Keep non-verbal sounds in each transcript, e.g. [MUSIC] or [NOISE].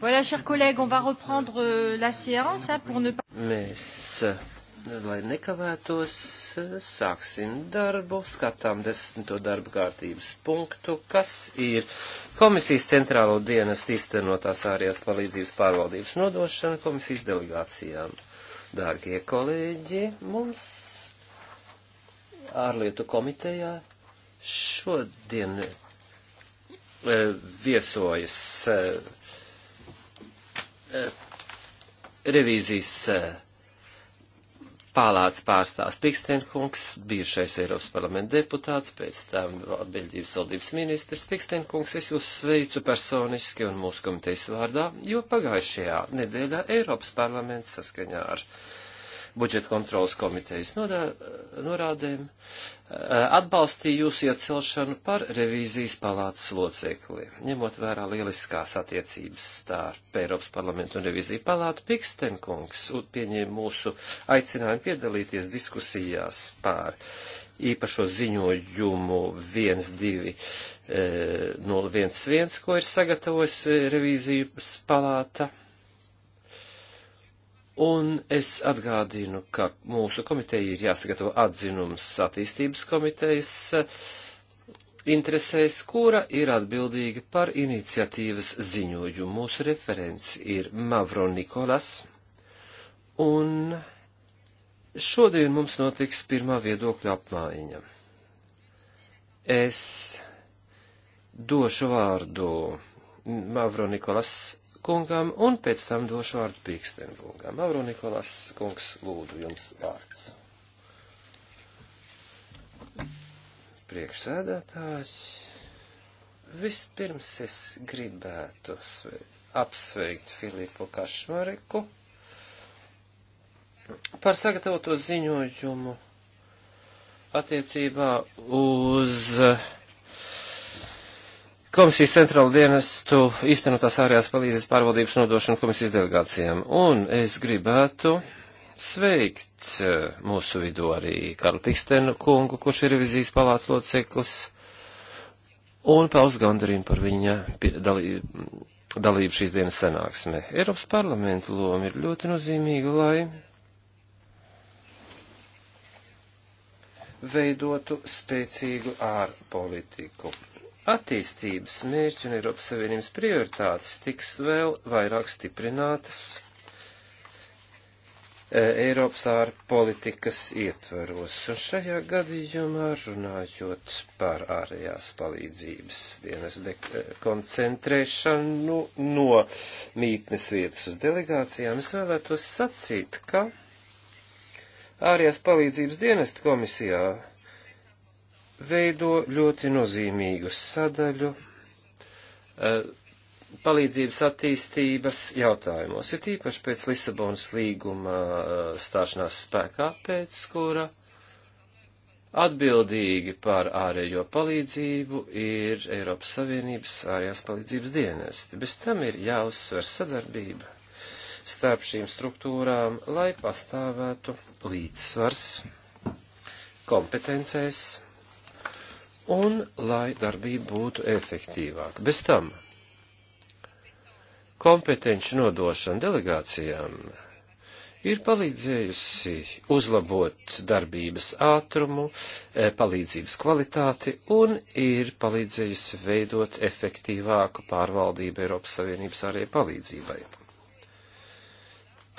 Voilà, chers collègues, on va reprendre euh, la séance hein, pour ne pas. Mēs, euh, lai nekavētos, euh, sāksim darbu, skatām desmito darba kārtības punktu, kas ir Komisijas centrālo dienestu īstenotās ārējās palīdzības pārvaldības nodošana komisijas delegācijām. Dārgie kolēģi, mums ārlietu komitejā šodien e, viesojas. E, Eh, revīzijas eh, palāts pārstāvs Pikstenkungs, bijušais Eiropas parlamenta deputāts, pēc tam Beļģijas valdības ministrs Pikstenkungs, es jūs sveicu personiski un mūsu komitejas vārdā, jo pagājušajā nedēļā Eiropas parlaments saskaņā ar uh, budžeta kontrolas komitejas norādēm, eh, atbalstīja jūsu iecelšanu par revīzijas palātas locekli, ņemot vērā lieliskās attiecības starp Eiropas parlamentu un revīziju palātu. Pikstenkungs pieņēma mūsu aicinājumu piedalīties diskusijās pār īpašo ziņojumu 1201, eh, ko ir sagatavojis eh, revīzijas palāta Un es atgādinu, ka mūsu komiteja ir jāsagatavo atzinums attīstības komitejas eh, interesēs, kura ir atbildīga par iniciatīvas ziņojumu. Mūsu referents ir Mavro Nikolas. Un šodien mums notiks pirmā viedokļa apmaiņa. Es došu vārdu Mavro Nikolas kungam un pēc tam došu vārdu Pīksten kungam. Avro Nikolas kungs, lūdzu, jums vārds. Priekšsēdētājs, vispirms es gribētu apsveikt Filipu Kašmariku par sagatavoto ziņojumu attiecībā uz uh, Komisijas centrāla dienestu īstenotās ārējās palīdzības pārvaldības nodošanu komisijas delegācijām. Un es gribētu sveikt eh, mūsu vidū arī Karlu Pikstenu kungu, kurš ir revizijas palāts loceklis, un paust gandarījumu par viņa dalību, dalību šīs dienas sanāksmē. Eiropas parlamenta loma ir ļoti nozīmīga, lai veidotu spēcīgu ārpolitiku. politiku attīstības mērķi un Eiropas Savienības prioritātes tiks vēl vairāk stiprinātas e, Eiropas ārpolitikas ietvaros. Un šajā gadījumā runājot par ārējās palīdzības dienas e, koncentrēšanu no mītnes vietas uz delegācijām, es vēlētos sacīt, ka ārējās palīdzības dienesta komisijā veido ļoti nozīmīgu sadaļu eh, palīdzības attīstības jautājumos, ir tīpaši pēc Lisabonas līguma eh, stāšanās spēkā, pēc kura atbildīgi par ārējo palīdzību ir Eiropas Savienības ārējās palīdzības dienesti. Bez tam ir jāuzsver sadarbība starp šīm struktūrām, lai pastāvētu līdzsvars kompetencēs un lai darbība būtu efektīvāka. Bez tam kompetenci nodošana delegācijām ir palīdzējusi uzlabot darbības ātrumu, e, palīdzības kvalitāti un ir palīdzējusi veidot efektīvāku pārvaldību Eiropas Savienības ārējai palīdzībai.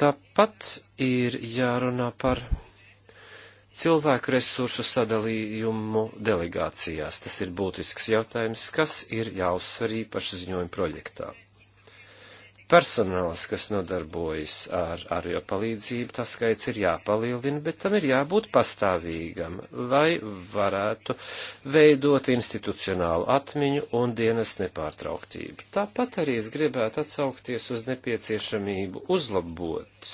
Tāpat ir jārunā par cilvēku resursu sadalījumu delegācijās. Tas ir būtisks jautājums, kas ir jāuzsver īpaši ziņojuma projektā. Personāls, kas nodarbojas ar arjo palīdzību, tas skaits ir jāpalielina, bet tam ir jābūt pastāvīgam, lai varētu veidot institucionālu atmiņu un dienas nepārtrauktību. Tāpat arī es gribētu atsaukties uz nepieciešamību uzlabot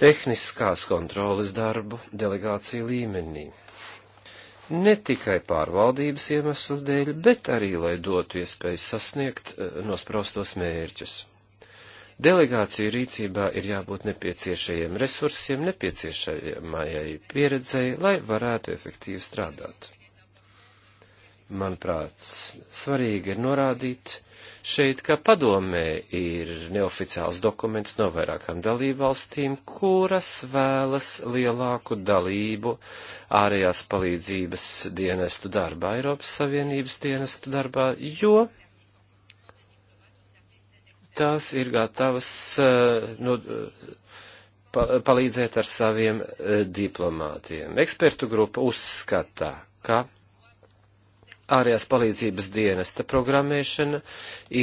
tehniskās kontroles darbu delegāciju līmenī. Ne tikai pārvaldības iemeslu dēļ, bet arī, lai dotu iespēju sasniegt eh, nospraustos mērķus. Delegāciju rīcībā ir jābūt nepieciešajiem resursiem, nepieciešamajai pieredzei, lai varētu efektīvi strādāt. Manuprāt, svarīgi ir norādīt, šeit, ka padomē ir neoficiāls dokuments no vairākām dalībvalstīm, kuras vēlas lielāku dalību ārējās palīdzības dienestu darbā, Eiropas Savienības dienestu darbā, jo tās ir gatavas eh, nu, eh, pa, palīdzēt ar saviem eh, diplomātiem. Ekspertu grupa uzskata, ka ārējās palīdzības dienesta programmēšana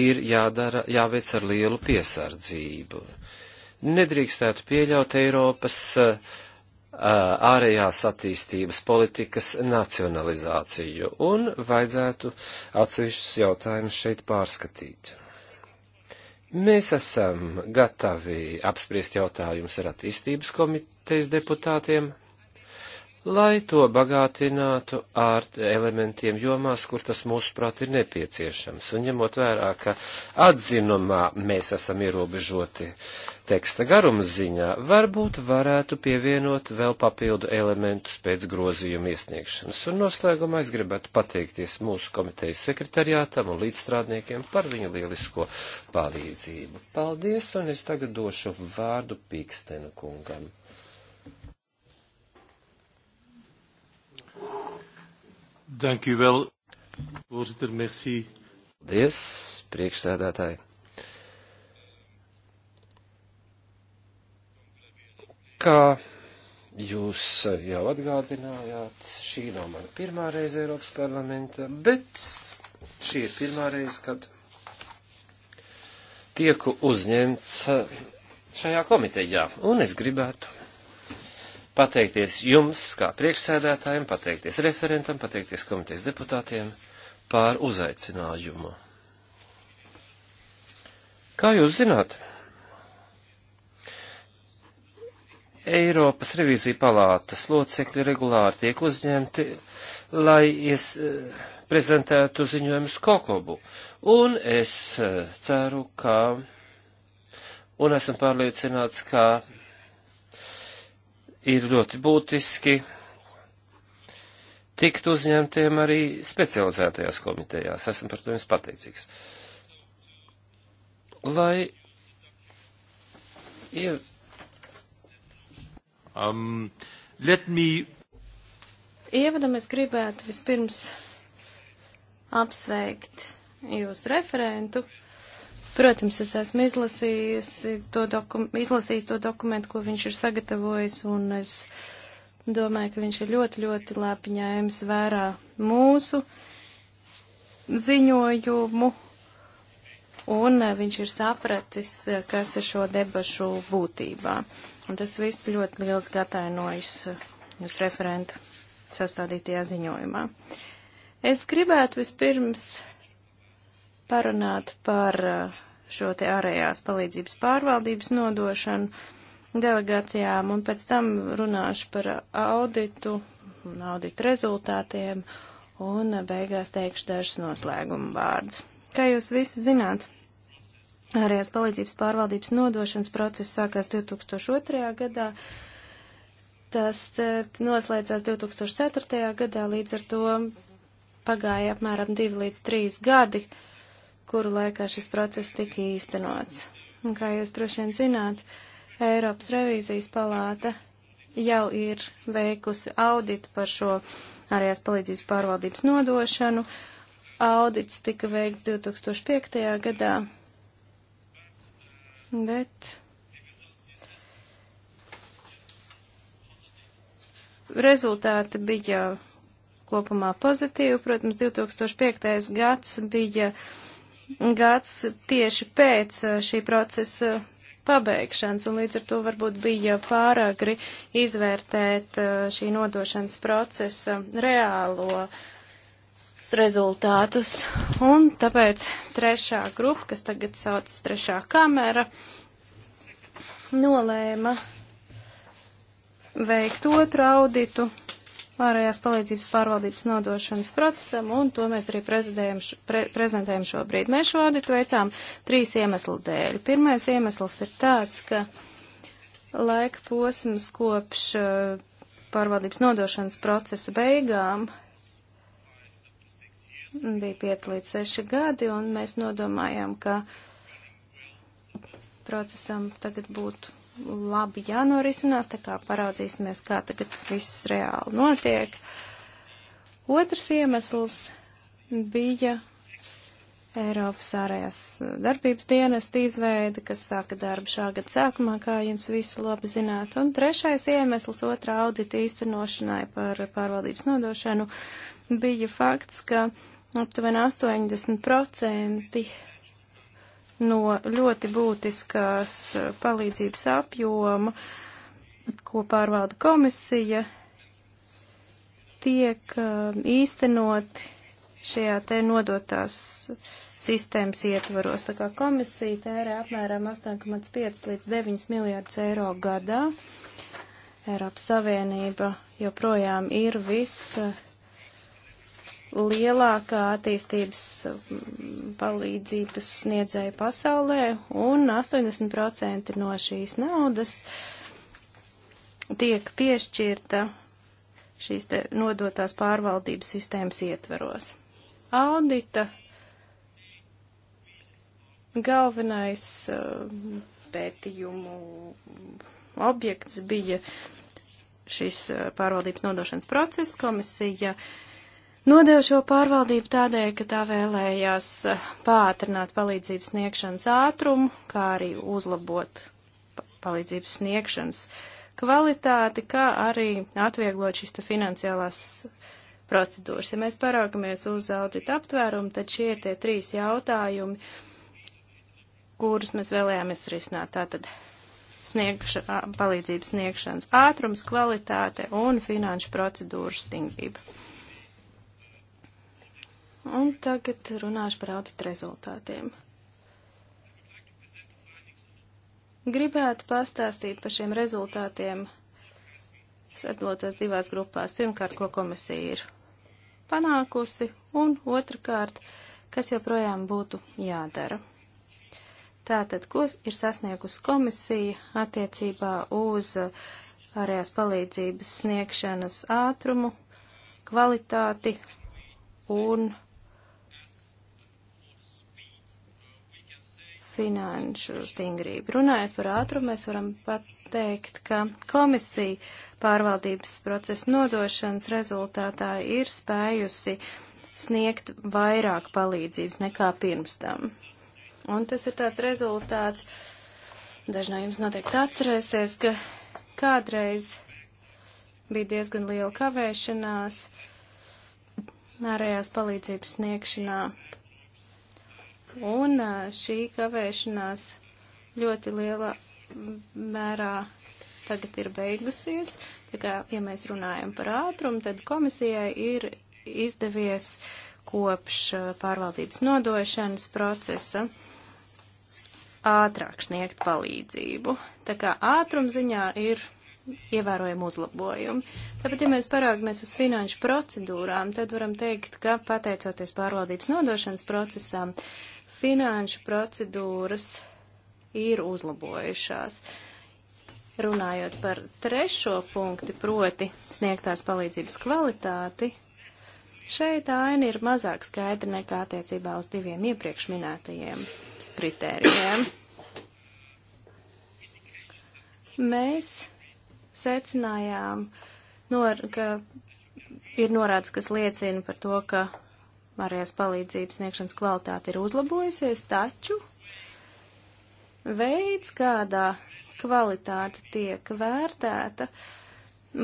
ir jādara, jāveic ar lielu piesardzību. Nedrīkstētu pieļaut Eiropas ārējās attīstības politikas nacionalizāciju un vajadzētu atsevišķus jautājumus šeit pārskatīt. Mēs esam gatavi apspriest jautājumus ar attīstības komitejas deputātiem, lai to bagātinātu ar elementiem jomās, kur tas mūsuprāt ir nepieciešams. Un ņemot vērā, ka atzinumā mēs esam ierobežoti teksta garums ziņā, varbūt varētu pievienot vēl papildu elementus pēc grozījuma iesniegšanas. Un noslēgumā es gribētu pateikties mūsu komitejas sekretariātam un līdzstrādniekiem par viņu lielisko palīdzību. Paldies, un es tagad došu vārdu Pīkstena kungam. Dank u vēl, voorzitter, merci. Paldies, priekšsēdētāji. Kā Jūs jau atgādinājāt, šī nav mana pirmā reize Eiropas parlamentā, bet šī ir pirmā reize, kad tieku uzņemts šajā komitejā. Un es gribētu pateikties jums, kā priekšsēdētājiem, pateikties referentam, pateikties komitejas deputātiem par uzaicinājumu. Kā jūs zināt, Eiropas revīzija palātas locekļi regulāri tiek uzņemti, lai es eh, prezentētu ziņojumus Kokobu. Un es eh, ceru, ka, un esmu pārliecināts, ka ir ļoti būtiski tikt uzņemtiem arī specializētajās komitejās. Esmu par to jums pateicīgs. Lai ir. Um, let me. Ievadam es gribētu vispirms apsveikt jūsu referentu. Uh, Protams, es esmu izlasījis to, dokum izlasījis to dokumentu, ko viņš ir sagatavojis, un es domāju, ka viņš ir ļoti, ļoti labi ņēmis vērā mūsu ziņojumu, un viņš ir sapratis, kas ir šo debašu būtībā. Un tas viss ļoti liels gatainojas jūs referenta sastādītajā ziņojumā. Es gribētu vispirms parunāt par uh, šo te ārējās palīdzības pārvaldības nodošanu delegācijām, un pēc tam runāšu par auditu un auditu rezultātiem, un beigās teikšu dažas noslēguma vārdas. Kā jūs visi zināt, ārējās palīdzības pārvaldības nodošanas process sākās 2002. gadā. Tas noslēdzās 2004. gadā, līdz ar to pagāja apmēram 2 līdz 3 gadi, uh, kuru laikā šis process tika īstenots. Un kā jūs droši vien zināt, Eiropas revīzijas palāta jau ir veikusi auditu par šo ārējās palīdzības pārvaldības nodošanu. Audits tika veikts 2005. gadā, bet rezultāti bija kopumā pozitīvi. Protams, 2005. gads bija gads tieši pēc uh, šī procesa pabeigšanas, un līdz ar to varbūt bija pāragri izvērtēt uh, šī nodošanas procesa reālo rezultātus. Un tāpēc trešā grupa, kas tagad sauc trešā kamera, nolēma veikt otru auditu ārējās palīdzības pārvaldības nodošanas procesam, un to mēs arī pre, prezentējam šobrīd. Mēs šo auditu veicām trīs iemeslu dēļ. Pirmais iemesls ir tāds, ka laika posms kopš eh, pārvaldības nodošanas procesa beigām bija 5 līdz 6 gadi, un mēs nodomājām, ka procesam tagad būtu labi jānorisinās, tā kā paraudzīsimies, kā tagad viss reāli notiek. Otrs iemesls bija Eiropas ārējās darbības dienesta izveida, kas sāka darbu šā gada sākumā, kā jums visi labi zināt. Un trešais iemesls otrā audita īstenošanai par pārvaldības nodošanu bija fakts, ka aptuveni 80% no ļoti būtiskās eh, palīdzības apjoma, ko pārvalda komisija, tiek eh, īstenoti šajā te nodotās sistēmas ietvaros. Tā kā komisija tērē apmēram 8,5 līdz 9 miljārdus eiro gadā. Eiropas Savienība joprojām ir viss eh, lielākā attīstības mm, palīdzības sniedzēja pasaulē, un 80% no šīs naudas tiek piešķirta šīs nodotās pārvaldības sistēmas ietveros. Audita galvenais eh, pētījumu objekts bija šis eh, pārvaldības nodošanas process. Komisija uh, Nodevu šo pārvaldību tādēļ, ka tā vēlējās eh, pātrināt palīdzības sniegšanas ātrumu, kā arī uzlabot palīdzības sniegšanas kvalitāti, kā arī atvieglot šīs finansiālās procedūras. Ja mēs paraugamies uz audita aptvērumu, tad šie ir tie trīs jautājumi, kurus mēs vēlējāmies risināt. Tātad sniegša, palīdzības sniegšanas ātrums, kvalitāte un finanšu procedūru stingrība. Un tagad runāšu par audita rezultātiem. Gribētu pastāstīt par šiem rezultātiem, sadalotos divās grupās. Pirmkārt, ko komisija ir panākusi, un otrkārt, kas joprojām būtu jādara. Tātad, ko ir sasniegusi komisija attiecībā uz ārējās palīdzības sniegšanas ātrumu, kvalitāti un finanšu stingrību. Runājot par ātrumu, mēs varam pateikt, ka komisija pārvaldības procesa nodošanas rezultātā ir spējusi sniegt vairāk palīdzības nekā pirms tam. Un tas ir tāds rezultāts, daži no jums noteikti atcerēsies, ka kādreiz bija diezgan liela kavēšanās ārējās palīdzības sniegšanā Un šī kavēšanās ļoti lielā mērā tagad ir beigusies. Tā kā, ja mēs runājam par ātrumu, tad komisijai ir izdevies kopš pārvaldības nodošanas procesa ātrāk sniegt palīdzību. Tā kā ātrumziņā ir ievērojami uzlabojumi. Tāpat, ja mēs parāgamies uz finanšu procedūrām, tad varam teikt, ka pateicoties pārvaldības nodošanas procesam, uh, finanšu procedūras ir uzlabojušās. Runājot par trešo punktu, proti sniegtās palīdzības kvalitāti, šeit aina ir mazāk skaidra nekā attiecībā uz diviem iepriekš minētajiem kritērijiem. Mēs secinājām, nor, ka ir norādes, kas liecina par to, ka Marijas palīdzības sniegšanas kvalitāte ir uzlabojusies, taču veids, kādā kvalitāte tiek vērtēta,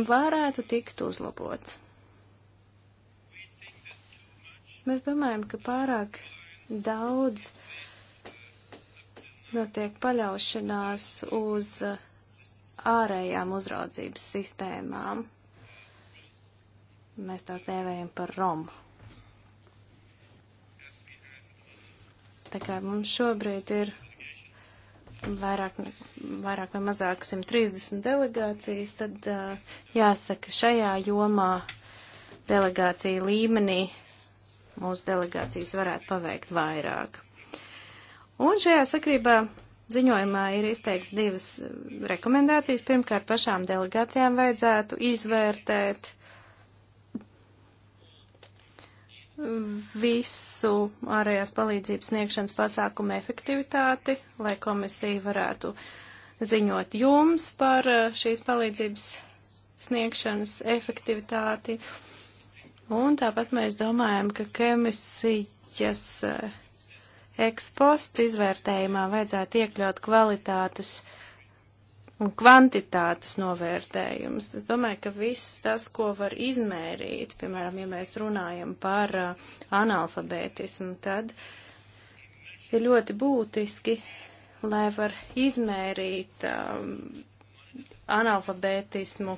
varētu tikt uzlabots. Mēs domājam, ka pārāk daudz notiek paļaušanās uz ārējām uzraudzības sistēmām. Mēs tās dēvējam par romu Tā kā mums šobrīd ir vairāk, vairāk vai mazāk 130 delegācijas, tad uh, jāsaka šajā jomā delegācija līmenī mūsu delegācijas varētu paveikt vairāk. Un šajā sakrībā ziņojumā ir izteikts divas rekomendācijas. Pirmkārt, pašām delegācijām vajadzētu izvērtēt visu ārējās palīdzības sniegšanas pasākumu efektivitāti, lai komisija varētu ziņot jums par eh, šīs palīdzības sniegšanas efektivitāti. Un tāpat mēs domājam, ka komisijas eh, ekspostu izvērtējumā vajadzētu iekļaut kvalitātes uh, un kvantitātes novērtējums. Es domāju, ka viss tas, ko var izmērīt, piemēram, ja mēs runājam par uh, analfabētismu, tad ir ļoti būtiski, lai var izmērīt um, analfabētismu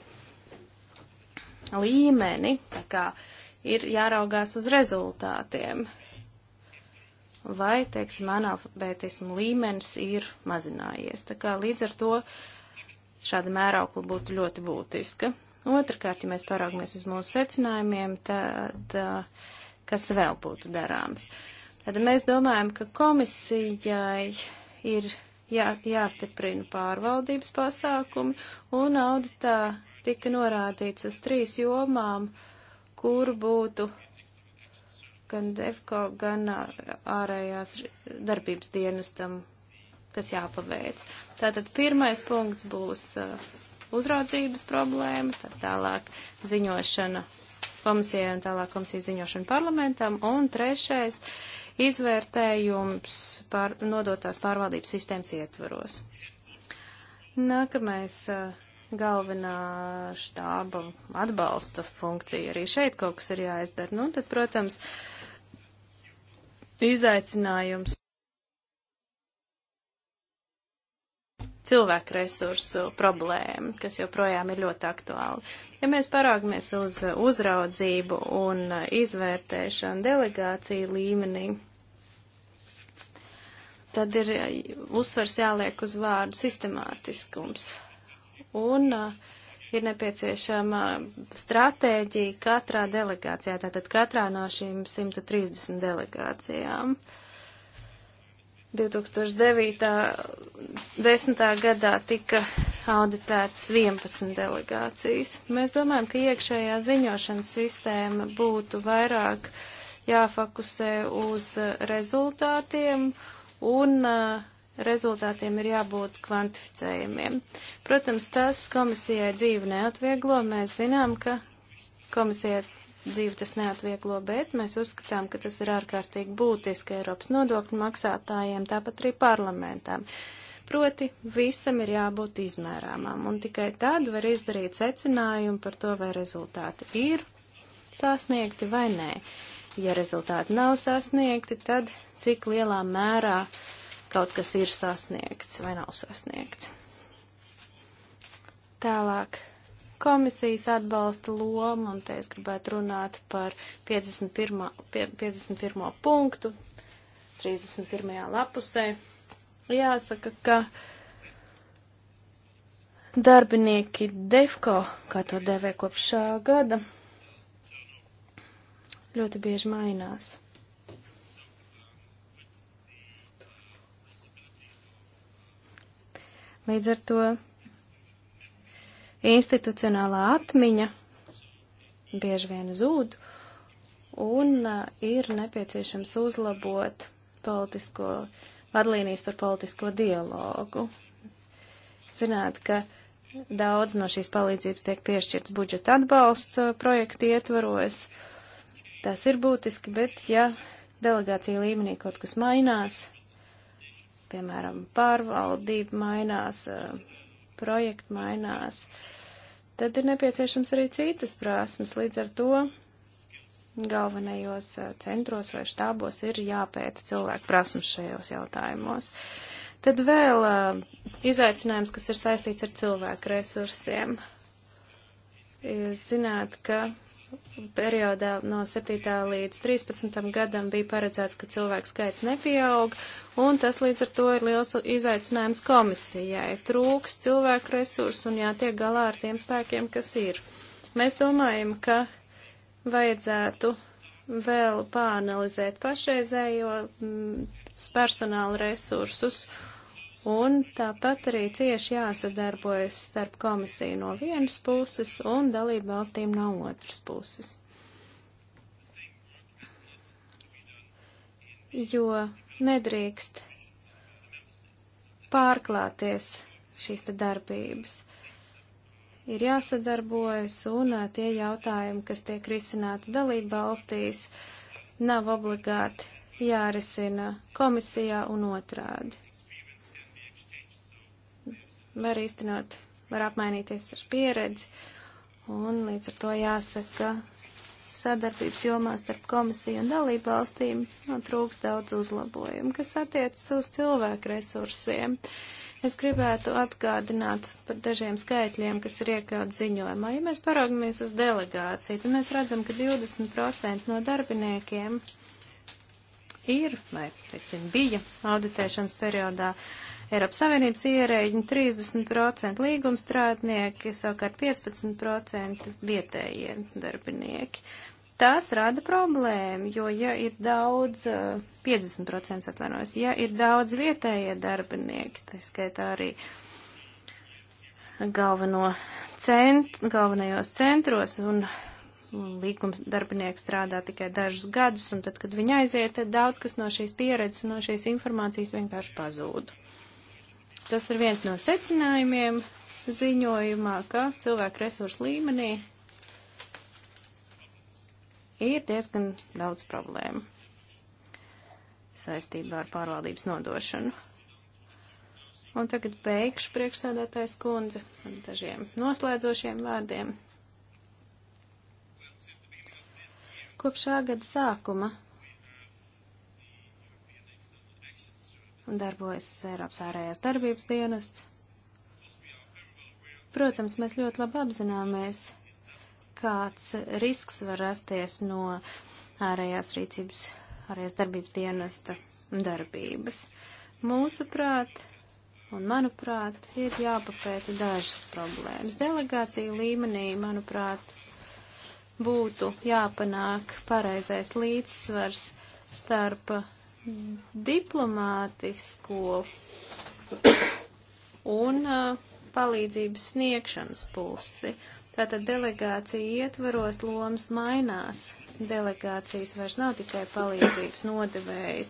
līmeni, tā kā ir jāraugās uz rezultātiem. Vai, teiksim, analfabētismu līmenis ir mazinājies. Tā kā līdz ar to uh, šāda mēraukla būtu ļoti būtiska. Otrakārt, ja mēs paraugamies uz mūsu secinājumiem, tad kas vēl būtu darāms? Tad mēs domājam, ka komisijai ir jā, jāstiprina pārvaldības pasākumi, un auditā tika norādīts uz trīs jomām, kur būtu gan DEFCO, gan ārējās darbības dienestam kas jāpaveic. Tātad pirmais punkts būs uh, uzraudzības problēma, tad tālāk ziņošana komisijai un tālāk komisijas ziņošana parlamentam, un trešais izvērtējums par nodotās pārvaldības sistēmas ietvaros. Nākamais uh, galvenā štāba atbalsta funkcija. Arī šeit kaut kas ir jāizdara. Nu, tad, protams, izaicinājums cilvēku resursu problēma, kas joprojām ir ļoti aktuāla. Ja mēs parāgamies uz uzraudzību un izvērtēšanu delegāciju līmenī, tad ir uzsvers jāliek uz vārdu sistemātiskums. Un uh, ir nepieciešama stratēģija katrā delegācijā, tātad katrā no šīm 130 delegācijām. Uh, 2009. 10. gadā tika auditētas 11 delegācijas. Mēs domājam, ka iekšējā ziņošanas sistēma būtu vairāk jāfokusē uz uh, rezultātiem un uh, rezultātiem ir jābūt kvantificējumiem. Protams, tas komisijai dzīvi neatvieglo. Mēs zinām, ka komisija dzīvi tas neatvieglo, bet mēs uzskatām, ka tas ir ārkārtīgi būtiski Eiropas nodokļu maksātājiem, tāpat arī parlamentam. Proti, visam ir jābūt izmērāmam, un tikai tad var izdarīt secinājumu par to, vai rezultāti ir sasniegti vai nē. Ja rezultāti nav sasniegti, tad cik lielā mērā kaut kas ir sasniegts vai nav sasniegts. Tālāk komisijas atbalsta loma, un te es gribētu runāt par 51. 51. punktu 31. lapusē. Jāsaka, ka darbinieki DEFCO, kā to devē kopš šā gada, ļoti bieži mainās. Līdz ar to institucionālā atmiņa bieži vien zūd, un ir nepieciešams uzlabot politisko vadlīnijas par politisko dialogu. Zināt, ka daudz no šīs palīdzības tiek piešķirts budžeta atbalsta projekta ietvaros. Tas ir būtiski, bet ja delegācija līmenī kaut kas mainās, piemēram, pārvaldība mainās, projekti mainās. Tad ir nepieciešams arī citas prasmes, līdz ar to galvenajos eh, centros vai štābos ir jāpēta cilvēku prasmes šajos jautājumos. Tad vēl eh, izaicinājums, kas ir saistīts ar cilvēku resursiem. Jūs zināt, ka periodā no 7. līdz 13. gadam bija paredzēts, ka cilvēku skaits nepieaug, un tas līdz ar to ir liels izaicinājums komisijai. Trūks cilvēku resursu un jātiek galā ar tiem spēkiem, kas ir. Mēs domājam, ka vajadzētu vēl pāanalizēt pašreizējo mm, personāla resursus Un tāpat arī cieši jāsadarbojas starp komisiju no vienas puses un dalību valstīm no otras puses. Jo nedrīkst pārklāties šīs te darbības. Ir jāsadarbojas un tie jautājumi, kas tiek risināti dalību valstīs, nav obligāti jārisina komisijā un otrādi var īstenot, var apmainīties ar pieredzi, un līdz ar to jāsaka, sadarbības jomā starp komisiju un dalību valstīm nu, trūks daudz uzlabojumu, kas attiecas uz cilvēku resursiem. Es gribētu atgādināt par dažiem skaitļiem, kas ir iekļauts ziņojumā. Ja mēs paraugamies uz delegāciju, tad mēs redzam, ka 20% no darbiniekiem ir, vai, teiksim, bija auditēšanas periodā Eiropas Savienības ierēģi 30% līgumstrādnieki, savukārt 15% vietējie darbinieki. Tas rada problēmu, jo ja ir daudz, 50% eh, atvainojas, ja ir daudz vietējie darbinieki, tā skaitā arī galveno cent, galvenajos centros un līgums darbinieks strādā tikai dažus gadus, un tad, kad viņi aiziet, tad daudz kas no šīs pieredzes, no šīs informācijas vienkārši pazūda. Tas ir viens no secinājumiem ziņojumā, ka cilvēku resursu līmenī ir diezgan daudz problēmu saistībā ar pārvaldības nodošanu. Un tagad beigšu priekšsēdētājs kundze ar dažiem noslēdzošiem vārdiem. Kopš šā gada sākuma darbojas Eiropas ārējās darbības dienests. Protams, mēs ļoti labi apzināmies, kāds risks var rasties no ārējās rīcības, ārējās darbības dienesta darbības. Mūsuprāt, un manuprāt, ir jāpapēta dažas problēmas. Delegācija līmenī, manuprāt, būtu jāpanāk pareizais līdzsvars starp diplomātisko un palīdzības sniegšanas pusi. Tātad delegācija ietvaros lomas mainās. Delegācijas vairs nav tikai palīdzības nodevējs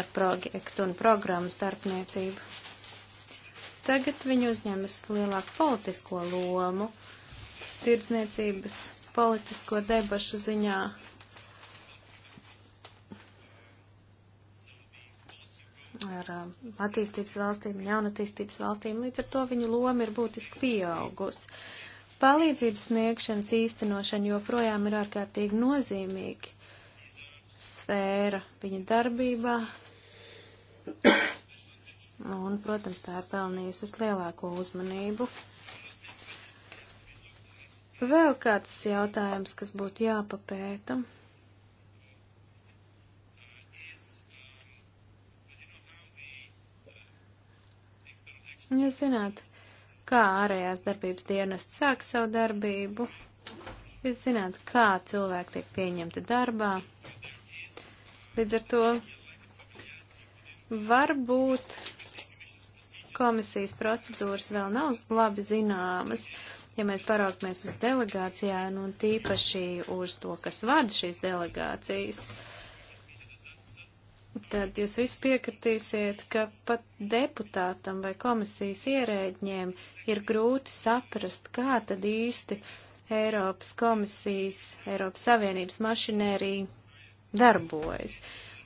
ar projektu un programmu starpniecību. Tagad viņi uzņemas lielāku politisko lomu tirdzniecības politisko debašu ziņā ar um, attīstības valstīm un jaunatīstības valstīm, līdz ar to viņu loma ir būtiski pieaugusi. Palīdzības sniegšanas īstenošana joprojām ir ārkārtīgi nozīmīgi sfēra viņa darbībā, un, protams, tā ir pelnījusi vislielāko uzmanību. Vēl kāds jautājums, kas būtu jāpapēta. Jūs zināt, kā ārējās darbības dienests sāk savu darbību, jūs zināt, kā cilvēki tiek pieņemti darbā. Līdz ar to varbūt komisijas procedūras vēl nav labi zināmas, ja mēs paraugamies uz delegācijām un tīpaši uz to, kas vada šīs delegācijas. Uh, tad jūs visi piekritīsiet, ka pat deputātam vai komisijas ierēģiem ir grūti saprast, kā tad īsti Eiropas komisijas, Eiropas Savienības mašinērija darbojas.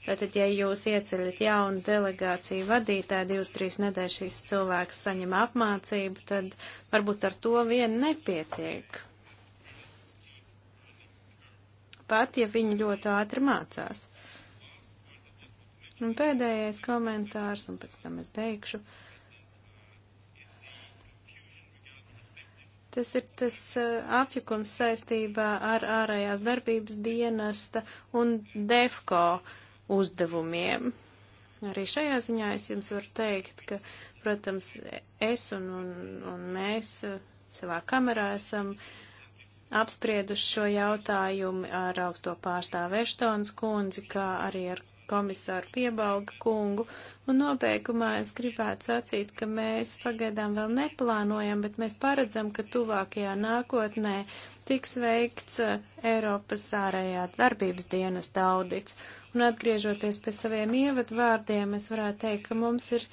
Tātad, ja jūs ieceļat jaunu delegāciju vadītāju, divas, trīs nedēļas šīs cilvēks saņem apmācību, tad varbūt ar to vien nepietiek. Pat, ja viņi ļoti ātri mācās. Un pēdējais komentārs, un pēc tam es beigšu. Tas ir tas uh, apjukums saistībā ar ārējās darbības dienesta un DEFCO uzdevumiem. Arī šajā ziņā es jums varu teikt, ka, protams, es un, un, un mēs uh, savā kamerā esam apsprieduši šo jautājumu ar augsto pārstāvu Eštons kundzi, kā arī ar komisāru piebalga kungu. Un nobeigumā es gribētu sacīt, ka mēs pagaidām vēl neplānojam, bet mēs paredzam, ka tuvākajā nākotnē tiks veikts eh, Eiropas ārējā darbības dienas daudits. Un atgriežoties pie saviem ievadvārdiem, es varētu teikt, ka mums ir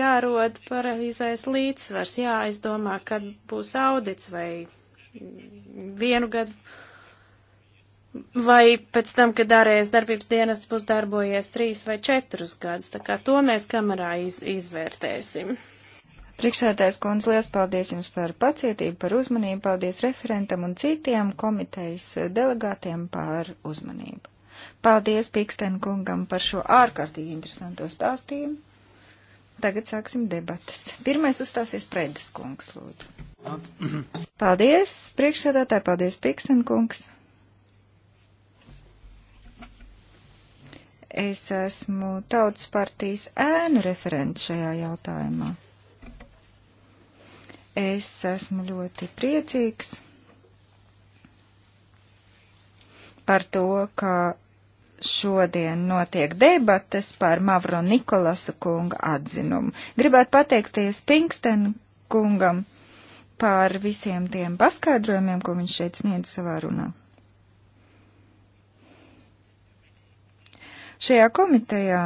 jārod pareizais līdzsvars, jāizdomā, kad būs audits vai vienu gadu vai pēc tam, kad ārējais darbības dienests būs darbojies trīs vai četrus gadus. Tā kā to mēs kamerā iz, izvērtēsim. Priekšsētājs kundze, liels paldies jums par pacietību, par uzmanību, paldies referentam un citiem komitejas delegātiem par uzmanību. Paldies Piksten kungam par šo ārkārtīgi interesanto stāstījumu. Tagad sāksim debatas. Pirmais uzstāsies Predes kungs, lūdzu. [CLEARS THROAT] Paldies, priekšsēdētāji, paldies Piksten kungs. Es esmu Tautas partijas ēnu referents šajā jautājumā. Es esmu ļoti priecīgs par to, ka šodien notiek debates par Mavro Nikolasu kunga atzinumu. Gribētu pateikties Pinksten kungam par visiem tiem paskaidrojumiem, ko viņš šeit sniedz savā runā. Šajā komitejā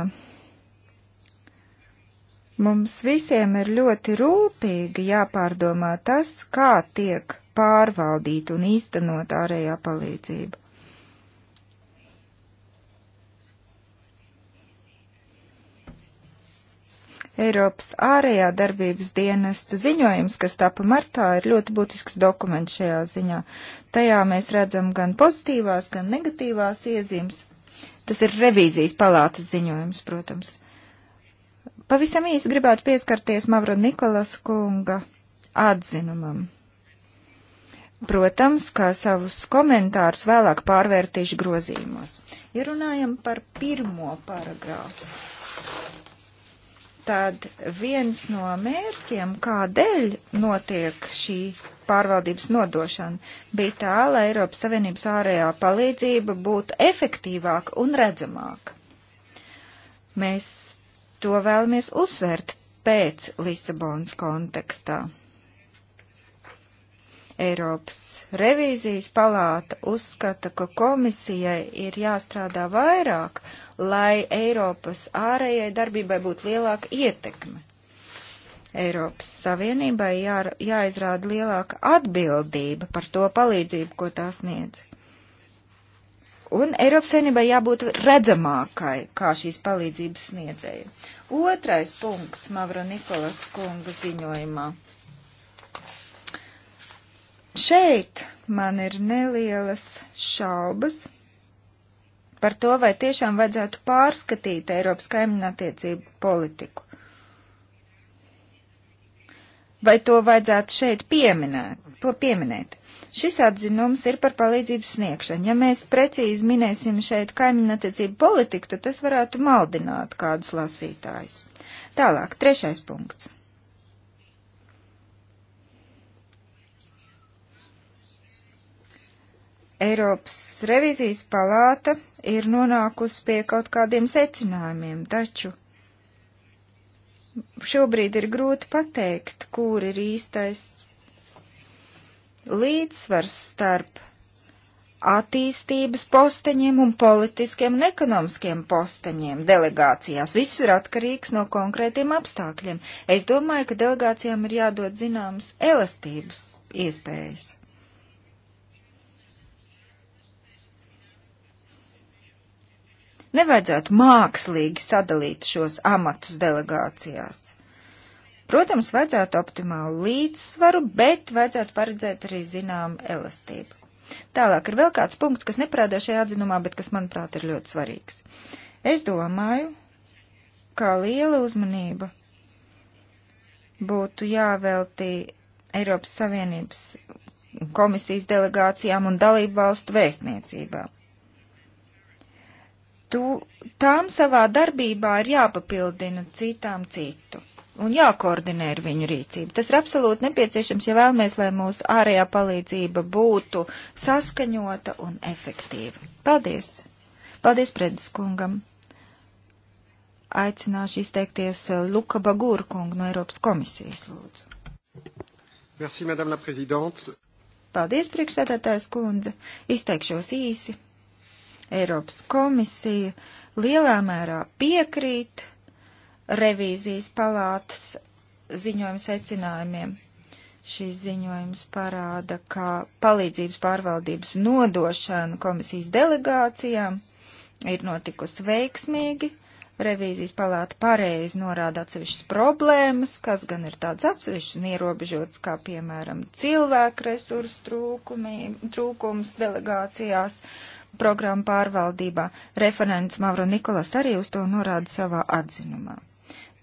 mums visiem ir ļoti rūpīgi jāpārdomā tas, kā tiek pārvaldīt un īstenot ārējā palīdzība. Eiropas ārējā darbības dienesta ziņojums, kas tapa martā, ir ļoti būtisks dokuments šajā ziņā. Tajā mēs redzam gan pozitīvās, gan negatīvās iezīmes. Tas ir revīzijas palātas ziņojums, protams. Pavisam īsi gribētu pieskarties Mavro Nikolas kunga atzinumam. Protams, kā savus komentārus vēlāk pārvērtīšu grozījumos. Ja runājam par pirmo paragrāfu, tad viens no mērķiem, kādēļ notiek šī pārvaldības nodošana, bija tā, lai Eiropas Savienības ārējā palīdzība būtu efektīvāka un redzamāka. Mēs to vēlamies uzsvērt pēc Lisabonas kontekstā. Eiropas revīzijas palāta uzskata, ka komisijai ir jāstrādā vairāk, lai Eiropas ārējai darbībai būtu lielāka ietekme. Eiropas Savienībai jā, jāizrāda lielāka atbildība par to palīdzību, ko tā sniedz. Un Eiropas Savienībai jābūt redzamākai, kā šīs palīdzības sniedzēja. Otrais punkts Mavro Nikolas kunga ziņojumā. Šeit man ir nelielas šaubas par to, vai tiešām vajadzētu pārskatīt Eiropas kaimiņattiecību politiku. Vai to vajadzētu šeit pieminēt? To pieminēt. Šis atzinums ir par palīdzības sniegšanu. Ja mēs precīzi minēsim šeit kaimiņattiecību politiku, tad tas varētu maldināt kādus lasītājus. Tālāk, trešais punkts. Eiropas revizijas palāta ir nonākusi pie kaut kādiem secinājumiem, taču šobrīd ir grūti pateikt, kur ir īstais līdzsvars starp attīstības posteņiem un politiskiem un ekonomiskiem posteņiem delegācijās. Viss ir atkarīgs no konkrētiem apstākļiem. Es domāju, ka delegācijām ir jādod zināmas elastības iespējas. Nevajadzētu mākslīgi sadalīt šos amatus delegācijās. Protams, vajadzētu optimālu līdzsvaru, bet vajadzētu paredzēt arī zinām elastību. Tālāk ir vēl kāds punkts, kas neparādē šajā atzinumā, bet kas, manuprāt, ir ļoti svarīgs. Es domāju, kā liela uzmanība būtu jāveltī Eiropas Savienības komisijas delegācijām un dalību valstu vēstniecībām tu, tām savā darbībā ir jāpapildina citām citu un jākoordinē ar viņu rīcību. Tas ir absolūti nepieciešams, ja vēlamies, lai mūsu ārējā palīdzība būtu saskaņota un efektīva. Paldies! Paldies Predis kungam! Aicināšu izteikties eh, Luka Bagūru kungu no Eiropas komisijas, lūdzu. Merci, madame la présidente. Paldies, priekšsēdētājs kundze. Izteikšos īsi. Eiropas komisija lielā mērā piekrīt revīzijas palātas ziņojuma secinājumiem. Šis ziņojums parāda, ka palīdzības pārvaldības nodošana komisijas delegācijām ir notikusi veiksmīgi. Revīzijas palāta pareizi norāda atsevišķas problēmas, kas gan ir tāds atsevišķs un ierobežots, kā piemēram cilvēku resursu trūkumi, trūkums delegācijās, uh, programmu pārvaldībā. Referents Mavro Nikolas arī uz to norāda savā atzinumā.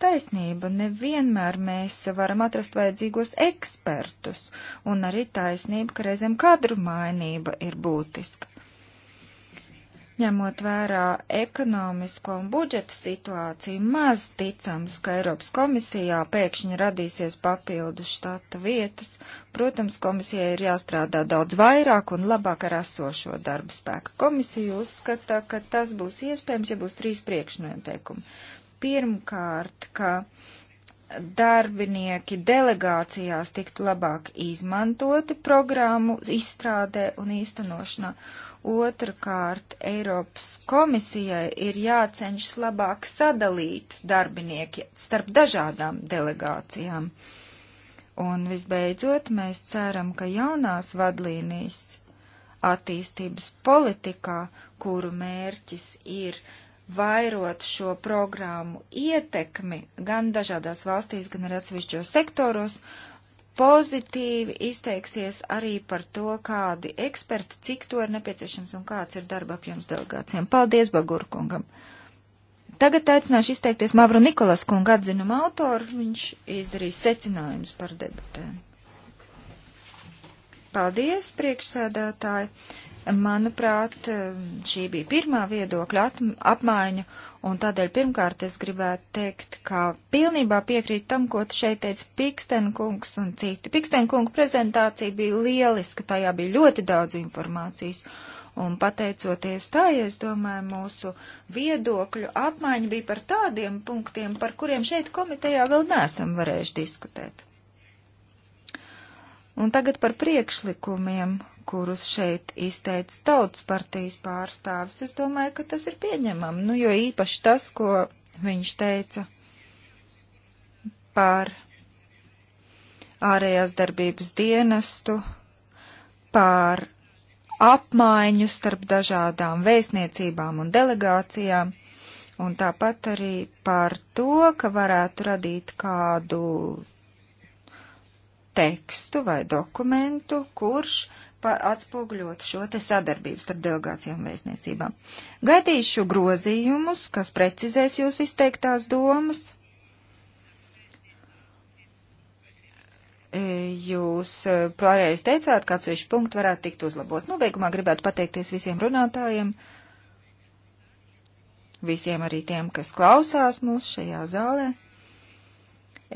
Taisnība nevienmēr mēs varam atrast vajadzīgos ekspertus, un arī taisnība, ka reizēm kadru mainība ir būtiska. Ņemot vērā ekonomisko un budžeta situāciju, maz ticams, ka Eiropas komisijā pēkšņi radīsies papildu štata vietas. Protams, komisijai ir jāstrādā daudz vairāk un labāk ar esošo darba spēku. Komisija uzskata, ka tas būs iespējams, ja būs trīs priekšnoteikumi. Pirmkārt, ka darbinieki delegācijās tiktu labāk izmantoti programmu izstrādē un īstenošanā. Otrakārt, Eiropas komisijai ir jācenšas labāk sadalīt darbinieki starp dažādām delegācijām. Un visbeidzot, mēs ceram, ka jaunās vadlīnijas attīstības politikā, kuru mērķis ir vairot šo programmu ietekmi gan dažādās valstīs, gan arī atsevišķos sektoros, pozitīvi izteiksies arī par to, kādi eksperti, cik to ir nepieciešams un kāds ir darba apjoms delegācijām. Paldies Bagurkungam! Tagad aicināšu izteikties Mavru Nikolas kungu atzinuma autoru. Viņš izdarīs secinājumus par debatēm. Paldies, priekšsēdētāji! Manuprāt, šī bija pirmā viedokļa apmaiņa, un tādēļ pirmkārt es gribētu teikt, ka pilnībā piekrīt tam, ko šeit teica Pikstenkungs un citi. Pikstenkunga prezentācija bija lieliska, tajā bija ļoti daudz informācijas. Un pateicoties tā, ja es domāju, mūsu viedokļu apmaiņa bija par tādiem punktiem, par kuriem šeit komitejā vēl neesam varējuši diskutēt. Un tagad par priekšlikumiem, kurus šeit izteica tautas partijas pārstāvis. Es domāju, ka tas ir pieņemam, nu jo īpaši tas, ko viņš teica par ārējās darbības dienestu, par apmaiņu starp dažādām vēstniecībām un delegācijām, un tāpat arī par to, ka varētu radīt kādu tekstu vai dokumentu, kurš uh, atspūgļot šo te sadarbību starp delegācijām un vēstniecībām. Gaidīšu grozījumus, kas precizēs jūs izteiktās domas. Jūs e, pārējais teicāt, ka atsevišķi punkti varētu tikt uzlabot. Nobeigumā nu, gribētu pateikties visiem runātājiem, visiem arī tiem, kas klausās mūs šajā zālē.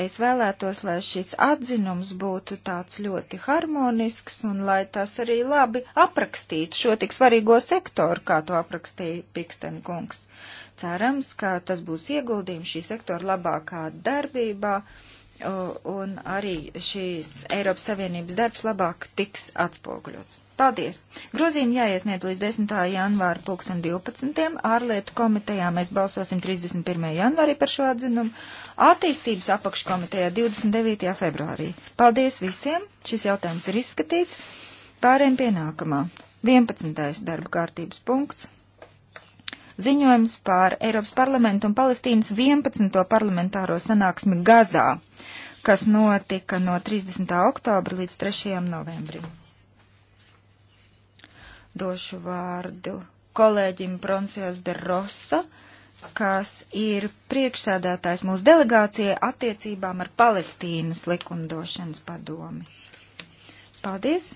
Es vēlētos, lai šis atzinums būtu tāds ļoti harmonisks un lai tas arī labi aprakstītu šo tik svarīgo sektoru, kā to aprakstīja Piksten kungs. Cerams, ka tas būs ieguldījums šī sektora labākā darbībā un arī šīs Eiropas Savienības darbs labāk tiks atspoguļots. Paldies! Grozījumi jāiesniedz līdz 10. janvāra 2012. ārlietu komitejā mēs balsosim 31. janvārī par šo atzinumu, attīstības apakškomitejā 29. februārī. Paldies visiem! Šis jautājums ir izskatīts. Pāriem pie nākamā. 11. darba kārtības punkts ziņojums par Eiropas parlamentu un Palestīnas 11. parlamentāro sanāksmi Gazā, kas notika no 30. oktobra līdz 3. novembrim došu vārdu kolēģim Pronsijas de Rosa, kas ir priekšsēdētājs mūsu delegācijai attiecībām ar Palestīnas likumdošanas padomi. Paldies!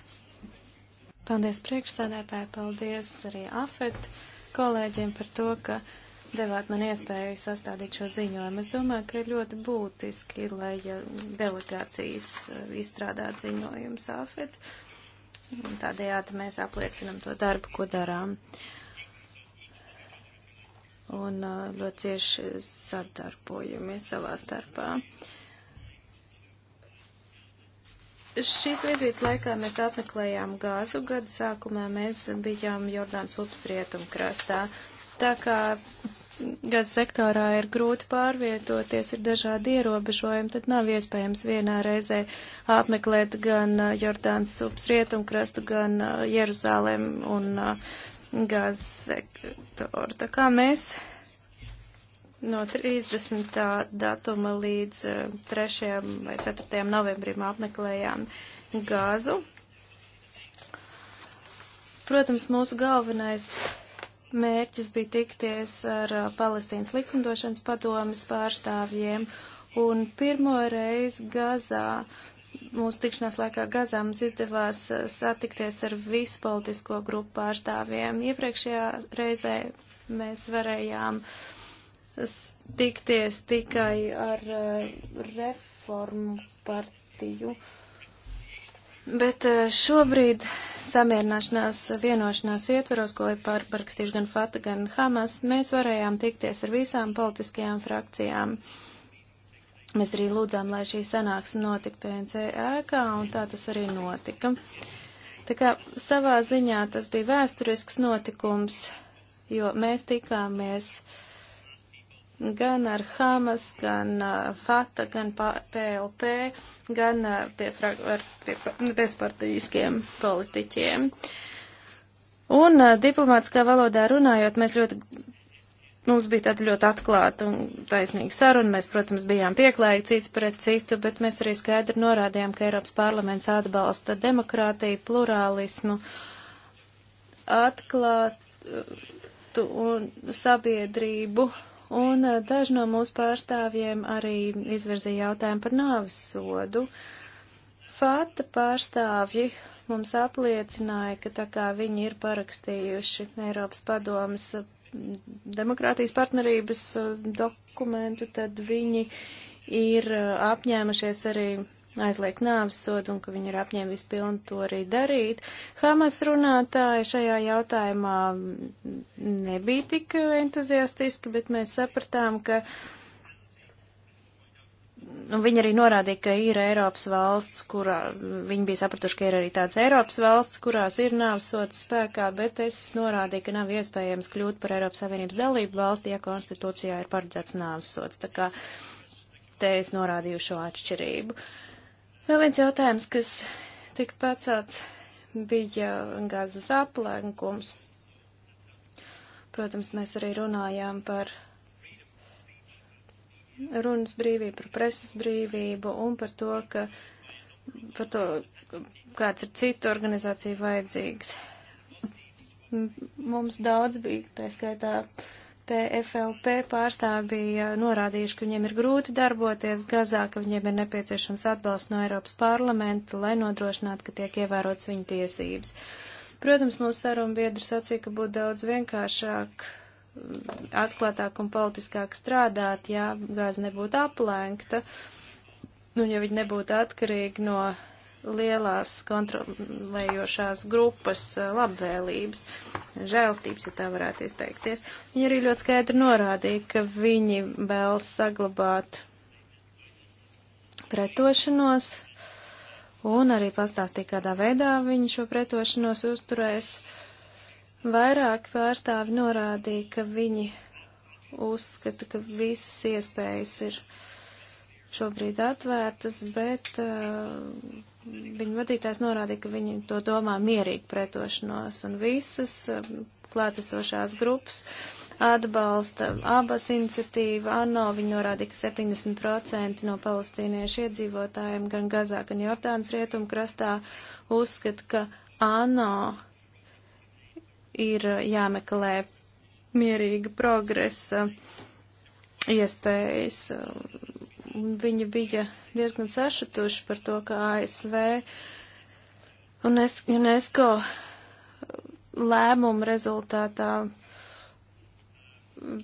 Paldies priekšsēdētāji, paldies arī AFET kolēģiem par to, ka devāt man iespēju sastādīt šo ziņojumu. Es domāju, ka ir ļoti būtiski, lai delegācijas uh, izstrādātu ziņojumus AFET Un tādējādi mēs apliecinam to darbu, ko darām. Un uh, ļoti cieši sadarbojamies savā starpā. Šīs vizītes laikā mēs apmeklējām gāzu gada sākumā, mēs bijām Jordāns upes rietumkrastā. Tā kā gaz sektorā ir grūti pārvietoties, ir dažādi ierobežojumi, tad nav iespējams vienā reizē apmeklēt gan uh, Jordānas upes rietumkrastu, gan uh, Jeruzālēm un uh, gaz sektoru. Tā kā mēs no 30. datuma līdz 3. vai 4. novembrim apmeklējām gāzu. Protams, mūsu galvenais Mērķis bija tikties ar Palestīnas likumdošanas padomas pārstāvjiem, un pirmo reizi Gazā, mūsu tikšanās laikā Gazā, mums izdevās satikties ar visu politisko grupu pārstāvjiem. Iepriekšējā reizē mēs varējām tikties tikai ar reformu partiju. Uh, Bet eh, šobrīd samierināšanās vienošanās ietveros, ko ir parakstījuši gan Fata, gan Hamas, mēs varējām tikties ar visām politiskajām frakcijām. Mēs arī lūdzām, lai šī sanāksme notika PNC ēkā, un tā tas arī notika. Tā kā savā ziņā tas bija vēsturisks notikums, jo mēs tikāmies uh, gan ar Hamas, gan uh, FATA, gan PLP, gan uh, pie, ar, pie nu, bezpartijiskiem politiķiem. Un uh, diplomātiskā valodā runājot, mēs ļoti mums bija tāda ļoti atklāta un taisnīga saruna. Mēs, protams, bijām pieklājīgi cits pret citu, bet mēs arī skaidri norādījām, ka Eiropas parlaments atbalsta demokrātiju, plurālismu, atklātu un sabiedrību un eh, daži no mūsu pārstāvjiem arī izvirzīja jautājumu par nāvis sodu. Fata pārstāvji mums apliecināja, ka tā kā viņi ir parakstījuši Eiropas padomas eh, demokrātijas partnerības eh, dokumentu, tad viņi ir apņēmušies arī aizliegt nāvis sodu un ka viņi ir apņēmis pilni to arī darīt. Hamas runātāji šajā jautājumā nebija tik entuziastiski, bet mēs sapratām, ka. Un viņi arī norādīja, ka ir Eiropas valsts, kurā viņi bija sapratuši, ka ir arī tāds Eiropas valsts, kurās ir nāvsots spēkā, bet es norādīju, ka nav iespējams kļūt par Eiropas Savienības dalību valsti, ja konstitūcijā ir paredzēts nāvsots. Tā kā te es norādīju šo atšķirību. Uh, Vēl viens jautājums, kas tika pacelts, bija gāzes aplēkums. Protams, mēs arī runājām par runas brīvību, par preses brīvību un par to, ka par to, kāds ir citu organizāciju vajadzīgs. Mums daudz bija, tā skaitā, uh, PFLP pārstāvi bija norādījuši, ka viņiem ir grūti darboties Gazā, ka viņiem ir nepieciešams atbalsts no Eiropas parlamenta, lai nodrošinātu, ka tiek ievērots viņu tiesības. Protams, mūsu sarunu biedri sacīja, ka būtu daudz vienkāršāk mm, atklātāk un politiskāk strādāt, ja gāze nebūtu aplenkta, un nu, ja viņi nebūtu atkarīgi no lielās kontrolējošās grupas labvēlības, žēlstības, ja tā varētu izteikties. Viņi arī ļoti skaidri norādīja, ka viņi vēlas saglabāt pretošanos, un arī pastāstīja, kādā veidā viņi šo pretošanos uzturēs. Vairāk pārstāvi norādīja, ka viņi uzskata, ka visas iespējas ir šobrīd atvērtas, bet uh, viņa vadītājs norādīja, ka viņi to domā mierīgi pretošanos, un visas um, klātesošās grupas atbalsta abas iniciatīva. ANO viņa norādīja, ka 70% no palestīniešu iedzīvotājiem gan Gazā, gan Jordānas rietumkrastā uzskata, ka ANO ir uh, jāmeklē mierīga progresa iespējas uh, Viņi bija diezgan sašutuši par to, ka ASV un UNESCO lēmumu rezultātā mm,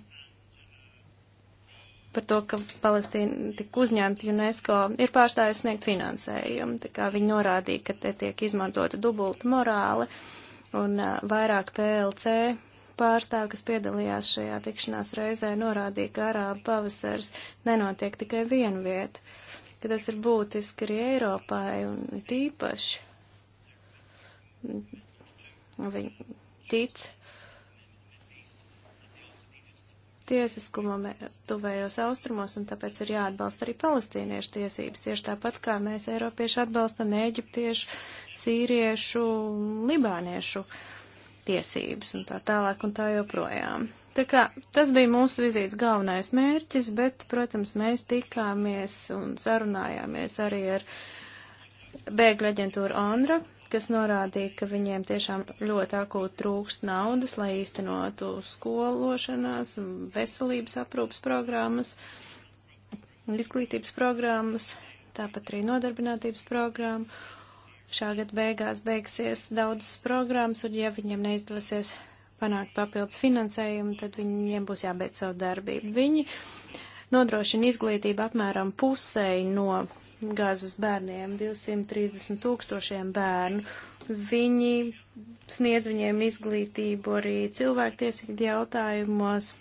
par to, ka Palestīna tika uzņemta UNESCO, ir pārstājusi sniegt finansējumu. Tā kā viņi norādīja, ka te tiek izmantota dubulta morāla un vairāk PLC pārstāvi, kas piedalījās šajā tikšanās reizē, norādīja, ka arābu pavasars nenotiek tikai vienu vietu, ka tas ir būtiski arī Eiropai un tīpaši. Viņi tic tiesiskumam tuvējos austrumos, un tāpēc ir jāatbalsta arī palestīniešu tiesības, tieši tāpat kā mēs, eiropieši, atbalstam eģiptiešu, sīriešu, libāniešu uh, tiesības un tā tālāk un tā joprojām. Tā kā tas bija mūsu vizītes galvenais mērķis, bet, protams, mēs tikāmies un sarunājāmies arī ar bēgļu aģentūru Andra, kas norādīja, ka viņiem tiešām ļoti akūti trūkst naudas, lai īstenotu skološanās, veselības aprūpas programmas, izglītības programmas, tāpat arī nodarbinātības programmu šā gada beigās beigsies daudzas programmas, un ja viņiem neizdosies panākt papildus finansējumu, tad viņiem būs jābeidz savu darbību. Viņi nodrošina izglītību apmēram pusēji no gazas bērniem, 230 tūkstošiem bērnu. Viņi sniedz viņiem izglītību arī cilvēktiesību jautājumos,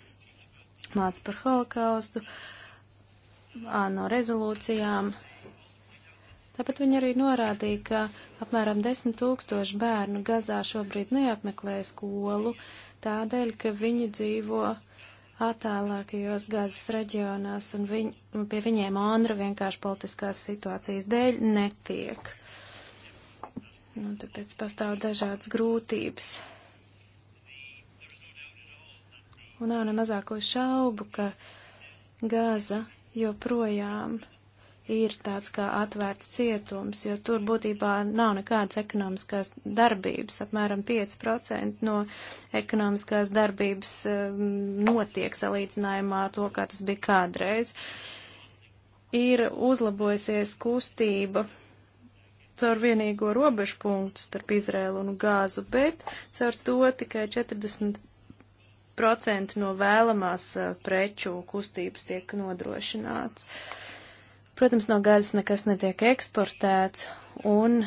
māca par holokaustu, no rezolūcijām, Tāpat viņi arī norādīja, ka apmēram 10 tūkstoši bērnu Gazā šobrīd neapmeklē skolu, tādēļ, ka viņi dzīvo attālākajos Gazas reģionās un viņ, pie viņiem āndra vienkārši politiskās situācijas dēļ netiek. Nu, tāpēc pastāv dažādas grūtības. Un nav ne mazāko šaubu, ka Gaza joprojām ir tāds kā atvērts cietums, jo tur būtībā nav nekādas ekonomiskās darbības. Apmēram 5% no ekonomiskās darbības um, notiek salīdzinājumā ar to, kā tas bija kādreiz. Ir uzlabojusies kustība caur vienīgo robežu punktu starp Izrēlu un Gāzu, bet caur to tikai 40% no vēlamās uh, preču kustības tiek nodrošināts. Uh, Protams, no gazas nekas netiek eksportēts, un,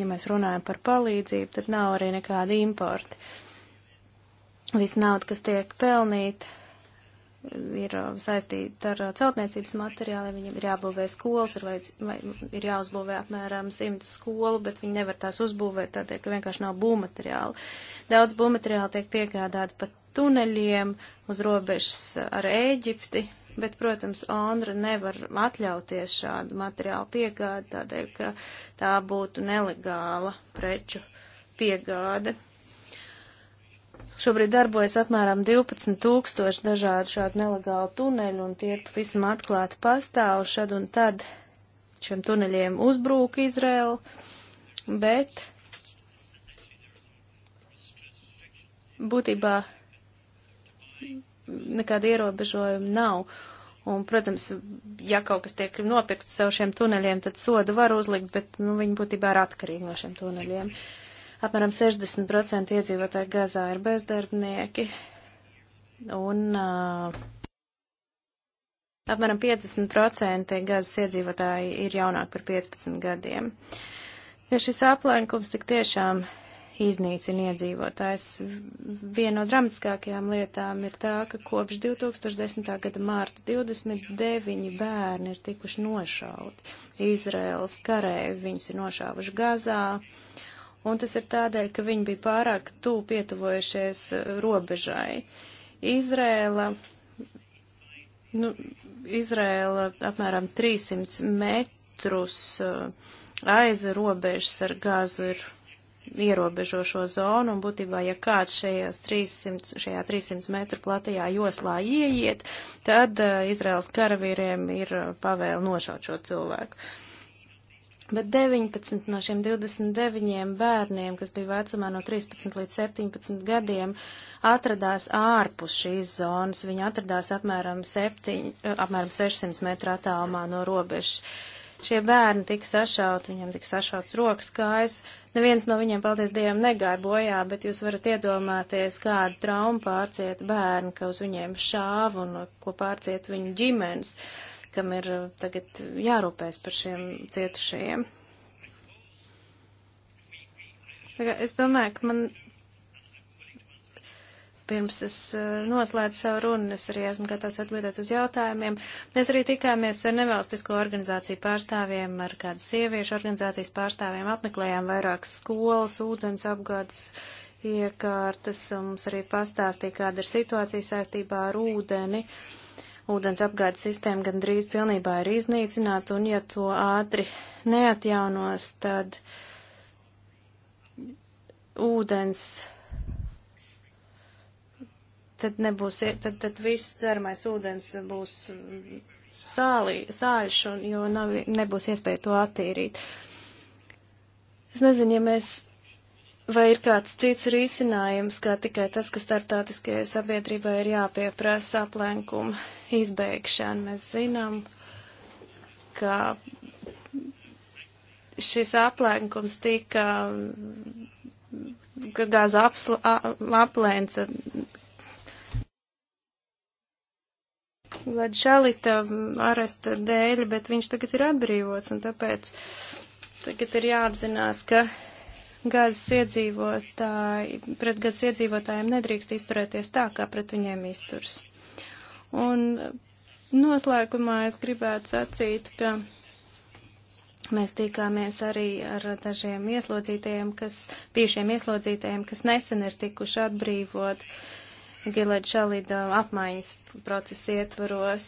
ja mēs runājam par palīdzību, tad nav arī nekāda importa. Viss nauda, kas tiek pelnīta, ir uh, saistīta ar uh, celtniecības materiāliem, viņiem ir jābūvē skolas, ir, vai, vai ir jāuzbūvē apmēram simts skolu, bet viņi nevar tās uzbūvēt tādēļ, ka vienkārši nav būvmateriāla. Daudz būvmateriāla tiek piegādāta pat tuneļiem uz robežas ar Ēģipti, bet, protams, Ondra nevar atļauties šādu materiālu piegādi, tādēļ, ka tā būtu nelegāla preču piegāde. Šobrīd darbojas apmēram 12 tūkstoši dažādu šādu nelegālu tuneļu, un tie pavisam atklāti pastāv šad un tad šiem tuneļiem uzbrūk Izraela, bet būtībā nekāda ierobežojuma nav. Un, protams, ja kaut kas tiek nopirkts sev šiem tuneļiem, tad sodu var uzlikt, bet nu, viņi būtībā ir atkarīgi no šiem tuneļiem. Apmēram 60% iedzīvotāji Gazā ir bezdarbnieki, un uh, apmēram 50% Gazas iedzīvotāji ir jaunāki par 15 gadiem. Ja šis aplenkums tik tiešām iznīcina iedzīvotājs. Viena no dramatiskākajām lietām ir tā, ka kopš 2010. gada mārta 29 bērni ir tikuši nošauti. Izraels karēvi viņus ir nošāvuši Gazā. Un tas ir tādēļ, ka viņi bija pārāk tuvu pietuvojušies uh, robežai. Izrēla, nu, Izrēla apmēram 300 metrus uh, aiz robežas ar gāzu ir ierobežo šo zonu, un būtībā, ja kāds šajās 300, šajā 300 metru platajā joslā ieiet, tad uh, Izraels karavīriem ir eh, pavēle nošaut šo cilvēku. Bet 19 no šiem 29 bērniem, kas bija vecumā no 13 līdz 17 gadiem, atradās ārpus šīs zonas. Viņi atradās apmēram, 7, eh, apmēram 600 metru attālumā no robežas. Šie bērni tika sašauti, viņiem tika sašauts rokas kājas, Neviens no viņiem, paldies Dievam, negāja bojā, bet jūs varat iedomāties, kādu traumu pārciet bērni, ka uz viņiem šāv un ko pārciet viņu ģimenes, kam ir uh, tagad jārūpēs par šiem cietušajiem. Es domāju, ka man Pirms es eh, noslēdzu savu runu, es arī esmu gatavs atbildēt uz jautājumiem. Mēs arī tikāmies ar nevalstisko organizāciju pārstāvjiem, ar kādu sieviešu organizācijas pārstāvjiem, apmeklējām vairākas skolas, ūdens apgādes iekārtas, un mums arī pastāstīja, kāda ir situācija saistībā ar ūdeni. Ūdens apgādes sistēma gandrīz pilnībā ir iznīcināta, un ja to ātri neatjaunos, tad ūdens tad nebūs, tad, tad viss dzeramais ūdens būs mm, sāli, sāļš, un, jo nav, nebūs iespēja to attīrīt. Es nezinu, ja mēs, vai ir kāds cits risinājums, kā tikai tas, ka startautiskajai sabiedrībai ir jāpieprasa aplenkuma izbeigšana. Mēs zinām, ka šis aplenkums tika gāzu aplēns Ledžalita mm, aresta dēļ, bet viņš tagad ir atbrīvots, un tāpēc tagad ir jāapzinās, ka gazas iedzīvotāji, pret gazas iedzīvotājiem nedrīkst izturēties tā, kā pret viņiem izturs. Un noslēgumā es gribētu sacīt, ka mēs tikāmies arī ar dažiem ieslodzītajiem, kas, bijušiem ieslodzītajiem, kas nesen ir tikuši atbrīvot. Uh, Gilēda Šalida apmaiņas procesa ietvaros.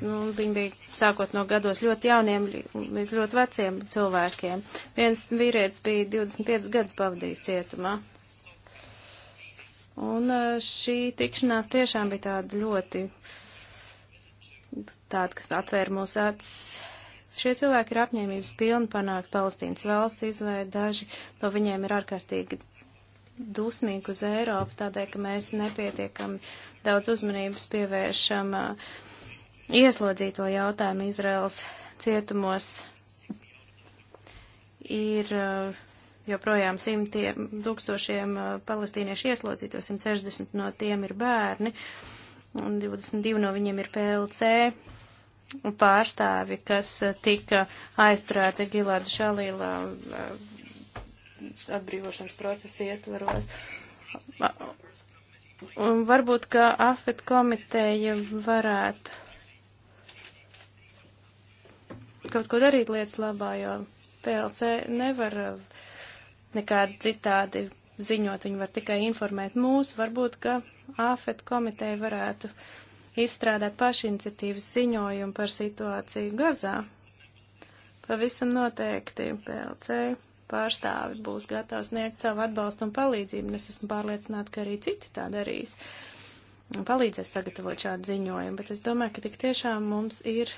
Nu, viņi bija sākot no gados ļoti jauniem līdz ļoti veciem cilvēkiem. Viens vīrietis bija 25 gadus pavadījis cietumā. Un e, šī tikšanās tiešām bija tāda ļoti, tāda, kas atvēra mūsu acis. Šie cilvēki ir apņēmības pilni panākt Palestīnas valsts izveidu, daži no viņiem ir ārkārtīgi dusmīgi uz Eiropu, tādēļ, ka mēs nepietiekami daudz uzmanības pievēršam uh, ieslodzīto jautājumu Izraels cietumos. Ir uh, joprojām simtiem tūkstošiem uh, palestīniešu ieslodzīto, 160 no tiem ir bērni, un 22 no viņiem ir PLC pārstāvi, kas uh, tika aizturēti Gilāda Šalīlā uh, atbrīvošanas procesa ietvaros. Un varbūt, ka AFET komiteja varētu kaut ko darīt lietas labā, jo PLC nevar nekādi citādi ziņot, viņi var tikai informēt mūs. Varbūt, ka AFET komiteja varētu izstrādāt pašiniciatīvas ziņojumu par situāciju Gazā. Pavisam noteikti PLC pārstāvi būs gatavi sniegt savu atbalstu un palīdzību, un es esmu pārliecināta, ka arī citi tā darīs un palīdzēs sagatavot šādu ziņojumu, bet es domāju, ka tik tiešām mums ir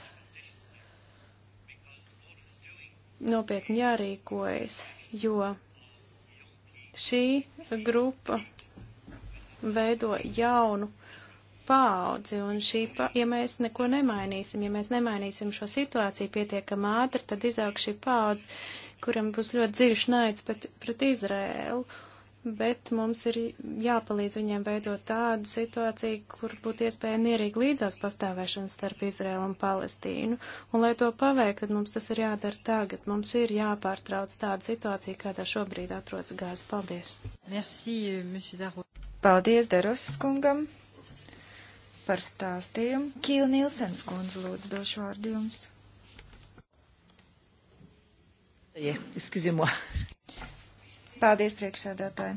nopietni jārīkojas, jo šī grupa veido jaunu paudzi, un šī, pa, ja mēs neko nemainīsim, ja mēs nemainīsim šo situāciju pietiekam ātri, tad izaug šī paudze, kuram būs ļoti dziļš naids pret, pret Izrēlu. Bet mums ir jāpalīdz viņiem veidot tādu situāciju, kur būtu iespēja mierīgi līdzās pastāvēšana starp Izraēlu un Palestīnu. Un, lai to paveikt, tad mums tas ir jādara tagad. Mums ir jāpārtrauc tāda situācija, kādā šobrīd atrodas Gāza. Paldies! Merci, Paldies, Darosas kungam, par stāstījumu. Kīl Nilsens kundze, lūdzu, došu vārdu jums. Yeah, Paldies, priekšsēdētāji.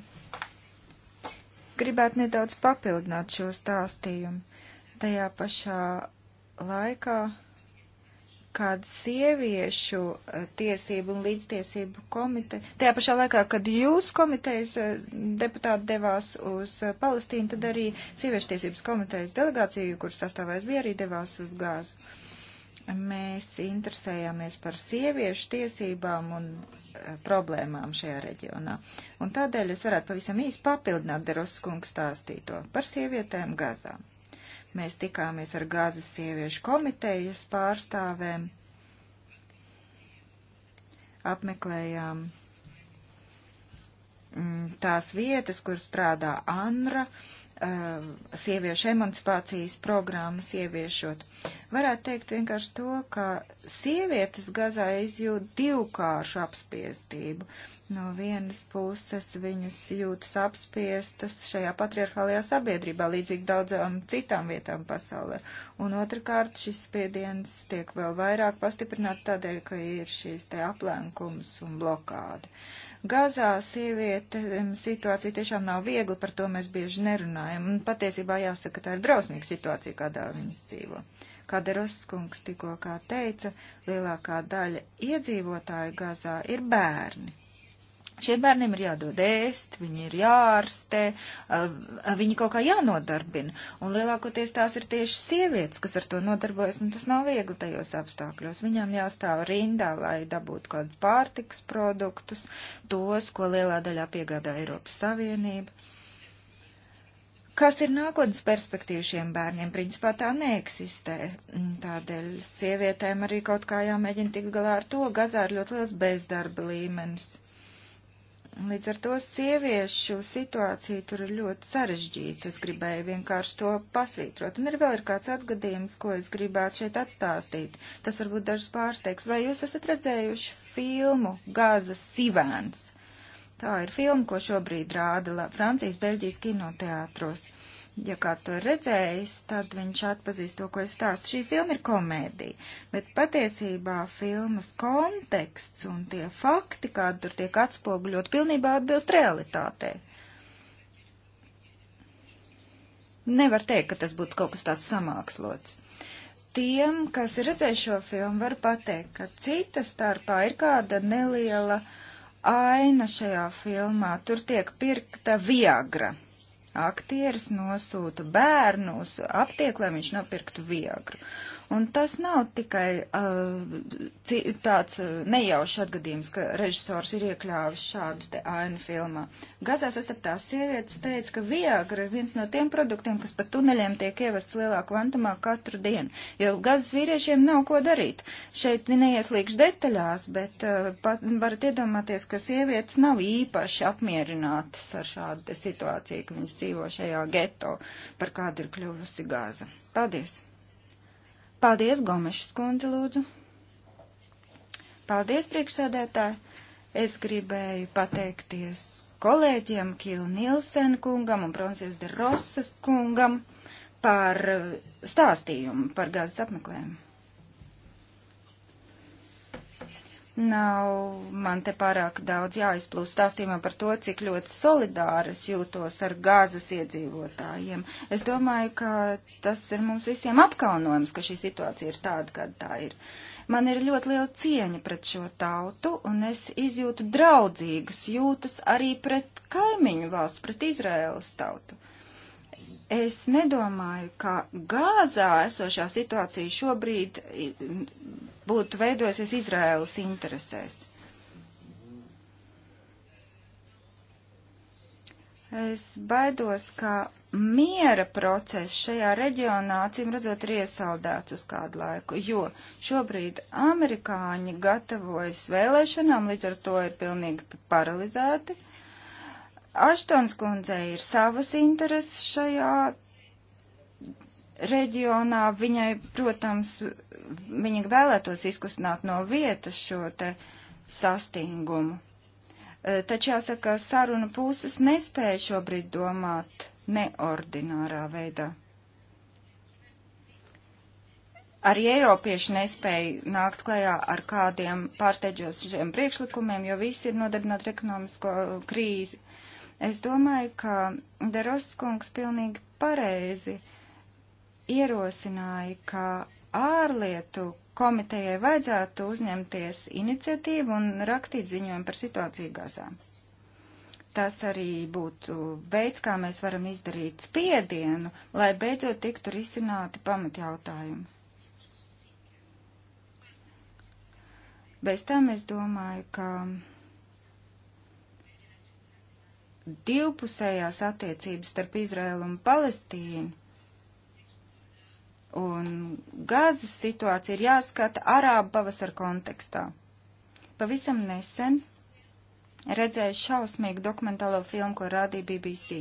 Gribētu nedaudz papildināt šo stāstījumu. Tajā pašā laikā kāda sieviešu eh, tiesību un līdztiesību komiteja. Tajā pašā laikā, kad jūs komitejas eh, deputāti devās uz eh, Palestīnu, tad arī sieviešu tiesības komitejas delegācija, kuras sastāvā es biju, arī devās uz Gāzu mēs interesējāmies par sieviešu tiesībām un eh, problēmām šajā reģionā. Un tādēļ es varētu pavisam īsi papildināt Derosas kungu stāstīto par sievietēm Gazā. Mēs tikāmies ar Gazas sieviešu komitejas pārstāvēm, apmeklējām mm, tās vietas, kur strādā Anra, um, sieviešu emancipācijas programmas ieviešot. Varētu teikt vienkārši to, ka sievietes Gazā izjūt divkāršu apspiestību. No vienas puses viņas jūtas apspiestas šajā patriarchālajā sabiedrībā, līdzīgi daudzām citām vietām pasaulē. Un otrkārt šis spiediens tiek vēl vairāk pastiprināts tādēļ, ka ir šīs te aplenkums un blokādi. Uh, Gazā sievietēm situācija tiešām nav viegli, par to mēs bieži nerunājam. Un patiesībā jāsaka, ka tā ir drausmīga situācija, kādā viņas dzīvo. Kā Deroskungs tikko kā teica, lielākā daļa iedzīvotāju Gazā ir bērni. Šiem bērniem ir jādod ēst, viņi ir jārastē, eh, viņi kaut kā jānodarbina. Un lielākoties tās ir tieši sievietes, kas ar to nodarbojas, un tas nav viegli tajos apstākļos. Viņām jāstāv rindā, lai dabūtu kādus pārtikas produktus, tos, ko lielā daļā piegādā Eiropas Savienība. Kas ir nākotnes perspektīva šiem bērniem? Principā tā neeksistē. Mm, tādēļ sievietēm arī kaut kā jāmēģina tikt galā ar to. Gazā ir ļoti liels bezdarba līmenis Līdz ar to sieviešu situācija tur ir ļoti sarežģīta. Es gribēju vienkārši to pasvītrot. Un ir vēl ir kāds atgadījums, ko es gribētu šeit atstāstīt. Tas varbūt dažs pārsteigs. Vai jūs esat redzējuši filmu Gaza Sivēns? Tā ir filma, ko šobrīd rāda Francijas, Beļģijas kinoteātros ja kāds to ir redzējis, tad viņš atpazīst to, ko es stāstu. Šī filma ir komēdija, bet patiesībā filmas konteksts un tie fakti, kādi tur tiek atspoguļot, pilnībā atbilst realitātei. Nevar teikt, ka tas būtu kaut kas tāds samākslots. Tiem, kas ir redzējuši šo filmu, var pateikt, ka cita starpā ir kāda neliela aina šajā filmā. Tur tiek pirkta Viagra aktieris nosūta bērnu uz aptieku, lai viņš nopirktu viegru. Un tas nav tikai uh, tāds uh, nejaušs atgadījums, ka režisors ir iekļāvis šādu te ainu filmā. Gazā sastaptās sievietes teica, ka Viagra ir viens no tiem produktiem, kas pa tuneļiem tiek ievests lielā kvantumā katru dienu, jo gazas vīriešiem nav ko darīt. Šeit neieslīgšu detaļās, bet uh, pat, varat iedomāties, ka sievietes nav īpaši apmierinātas ar šādu te situāciju, ka viņas dzīvo šajā geto, par kādu ir kļuvusi gāza. Paldies! Paldies, Gomešas kundze, lūdzu. Paldies, priekšsēdētāji. Es gribēju pateikties kolēģiem Kilu Nilsen kungam un Bronsies de Rosas kungam par eh, stāstījumu par gazas apmeklējumu. Nav man te pārāk daudz jāizplūst stāstījumā par to, cik ļoti solidāras jūtos ar gāzes iedzīvotājiem. Es domāju, ka tas ir mums visiem apkaunojums, ka šī situācija ir tāda, kāda tā ir. Man ir ļoti liela cieņa pret šo tautu, un es izjūtu draudzīgas jūtas arī pret kaimiņu valsts, pret Izraēlas tautu. Es nedomāju, ka Gāzā esošā situācija šobrīd būtu veidojusies Izraēlas interesēs. Es baidos, ka miera process šajā reģionā, acīm redzot, ir iesaldēts uz kādu laiku, jo šobrīd amerikāņi gatavojas vēlēšanām, līdz ar to ir pilnīgi paralizēti. Aštons kundzei ir savas intereses šajā reģionā viņai, protams, viņa vēlētos izkustināt no vietas šo te sastingumu. E, taču jāsaka, saruna puses nespēja šobrīd domāt neordinārā veidā. Arī Eiropieši nespēja nākt klajā ar kādiem pārsteidzošiem priekšlikumiem, jo visi ir nodarbināti ar ekonomisko krīzi. Es domāju, ka Deroskungs pilnīgi pareizi uh, ierosināja, ka ārlietu komitejai vajadzētu uzņemties iniciatīvu un rakstīt ziņojumu par situāciju Gazā. Tas arī būtu veids, kā mēs varam izdarīt spiedienu, lai beidzot tiktu risināti pamatjautājumi. Bez tam es domāju, ka divpusējās attiecības starp Izraēlu un Palestīnu un gazas situācija ir jāskata arābu pavasara kontekstā. Pavisam nesen redzēju šausmīgu dokumentālo filmu, ko rādīja BBC.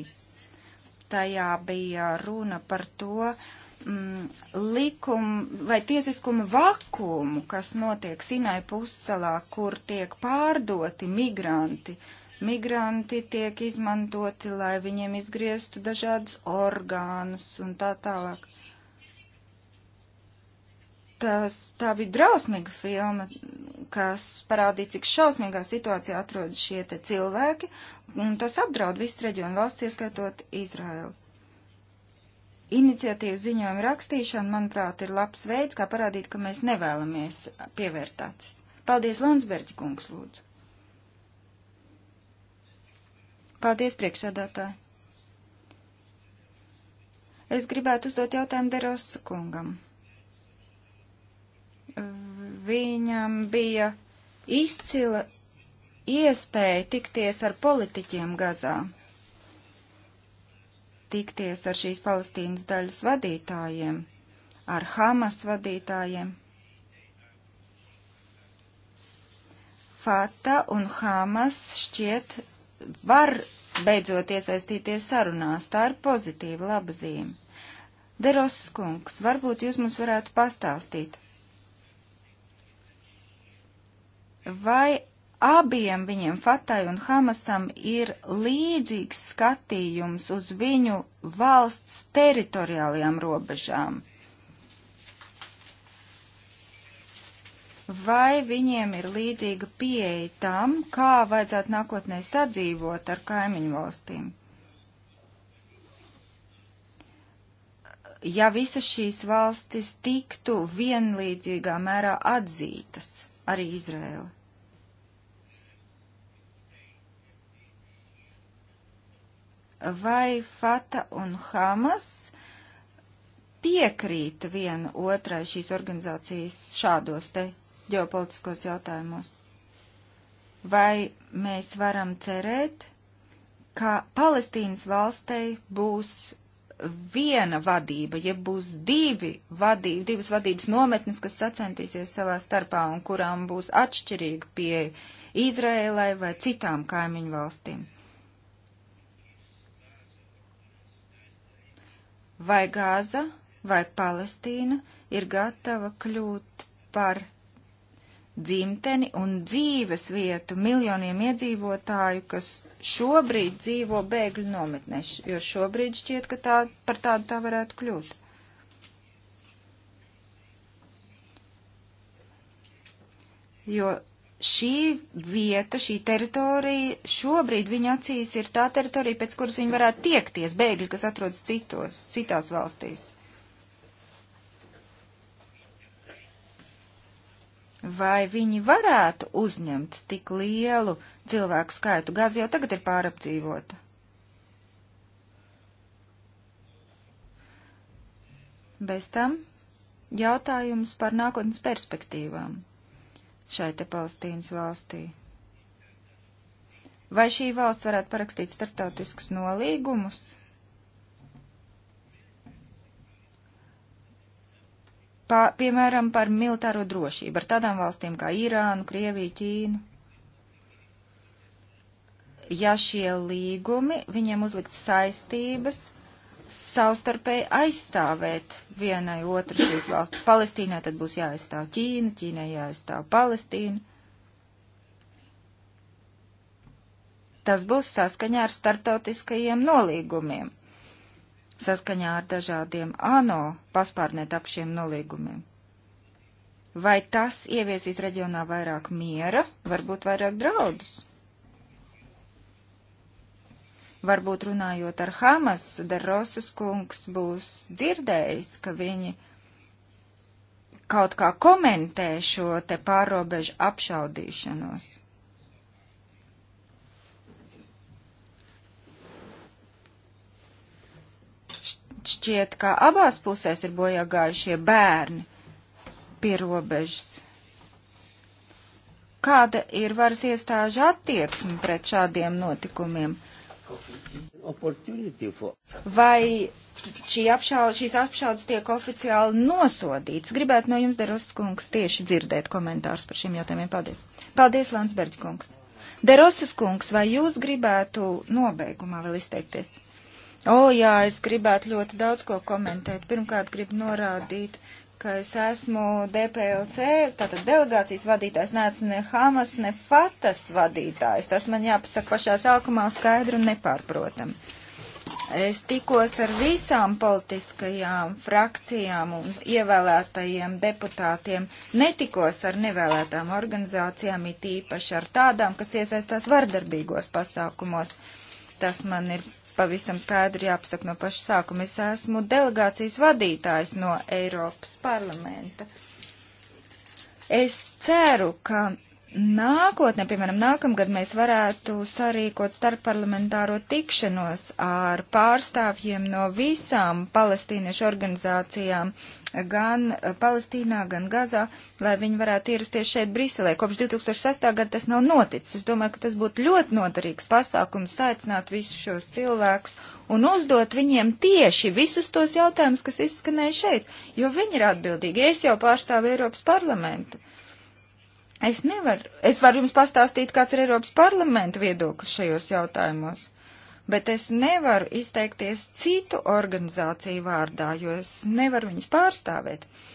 Tajā bija runa par to mm, likumu vai tiesiskumu vakumu, kas notiek Sinai pussalā, kur tiek pārdoti migranti. Migranti tiek izmantoti, lai viņiem izgrieztu dažādus orgānus un tā tālāk. Uh, tas, tā bija drausmīga filma, kas parādīja, cik šausmīgā situācijā atrodas šie te cilvēki, un tas apdraud visu reģionu valsts, ieskaitot Izraēlu. Iniciatīvas ziņojuma rakstīšana, manuprāt, ir labs veids, kā parādīt, ka mēs nevēlamies pievērt acis. Paldies, Landsbergi kungs, lūdzu. Paldies, priekšsēdētāji. Es gribētu uzdot jautājumu Derosa kungam viņam bija izcila iespēja tikties ar politiķiem Gazā, tikties ar šīs Palestīnas daļas vadītājiem, ar Hamas vadītājiem. Fata un Hamas šķiet var beidzot iesaistīties sarunās. Tā ir pozitīva laba zīme. Derosas kungs, varbūt jūs mums varētu pastāstīt, Vai abiem viņiem, Fatai un Hamasam, ir līdzīgs skatījums uz viņu valsts teritoriālajām robežām? Vai viņiem ir līdzīga pieeja tam, kā vajadzētu nākotnē sadzīvot ar kaimiņu valstīm? Ja visas šīs valstis tiktu vienlīdzīgā mērā atzītas, arī Izraela. vai Fata un Hamas piekrīt viena otrai šīs organizācijas šādos te ģeopolitiskos jautājumos? Vai mēs varam cerēt, ka Palestīnas valstei būs viena vadība, ja būs divi vadība, divas vadības nometnes, kas sacentīsies savā starpā un kurām būs atšķirīga pieeja Izrēlai vai citām kaimiņu valstīm? vai Gāza vai Palestīna ir gatava kļūt par dzimteni un dzīves vietu miljoniem iedzīvotāju, kas šobrīd dzīvo bēgļu nometnēs, jo šobrīd šķiet, ka tā, par tādu tā varētu kļūt. Jo šī vieta, šī teritorija šobrīd viņa acīs ir tā teritorija, pēc kuras viņi varētu tiekties bēgļi, kas atrodas citos, citās valstīs. Vai viņi varētu uzņemt tik lielu cilvēku skaitu? Gāze jau tagad ir pārapdzīvota. Bez tam jautājums par nākotnes perspektīvām šai te Palestīnas valstī. Vai šī valsts varētu parakstīt startautiskus nolīgumus? Pa, piemēram, par militāro drošību, ar tādām valstīm kā Irānu, Krieviju, Ķīnu. Ja šie līgumi, viņiem uzlikt saistības savstarpēji aizstāvēt vienai otru šīs valsts. Palestīnai tad būs jāaizstāv Ķīna, Ķīnai jāaizstāv Palestīna. Tas būs saskaņā ar starptautiskajiem nolīgumiem, saskaņā ar dažādiem ANO paspārnēt ap šiem nolīgumiem. Vai tas ieviesīs reģionā vairāk miera, varbūt vairāk draudus? Varbūt runājot ar Hamas, Darosas kungs būs dzirdējis, ka viņi kaut kā komentē šo te pārobežu apšaudīšanos. Šķiet, ka abās pusēs ir bojā gājušie bērni pie robežas. Kāda ir varas iestāžu attieksme pret šādiem notikumiem? Vai šī apšaud, šīs apšaudas tiek oficiāli nosodīts? Gribētu no jums, Deros kungs, tieši dzirdēt komentārus par šiem jautājumiem. Paldies. Paldies, Landsberģi kungs. Derosas kungs, vai jūs gribētu nobeigumā vēl izteikties? O, jā, es gribētu ļoti daudz ko komentēt. Pirmkārt, gribu norādīt ka es esmu DPLC, tātad delegācijas vadītājs, neesmu ne Hamas, ne Fatas vadītājs. Tas man jāpasaka pašā sākumā skaidri un nepārprotam. Es tikos ar visām politiskajām frakcijām un ievēlētajiem deputātiem, netikos ar nevēlētām organizācijām, it īpaši ar tādām, kas iesaistās vardarbīgos pasākumos. Tas man ir pavisam skaidri jāpasaka no paša sākuma. Es esmu delegācijas vadītājs no Eiropas parlamenta. Es ceru, ka nākotnē, piemēram, nākamgad mēs varētu sarīkot starpparlamentāro tikšanos ar pārstāvjiem no visām palestīniešu organizācijām gan Palestīnā, gan Gazā, lai viņi varētu ierasties šeit Briselē. Kopš 2006. gada tas nav noticis. Es domāju, ka tas būtu ļoti noderīgs pasākums saicināt visus šos cilvēkus un uzdot viņiem tieši visus tos jautājumus, kas izskanēja šeit, jo viņi ir atbildīgi. Es jau pārstāvu Eiropas parlamentu. Uh, Es nevaru, es varu jums pastāstīt, kāds ir Eiropas parlamenta viedoklis šajos jautājumos, bet es nevaru izteikties citu organizāciju vārdā, jo es nevaru viņus pārstāvēt. Uh,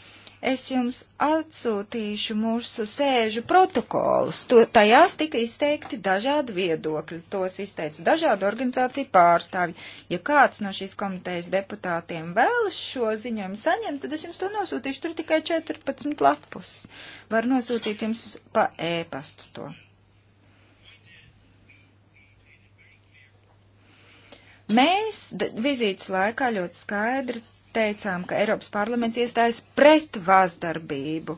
es jums atsūtīšu mūsu sēžu protokolus. Tu, tajās tika izteikti dažādi viedokļi, tos izteica dažādu organizāciju pārstāvji. Ja kāds no šīs komitejas deputātiem vēlas šo ziņojumu saņemt, tad es jums to nosūtīšu, tur tikai 14 lapus. Var nosūtīt jums pa ēpastu e to. Mēs vizītes laikā ļoti skaidri teicām, ka Eiropas parlaments iestājas pret vāzdarbību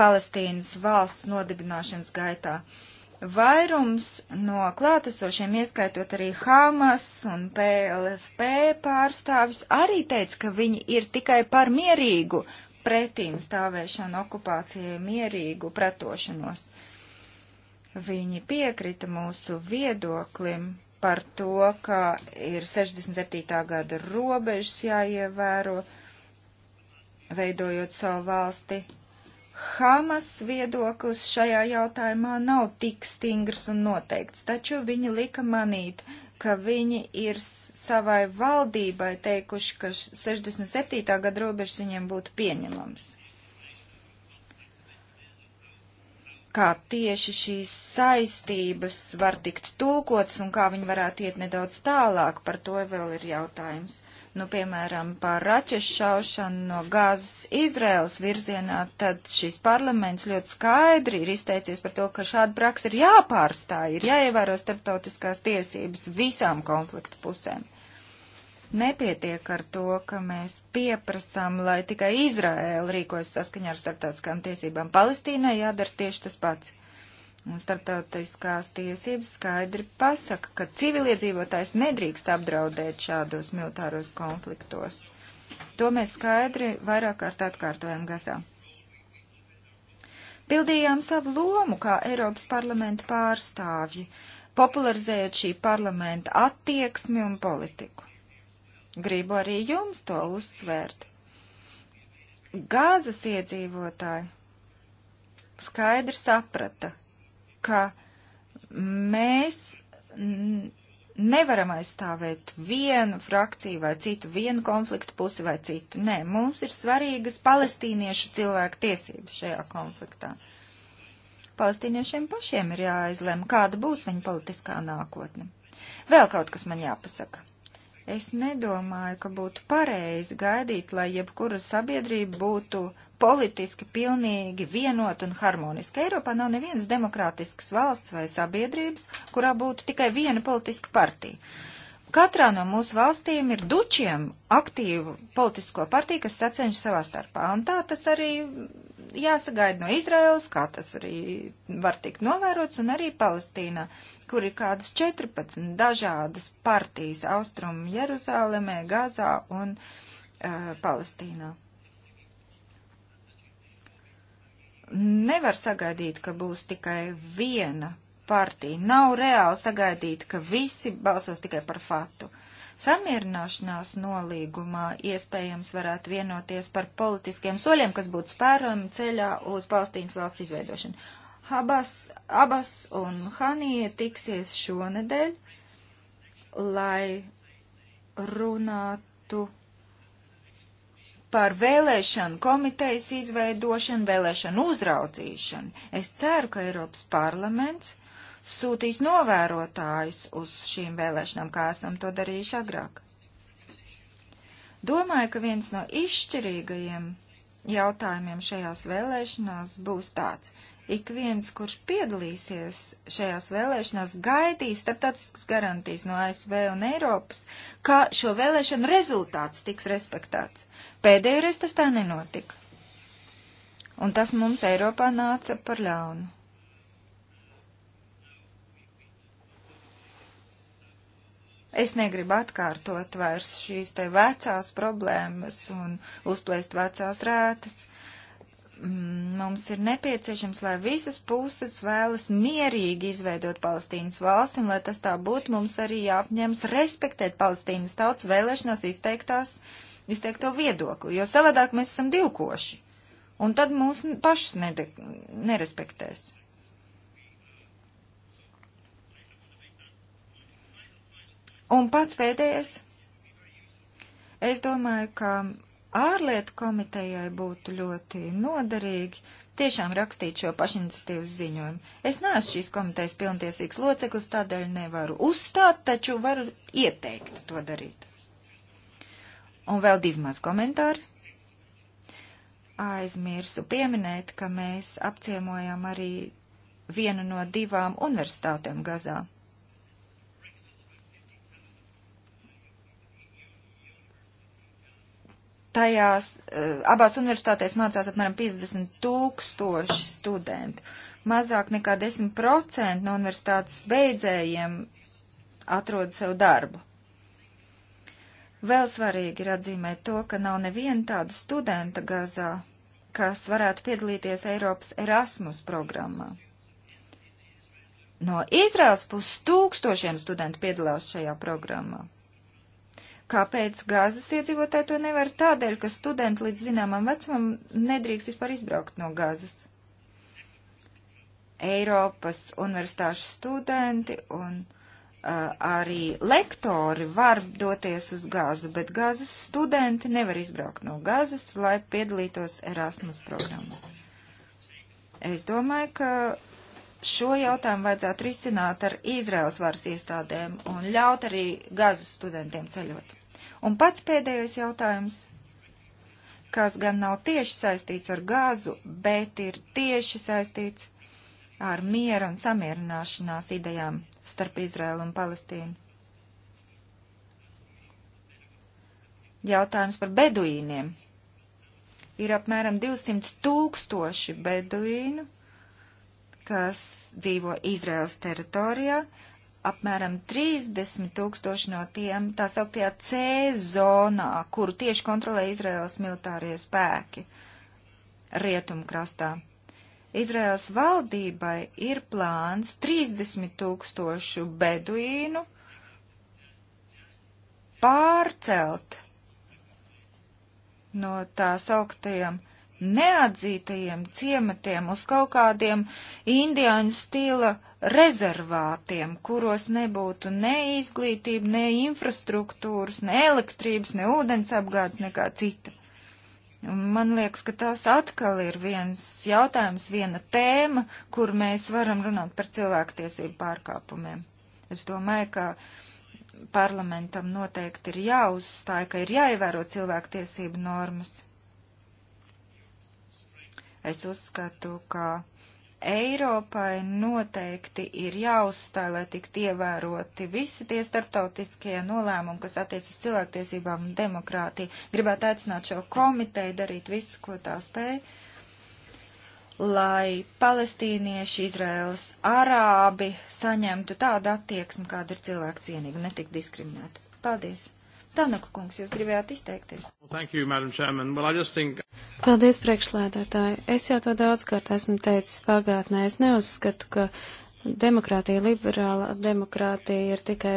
Palestīnas valsts nodibināšanas gaitā. Vairums no klātesošiem, ieskaitot arī Hamas un PLFP pārstāvis, arī teica, ka viņi ir tikai par mierīgu pretīm stāvēšanu okupācijai, mierīgu pretošanos. Viņi piekrita mūsu viedoklim par to, ka ir 67. gada robežas jāievēro, veidojot savu valsti. Hamas viedoklis šajā jautājumā nav tik stingrs un noteikts, taču viņi lika manīt, ka viņi ir savai valdībai teikuši, ka 67. gada robežas viņiem būtu pieņemams. kā tieši šīs saistības var tikt tulkots un kā viņi varētu iet nedaudz tālāk, par to vēl ir jautājums. Nu, piemēram, par raķešu šaušanu no gāzes Izraels virzienā, tad šis parlaments ļoti skaidri ir izteicies par to, ka šāda praksa ir jāpārstāj, ir jāievēro starptautiskās tiesības visām konflikta pusēm. Nepietiek ar to, ka mēs pieprasām, lai tikai Izraēla rīkojas saskaņā ar starptautiskām tiesībām. Palestīnai jādara tieši tas pats. Un starptautiskās tiesības skaidri pasaka, ka civiliedzīvotājs nedrīkst apdraudēt šādos militāros konfliktos. To mēs skaidri vairāk kārt atkārtojam Gazā. Pildījām savu lomu kā Eiropas parlamenta pārstāvji, popularizējot šī parlamenta attieksmi un politiku. Gribu arī jums to uzsvērt. Gāzes iedzīvotāji skaidri saprata, ka mēs nevaram aizstāvēt vienu frakciju vai citu, vienu konfliktu pusi vai citu. Nē, mums ir svarīgas palestīniešu cilvēku tiesības šajā konfliktā. Palestīniešiem pašiem ir jāizlem, kāda būs viņa politiskā nākotne. Vēl kaut kas man jāpasaka. Es nedomāju, ka būtu pareizi gaidīt, lai jebkura sabiedrība būtu politiski pilnīgi vienota un harmoniska. Eiropā nav nevienas demokrātiskas valsts vai sabiedrības, kurā būtu tikai viena politiska partija. Katrā no mūsu valstīm ir dučiem aktīvu politisko partiju, kas sacenš savā starpā, un tā tas arī jāsagaida no Izraels, kā tas arī var tikt novērots, un arī Palestīnā, kur ir kādas 14 dažādas partijas austrumu Jeruzālēmē, Gazā un uh, Palestīnā. Nevar sagaidīt, ka būs tikai viena partija. Nav reāli sagaidīt, ka visi balsos tikai par fatu. Uh, samierināšanās nolīgumā iespējams varētu vienoties par politiskiem soļiem, kas būtu spērojami ceļā uz Palestīnas valsts izveidošanu. Habas, Abas un Hanija tiksies šonedēļ, lai runātu par vēlēšanu komitejas izveidošanu, vēlēšanu uzraudzīšanu. Es ceru, ka Eiropas parlaments sūtīs novērotājus uz šīm vēlēšanām, kā esam to darījuši agrāk. Domāju, ka viens no izšķirīgajiem jautājumiem šajās vēlēšanās būs tāds. Ik viens, kurš piedalīsies šajās vēlēšanās, gaidīs starptautiskas garantijas no ASV un Eiropas, ka šo vēlēšanu rezultāts tiks respektēts. Pēdējoreiz tas tā nenotika. Un tas mums Eiropā nāca par ļaunu. Es negribu atkārtot vairs šīs te vecās problēmas un uzplēst vecās rētas. Mm, mums ir nepieciešams, lai visas puses vēlas mierīgi izveidot Palestīnas valsti, un lai tas tā būtu, mums arī jāapņems respektēt Palestīnas tautas vēlēšanās izteiktās, izteikto viedokli, jo savādāk mēs esam divkoši, un tad mūs pašas nerespektēs. Un pats pēdējais. Es domāju, ka ārlietu komitejai būtu ļoti noderīgi tiešām rakstīt šo pašiniciatīvas ziņojumu. Es neesmu šīs komitejas pilntiesīgs loceklis, tādēļ nevaru uzstāt, taču varu ieteikt to darīt. Un vēl divi maz komentāri. Aizmirsu pieminēt, ka mēs apciemojam arī vienu no divām universitātēm Gazā. tajās eh, abās universitātēs mācās apmēram 50 tūkstoši studenti. Mazāk nekā 10% no universitātes beidzējiem atrod sev darbu. Vēl svarīgi ir atzīmēt to, ka nav neviena tāda studenta Gazā, kas varētu piedalīties Eiropas Erasmus programmā. No Izraels puses tūkstošiem studentu piedalās šajā programmā. Kāpēc Gāzes iedzīvotāji to nevar? Tādēļ, ka studenti līdz zināmam vecumam nedrīkst vispār izbraukt no Gāzes. Eiropas universitāšu studenti un uh, arī lektori var doties uz Gāzu, bet Gāzes studenti nevar izbraukt no Gāzes, lai piedalītos Erasmus programmā. Es domāju, ka šo jautājumu vajadzētu risināt ar Izraels varas iestādēm un ļaut arī gazas studentiem ceļot. Un pats pēdējais jautājums, kas gan nav tieši saistīts ar gāzu, bet ir tieši saistīts ar miera un samierināšanās idejām starp Izraēlu un Palestīnu. Jautājums par beduīniem. Ir apmēram 200 tūkstoši beduīnu, kas dzīvo Izraels teritorijā, apmēram 30 tūkstoši no tiem tā sauktajā C zonā, kuru tieši kontrolē Izraels militārie spēki rietumkrastā. Izraels valdībai ir plāns 30 tūkstošu beduīnu pārcelt no tā sauktajiem neatzītajiem ciematiem uz kaut kādiem indiāņu stila uh, rezervātiem, kuros nebūtu ne izglītība, ne infrastruktūras, ne elektrības, ne ūdens apgādes, nekā cita. Man liekas, ka tas atkal ir viens jautājums, viena tēma, kur mēs varam runāt par cilvēktiesību pārkāpumiem. Es domāju, ka parlamentam noteikti ir jāuzstāj, ka ir jāievēro cilvēktiesību normas. Es uzskatu, ka Eiropai noteikti ir jāuzstāj, lai tiktu ievēroti visi tie starptautiskie nolēmumi, kas attiec uz cilvēktiesībām un demokrātiju. Gribētu aicināt šo komiteju darīt visu, ko tā spēj, lai palestīnieši, Izraels, arābi saņemtu tādu attieksmi, kāda ir cilvēku cienīga, netik diskriminēta. Paldies! Tanaka kungs, jūs gribējāt izteikties. Well, you, well, think... Paldies, priekšlēdētāji. Es jau to daudzkārt esmu teicis pagātnē. Es neuzskatu, ka demokrātija, liberāla demokrātija ir tikai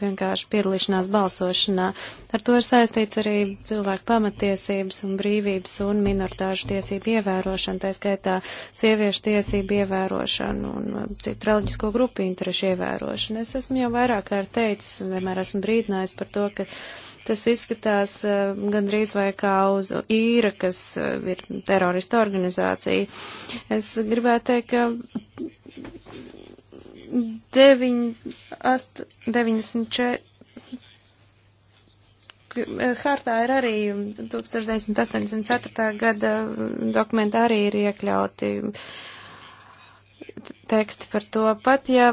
vienkārši piedalīšanās balsošanā. Ar to ir saistīts arī cilvēku pamatiesības un brīvības un minoritāšu tiesību ievērošana, tā skaitā sieviešu tiesību ievērošana un uh, citu reliģisko grupu interešu ievērošana. Es esmu jau vairāk kārt teicis, vienmēr esmu brīdinājis par to, ka tas izskatās uh, gandrīz vai kā uz īra, kas uh, ir terorista organizācija. Es gribētu teikt, ka 9, 8, 94. Hartā ir arī 1984. gada mm, dokumentā arī ir iekļauti teksti par to. Pat ja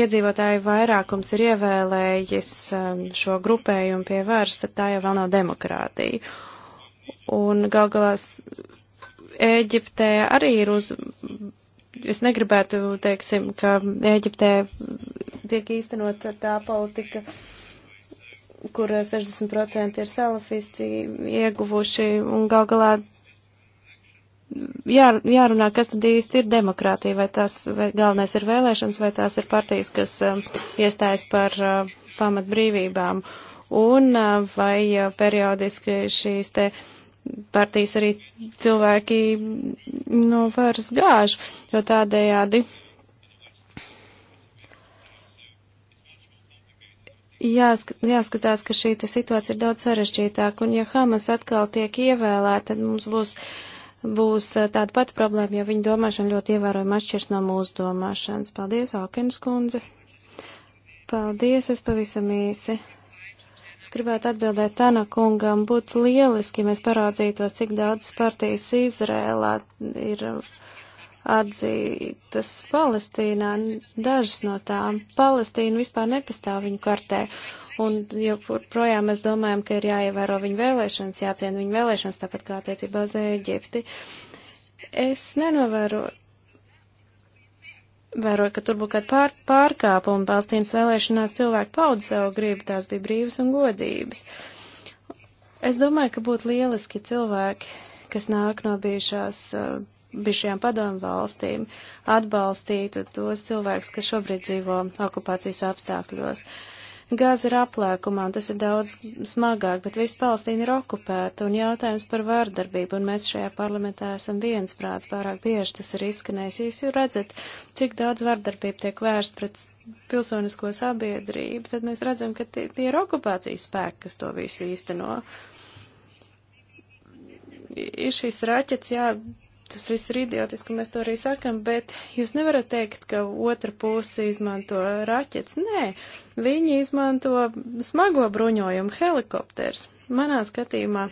iedzīvotāju vairākums ir ievēlējis eh, šo grupējumu pie varas, tad tā jau vēl nav demokrātija. Un gal galās Ēģiptē arī ir uz es negribētu, teiksim, ka Ēģiptē tiek īstenot tā politika, kur 60% ir salafisti ieguvuši un gal galā jā, jārunā, kas tad īsti ir demokrātija, vai tās vai galvenais ir vēlēšanas, vai tās ir partijas, kas um, iestājas par uh, pamatbrīvībām, un uh, vai uh, periodiski šīs te uh, partijas arī cilvēki no varas gāž, jo tādējādi jāsk jāskatās, ka šī situācija ir daudz sarežģītāka, un ja Hamas atkal tiek ievēlēta, tad mums būs, būs tāda pati problēma, jo viņa domāšana ļoti ievērojami atšķirs no mūsu domāšanas. Paldies, Alkenas kundze! Paldies, es pavisam īsi Es gribētu atbildēt Tana kungam, būtu lieliski, ja mēs parādzītos, cik daudz partijas Izrēlā ir atzītas Palestīnā, dažas no tām. Palestīna vispār nepastāv viņu kartē. Un joprojām mēs domājam, ka ir jāievēro viņu vēlēšanas, jāciena viņu vēlēšanas, tāpat kā attiecībā uz Eģipti. Es nenovēru vēroju, ka tur būtu kāda pār, pārkāpuma Palestīnas vēlēšanās cilvēki pauda savu gribu, tās bija brīvas un godības. Es domāju, ka būtu lieliski cilvēki, kas nāk no bijušās, uh, bijušajām padomu valstīm, atbalstītu tos cilvēkus, kas šobrīd dzīvo okupācijas apstākļos. Uh, Gāze ir aplēkumā, un tas ir daudz smagāk, bet viss Palestīna ir okupēta, un jautājums par vārdarbību, un mēs šajā parlamentā esam viensprāts, pārāk bieži tas ir izskanējis. Jūs jau redzat, cik daudz vārdarbību tiek vērst pret pilsonisko sabiedrību, tad mēs redzam, ka tie, tie ir okupācijas spēki, kas to visu īsteno. Ir šīs raķets, jā, tas viss ir idiotiski, mēs to arī sakam, bet jūs nevarat teikt, ka otra puse izmanto raķets. Nē, viņi izmanto smago bruņojumu helikopters. Manā skatījumā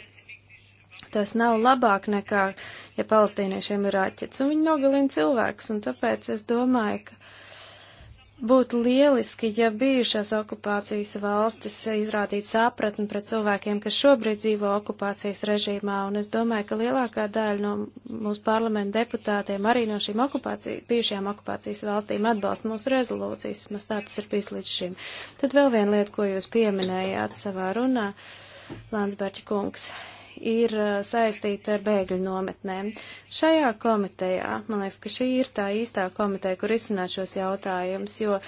tas nav labāk nekā, ja palestīniešiem ir raķets, un viņi nogalina cilvēkus, un tāpēc es domāju, ka Būtu lieliski, ja bijušās okupācijas valstis izrādītu sapratni pret cilvēkiem, kas šobrīd dzīvo okupācijas režīmā, un es domāju, ka lielākā daļa no mūsu parlamenta deputātiem arī no šīm okupācijas, bijušajām okupācijas valstīm atbalsta mūsu rezolūcijas, mēs tā tas ir bijis līdz šim. Tad vēl viena lieta, ko jūs pieminējāt savā runā, Landsberģa kungs ir eh, saistīta ar bēgļu nometnēm. Šajā komitejā, man liekas, ka šī ir tā īstā komiteja, kur izsināt šos jautājumus, jo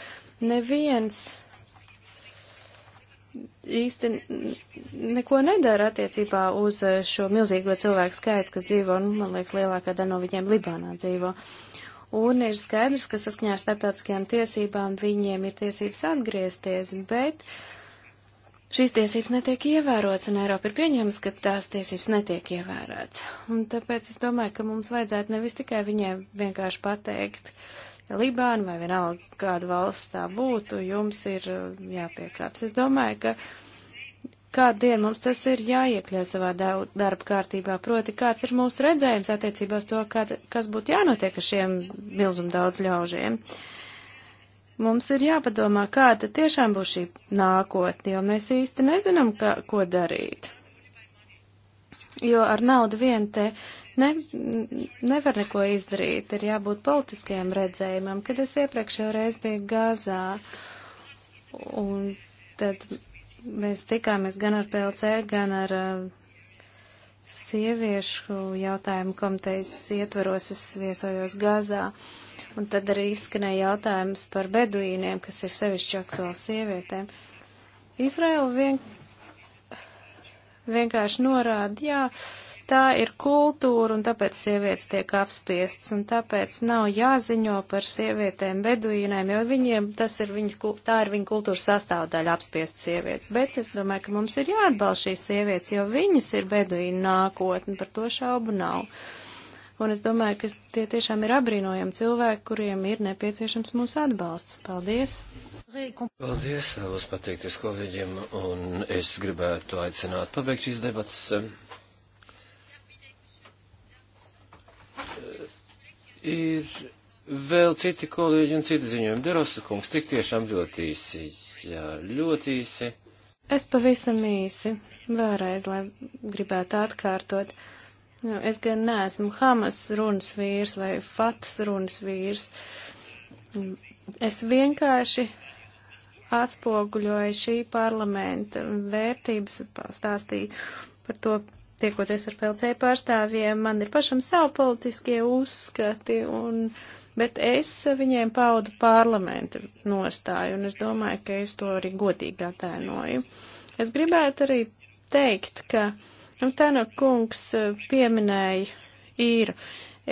neviens īsti neko nedara attiecībā uz eh, šo milzīgo cilvēku skaitu, kas dzīvo, nu, man liekas, lielākā daļa no viņiem Libānā dzīvo. Un ir skaidrs, ka saskaņā ar starptautiskajām tiesībām viņiem ir tiesības atgriezties, bet uh, šīs tiesības netiek ievērotas, un Eiropa ir pieņēmusi, ka tās tiesības netiek ievērotas. Un tāpēc es domāju, ka mums vajadzētu nevis tikai viņiem vienkārši pateikt, Libāna vai vienalga, kāda valsts tā būtu, jums ir uh, jāpiekāps. Es domāju, ka kādu dienu mums tas ir jāiekļauj savā darba kārtībā, proti kāds ir mūsu redzējums attiecībās to, kā, kas būtu jānotiek ar šiem milzumu daudz ļaužiem. Uh, Mums ir jāpadomā, kāda tiešām būs šī nākotne, jo mēs īsti nezinām, ka, ko darīt. Jo ar naudu vien te ne, nevar neko izdarīt, ir jābūt politiskajam redzējumam, kad es iepriekšējo reizi biju Gazā. Un tad mēs tikāmies gan ar PLC, gan ar uh, sieviešu jautājumu komitejas ietvaros, es viesojos Gazā. Uh, Un tad arī izskanēja jautājums par beduīniem, kas ir sevišķi aktuāli sievietēm. Izraela vien... vienkārši norāda, jā, tā ir kultūra, un tāpēc sievietes tiek apspiestas, un tāpēc nav jāziņo par sievietēm beduīnēm, jo viņiem tas ir viņa, tā ir viņa kultūras sastāvdaļa apspiest sievietes. Bet es domāju, ka mums ir jāatbalst šīs sievietes, jo viņas ir beduīna nākotne, par to šaubu nav un es domāju, ka tie tiešām ir abrīnojami cilvēki, kuriem ir nepieciešams mūsu atbalsts. Paldies! Paldies, vēlos pateikties kolēģiem, un es gribētu aicināt pabeigt šīs debatas. Ir vēl citi kolēģi un citi ziņojumi. Derosas kungs, tik tiešām ļoti īsi. Jā, ļoti īsi. Es pavisam īsi. Vēlreiz, lai gribētu atkārtot. Uh, Nu, es gan neesmu Hamas runas vīrs vai Fatas runas vīrs. Es vienkārši atspoguļoju šī parlamenta vērtības, pastāstīju par to, tiekoties ar PLC pārstāvjiem. Man ir pašam savu politiskie uzskati, un, bet es viņiem paudu parlamenta nostāju, un es domāju, ka es to arī godīgi atēnoju. Es gribētu arī teikt, ka. Uh, Nu, Tēna kungs eh, pieminēja īru.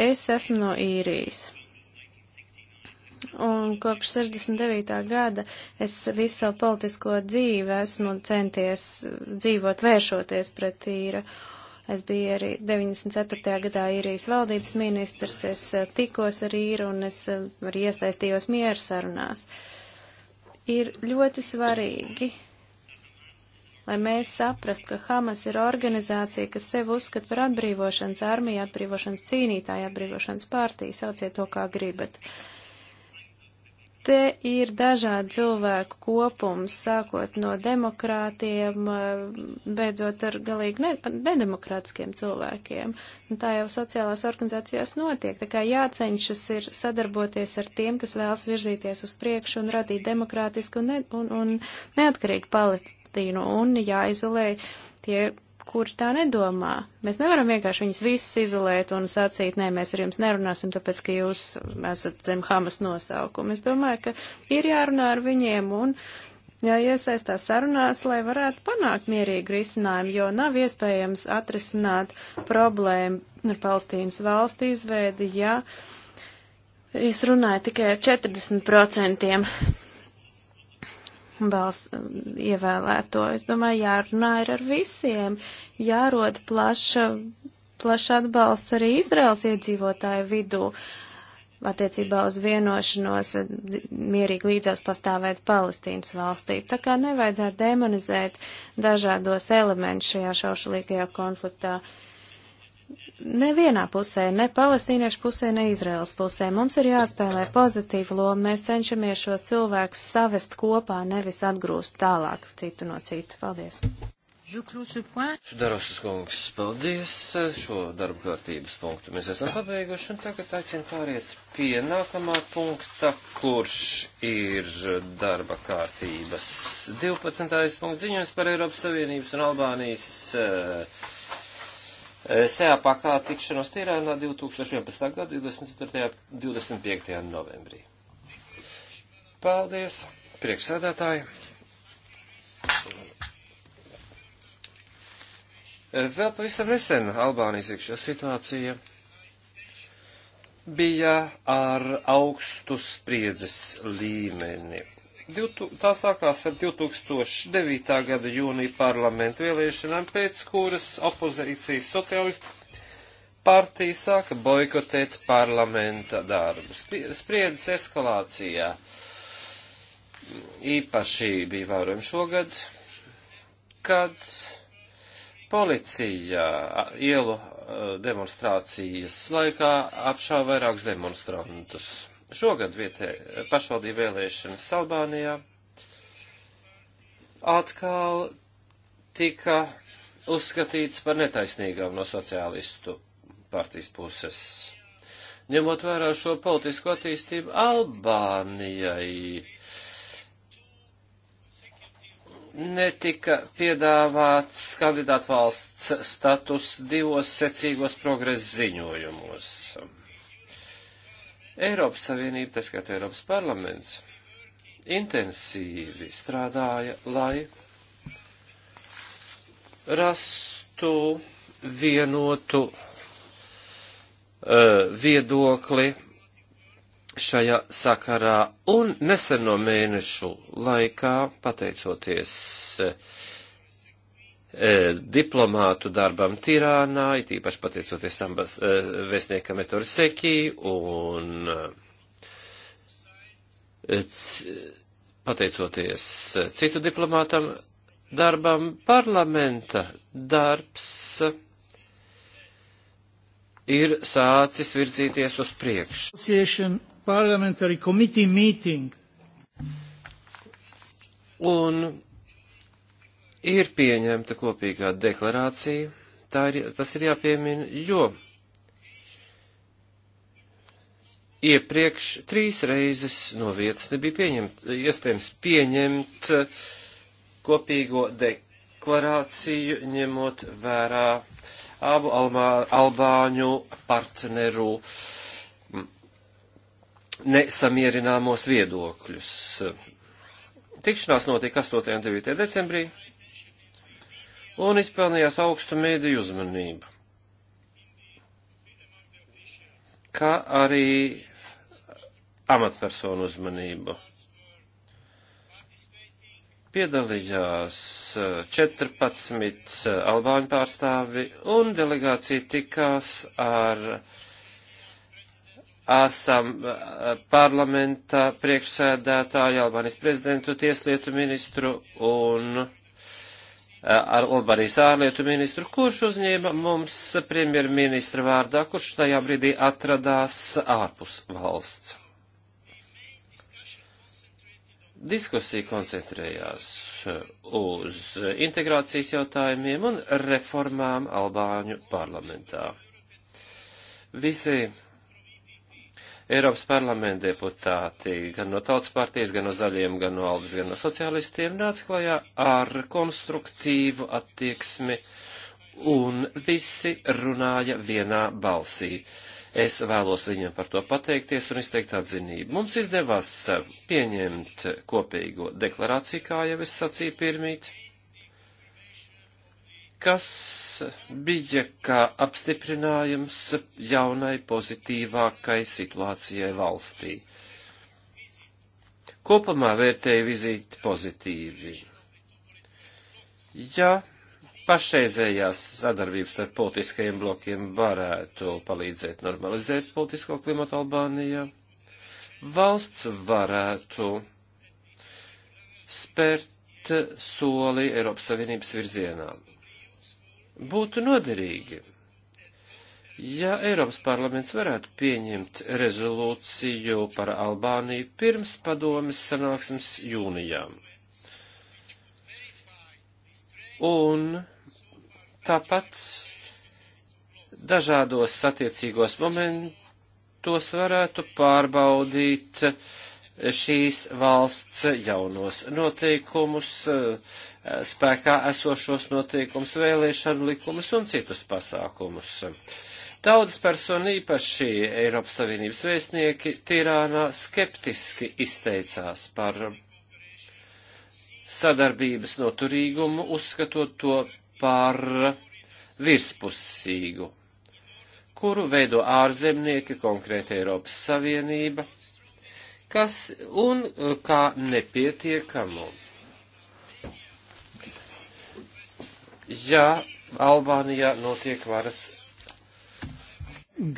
Es esmu no īrijas. Un kopš 69. gada es visu savu politisko dzīvi esmu centies dzīvot vēršoties pret īra. Es biju arī 94. gadā īrijas valdības ministrs, es eh, tikos ar īru un es eh, arī iesaistījos mieru sarunās. Ir ļoti svarīgi lai mēs saprastu, ka Hamas ir organizācija, kas sev uzskata par atbrīvošanas armiju, atbrīvošanas cīnītāju, atbrīvošanas partiju, sauciet to, kā gribat. Te ir dažādi cilvēku kopums, sākot no demokrātiem, beidzot ar galīgi ne, nedemokrātiskiem cilvēkiem. Un nu, tā jau sociālās organizācijās notiek, tā kā jāceņšas ir sadarboties ar tiem, kas vēlas virzīties uz priekšu un radīt demokrātisku un, ne, un, un neatkarīgu politi karantīnu un jāizolē tie, kuri tā nedomā. Mēs nevaram vienkārši viņus visus izolēt un sacīt, nē, mēs ar jums nerunāsim, tāpēc, ka jūs esat zem Hamas nosaukuma. Es domāju, ka ir jārunā ar viņiem un jāiesaistās sarunās, lai varētu panākt mierīgu risinājumu, jo nav iespējams atrisināt problēmu ar Palestīnas valstu izveidi, ja jūs runājat tikai ar 40% balss ievēlēto. Es domāju, jārunā ir ar visiem, jārod plaša, plaša atbalsts arī Izraels iedzīvotāju vidū attiecībā uz vienošanos mierīgi līdzās pastāvēt Palestīnas valstī. Tā kā nevajadzētu demonizēt dažādos elementus šajā šaušalīgajā konfliktā. Uh, nevienā pusē, ne palestīniešu pusē, ne Izraels pusē. Mums ir jāspēlē pozitīva loma, mēs cenšamies šos cilvēkus savest kopā, nevis atgrūst tālāk citu no cita. Paldies! Darosas kungs, paldies! Šo darbu kārtības punktu mēs esam pabeiguši, un tagad aicinu pāriet pie nākamā punkta, kurš ir darba kārtības 12. punkts ziņojums par Eiropas Savienības un Albānijas uh, Eh, Sēpakā tikšanos Tirānā 2011. gada 24. 25. novembrī. Paldies, priekšsēdētāji. Eh, Vēl pavisam nesen Albānijas iekšā situācija bija ar augstu spriedzes līmeni tā sākās ar 2009. gada jūnija parlamentu vēlēšanām, pēc kuras opozīcijas sociālistu partija sāka boikotēt parlamenta darbus. Spriedzes eskalācijā īpaši bija vērojami šogad, kad policija ielu eh, demonstrācijas laikā apšāva vairākus demonstrantus šogad vietē pašvaldību vēlēšanas Albānijā atkal tika uzskatīts par netaisnīgām no sociālistu partijas puses. Ņemot vērā šo politisko attīstību Albānijai, netika piedāvāts kandidātu valsts status divos secīgos progresa ziņojumos. Eiropas Savienība, tas kā Eiropas parlaments, intensīvi strādāja, lai rastu vienotu uh, viedokli šajā sakarā un neseno mēnešu laikā, pateicoties uh, E, diplomātu darbam Tirānā, it īpaši pateicoties ambas, e, vēstniekam Etor Seki un e, pateicoties citu diplomātam darbam parlamenta darbs ir sācis virzīties uz priekšu. Un Ir pieņemta kopīgā deklarācija, tā ir, tas ir jāpiemina, jo iepriekš trīs reizes no vietas nebija pieņemt, iespējams pieņemt kopīgo deklarāciju, ņemot vērā abu almā, albāņu partneru nesamierināmos viedokļus. Tikšanās notika 8. un 9. decembrī un izpelnījās augstu mēdīju uzmanību. Kā arī amatpersonu uzmanību. Piedalījās 14 eh, eh, albāņu pārstāvi un delegācija tikās ar ASAM eh, parlamenta priekšsēdētāju, Albānijas prezidentu, tieslietu ministru un Eh, ar Albanijas ārlietu ministru, kurš uzņēma mums premjerministra vārdā, kurš tajā brīdī atradās ārpus valsts. Diskusija koncentrējās uz integrācijas jautājumiem un reformām Albāņu parlamentā. Visi Eiropas parlamenta deputāti, gan no tautas partijas, gan no zaļiem, gan no aldas, gan no sociālistiem nāca klajā ar konstruktīvu attieksmi un visi runāja vienā balsī. Es vēlos viņiem par to pateikties un izteikt atzinību. Mums izdevās pieņemt kopīgo deklarāciju, kā jau es sacīju pirmīt kas bija kā apstiprinājums jaunai pozitīvākai situācijai valstī. Kopumā vērtēju vizīti pozitīvi. Ja pašreizējās sadarbības starp politiskajiem blokiem varētu palīdzēt normalizēt politisko klimatu Albānijā, valsts varētu spērt soli Eiropas Savienības virzienām būtu noderīgi. Ja Eiropas parlaments varētu pieņemt rezolūciju par Albāniju pirms padomis sanāksmes jūnijā. Un tāpat dažādos attiecīgos momentos varētu pārbaudīt uh, šīs valsts jaunos noteikumus, eh, spēkā esošos noteikumus, vēlēšanu likumus un citus pasākumus. Daudz personu īpaši Eiropas Savienības vēstnieki Tirānā skeptiski izteicās par sadarbības noturīgumu, uzskatot to par virspusīgu, kuru veido ārzemnieki, konkrēti Eiropas Savienība, kas un eh, kā nepietiekamu. Ja Albānijā notiek varas.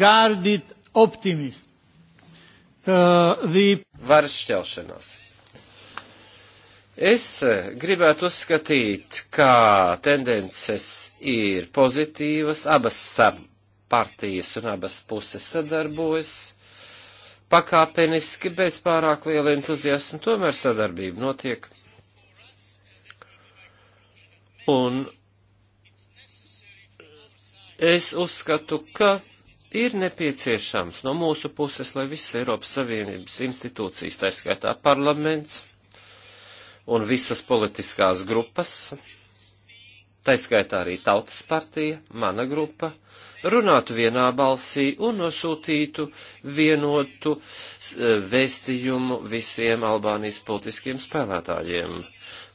Gārdīt optimist. Tā, the... Varas šķelšanās. Es eh, gribētu uzskatīt, ka tendences ir pozitīvas, abas partijas un abas puses sadarbojas pakāpeniski, bez pārāk liela entuziasma, tomēr sadarbība notiek. Un es uzskatu, ka ir nepieciešams no mūsu puses, lai visas Eiropas Savienības institūcijas, tā skaitā parlaments un visas politiskās grupas, tā skaitā arī tautas partija, mana grupa, runātu vienā balsī un nosūtītu vienotu e, vēstījumu visiem Albānijas politiskiem spēlētājiem.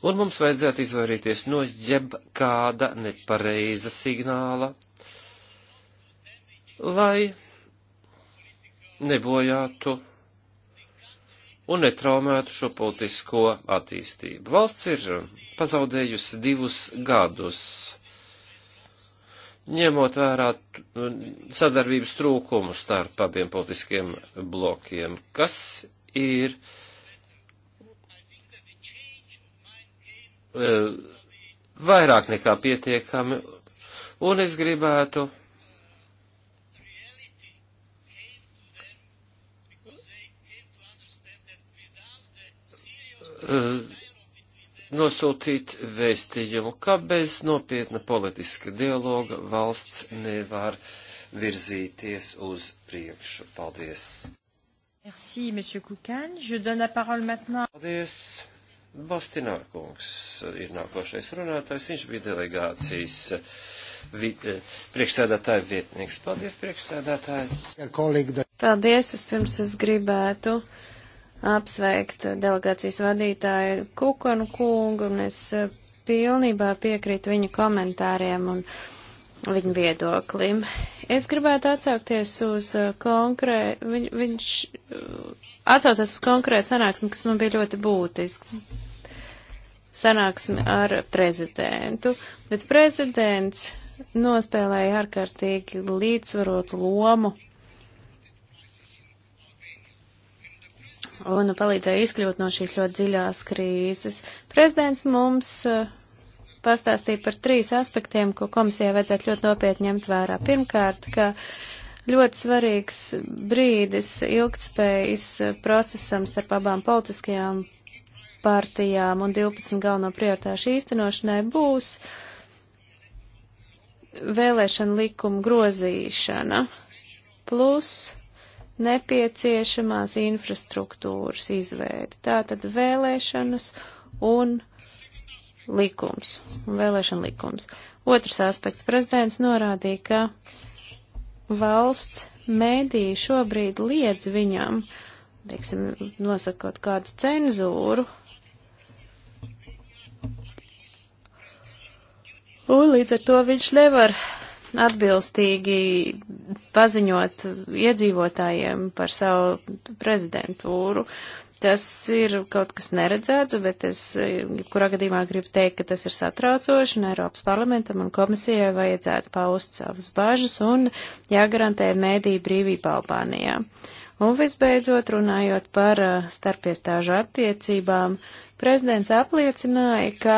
Un mums vajadzētu izvairīties no jebkāda nepareiza signāla, lai nebojātu un netraumētu šo politisko attīstību. Valsts ir pazaudējusi divus gadus, ņemot vērā sadarbības trūkumu starp abiem politiskiem blokiem, kas ir eh, vairāk nekā pietiekami, un es gribētu Eh, nosūtīt vēstījumu, ka bez nopietna politiska dialoga valsts nevar virzīties uz priekšu. Paldies! Merci, Monsieur Kukan. Je donne la parole maintenant. Paldies. Bostinākungs ir nākošais runātājs. Viņš bija delegācijas vi, eh, priekšsēdētāja vietnieks. Paldies, priekšsēdētājs. Paldies. Vispirms es gribētu uh, apsveikt delegācijas vadītāju Kukonu kungu, un es eh, pilnībā piekrītu viņa komentāriem un viņa viedoklim. Es gribētu atsaukties uz eh, konkrētu, viņ, viņš eh, atsaucās uz konkrētu sanāksmi, kas man bija ļoti būtiski. Sanāksmi ar prezidentu, bet prezidents nospēlēja ārkārtīgi līdzsvarotu lomu un palīdzēja izkļūt no šīs ļoti dziļās krīzes. Prezidents mums eh, pastāstīja par trīs aspektiem, ko komisijai vajadzētu ļoti nopietni ņemt vērā. Pirmkārt, ka ļoti svarīgs brīdis ilgtspējas eh, procesam starp abām politiskajām partijām un 12 galveno prioritāšu īstenošanai būs vēlēšana likuma grozīšana plus nepieciešamās infrastruktūras izveidi. Tātad vēlēšanas un likums, un vēlēšana likums. Otrs aspekts. Prezidents norādīja, ka valsts mēdīja šobrīd liedz viņam, teiksim, nosakot kādu cenzūru. Un līdz ar to viņš nevar atbilstīgi paziņot iedzīvotājiem par savu prezidentūru. Tas ir kaut kas neredzēts, bet es, kurā gadījumā gribu teikt, ka tas ir satraucoši, un Eiropas parlamentam un komisijai vajadzētu paust savas bažas un jāgarantē mēdī brīvība Albānijā. Un visbeidzot, runājot par eh, starpiestāžu attiecībām, prezidents apliecināja, ka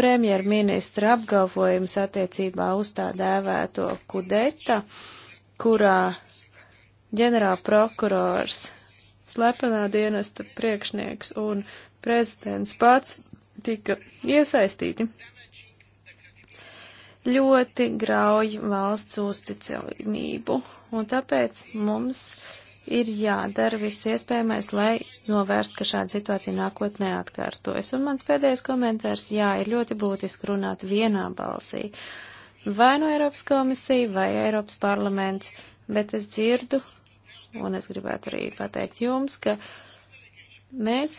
premjerministra apgalvojums attiecībā uz tā dēvēto kudeta, kurā ģenerālprokurors, slepenā dienesta priekšnieks un prezidents pats tika iesaistīti, ļoti grauj valsts uzticamību, un tāpēc mums ir jādara viss iespējamais, lai novērst, ka šāda situācija nākotnē atkārtojas. Un mans pēdējais komentārs, jā, ir ļoti būtiski runāt vienā balsī. Vai no Eiropas komisija, vai Eiropas parlaments, bet es dzirdu, un es gribētu arī pateikt jums, ka mēs,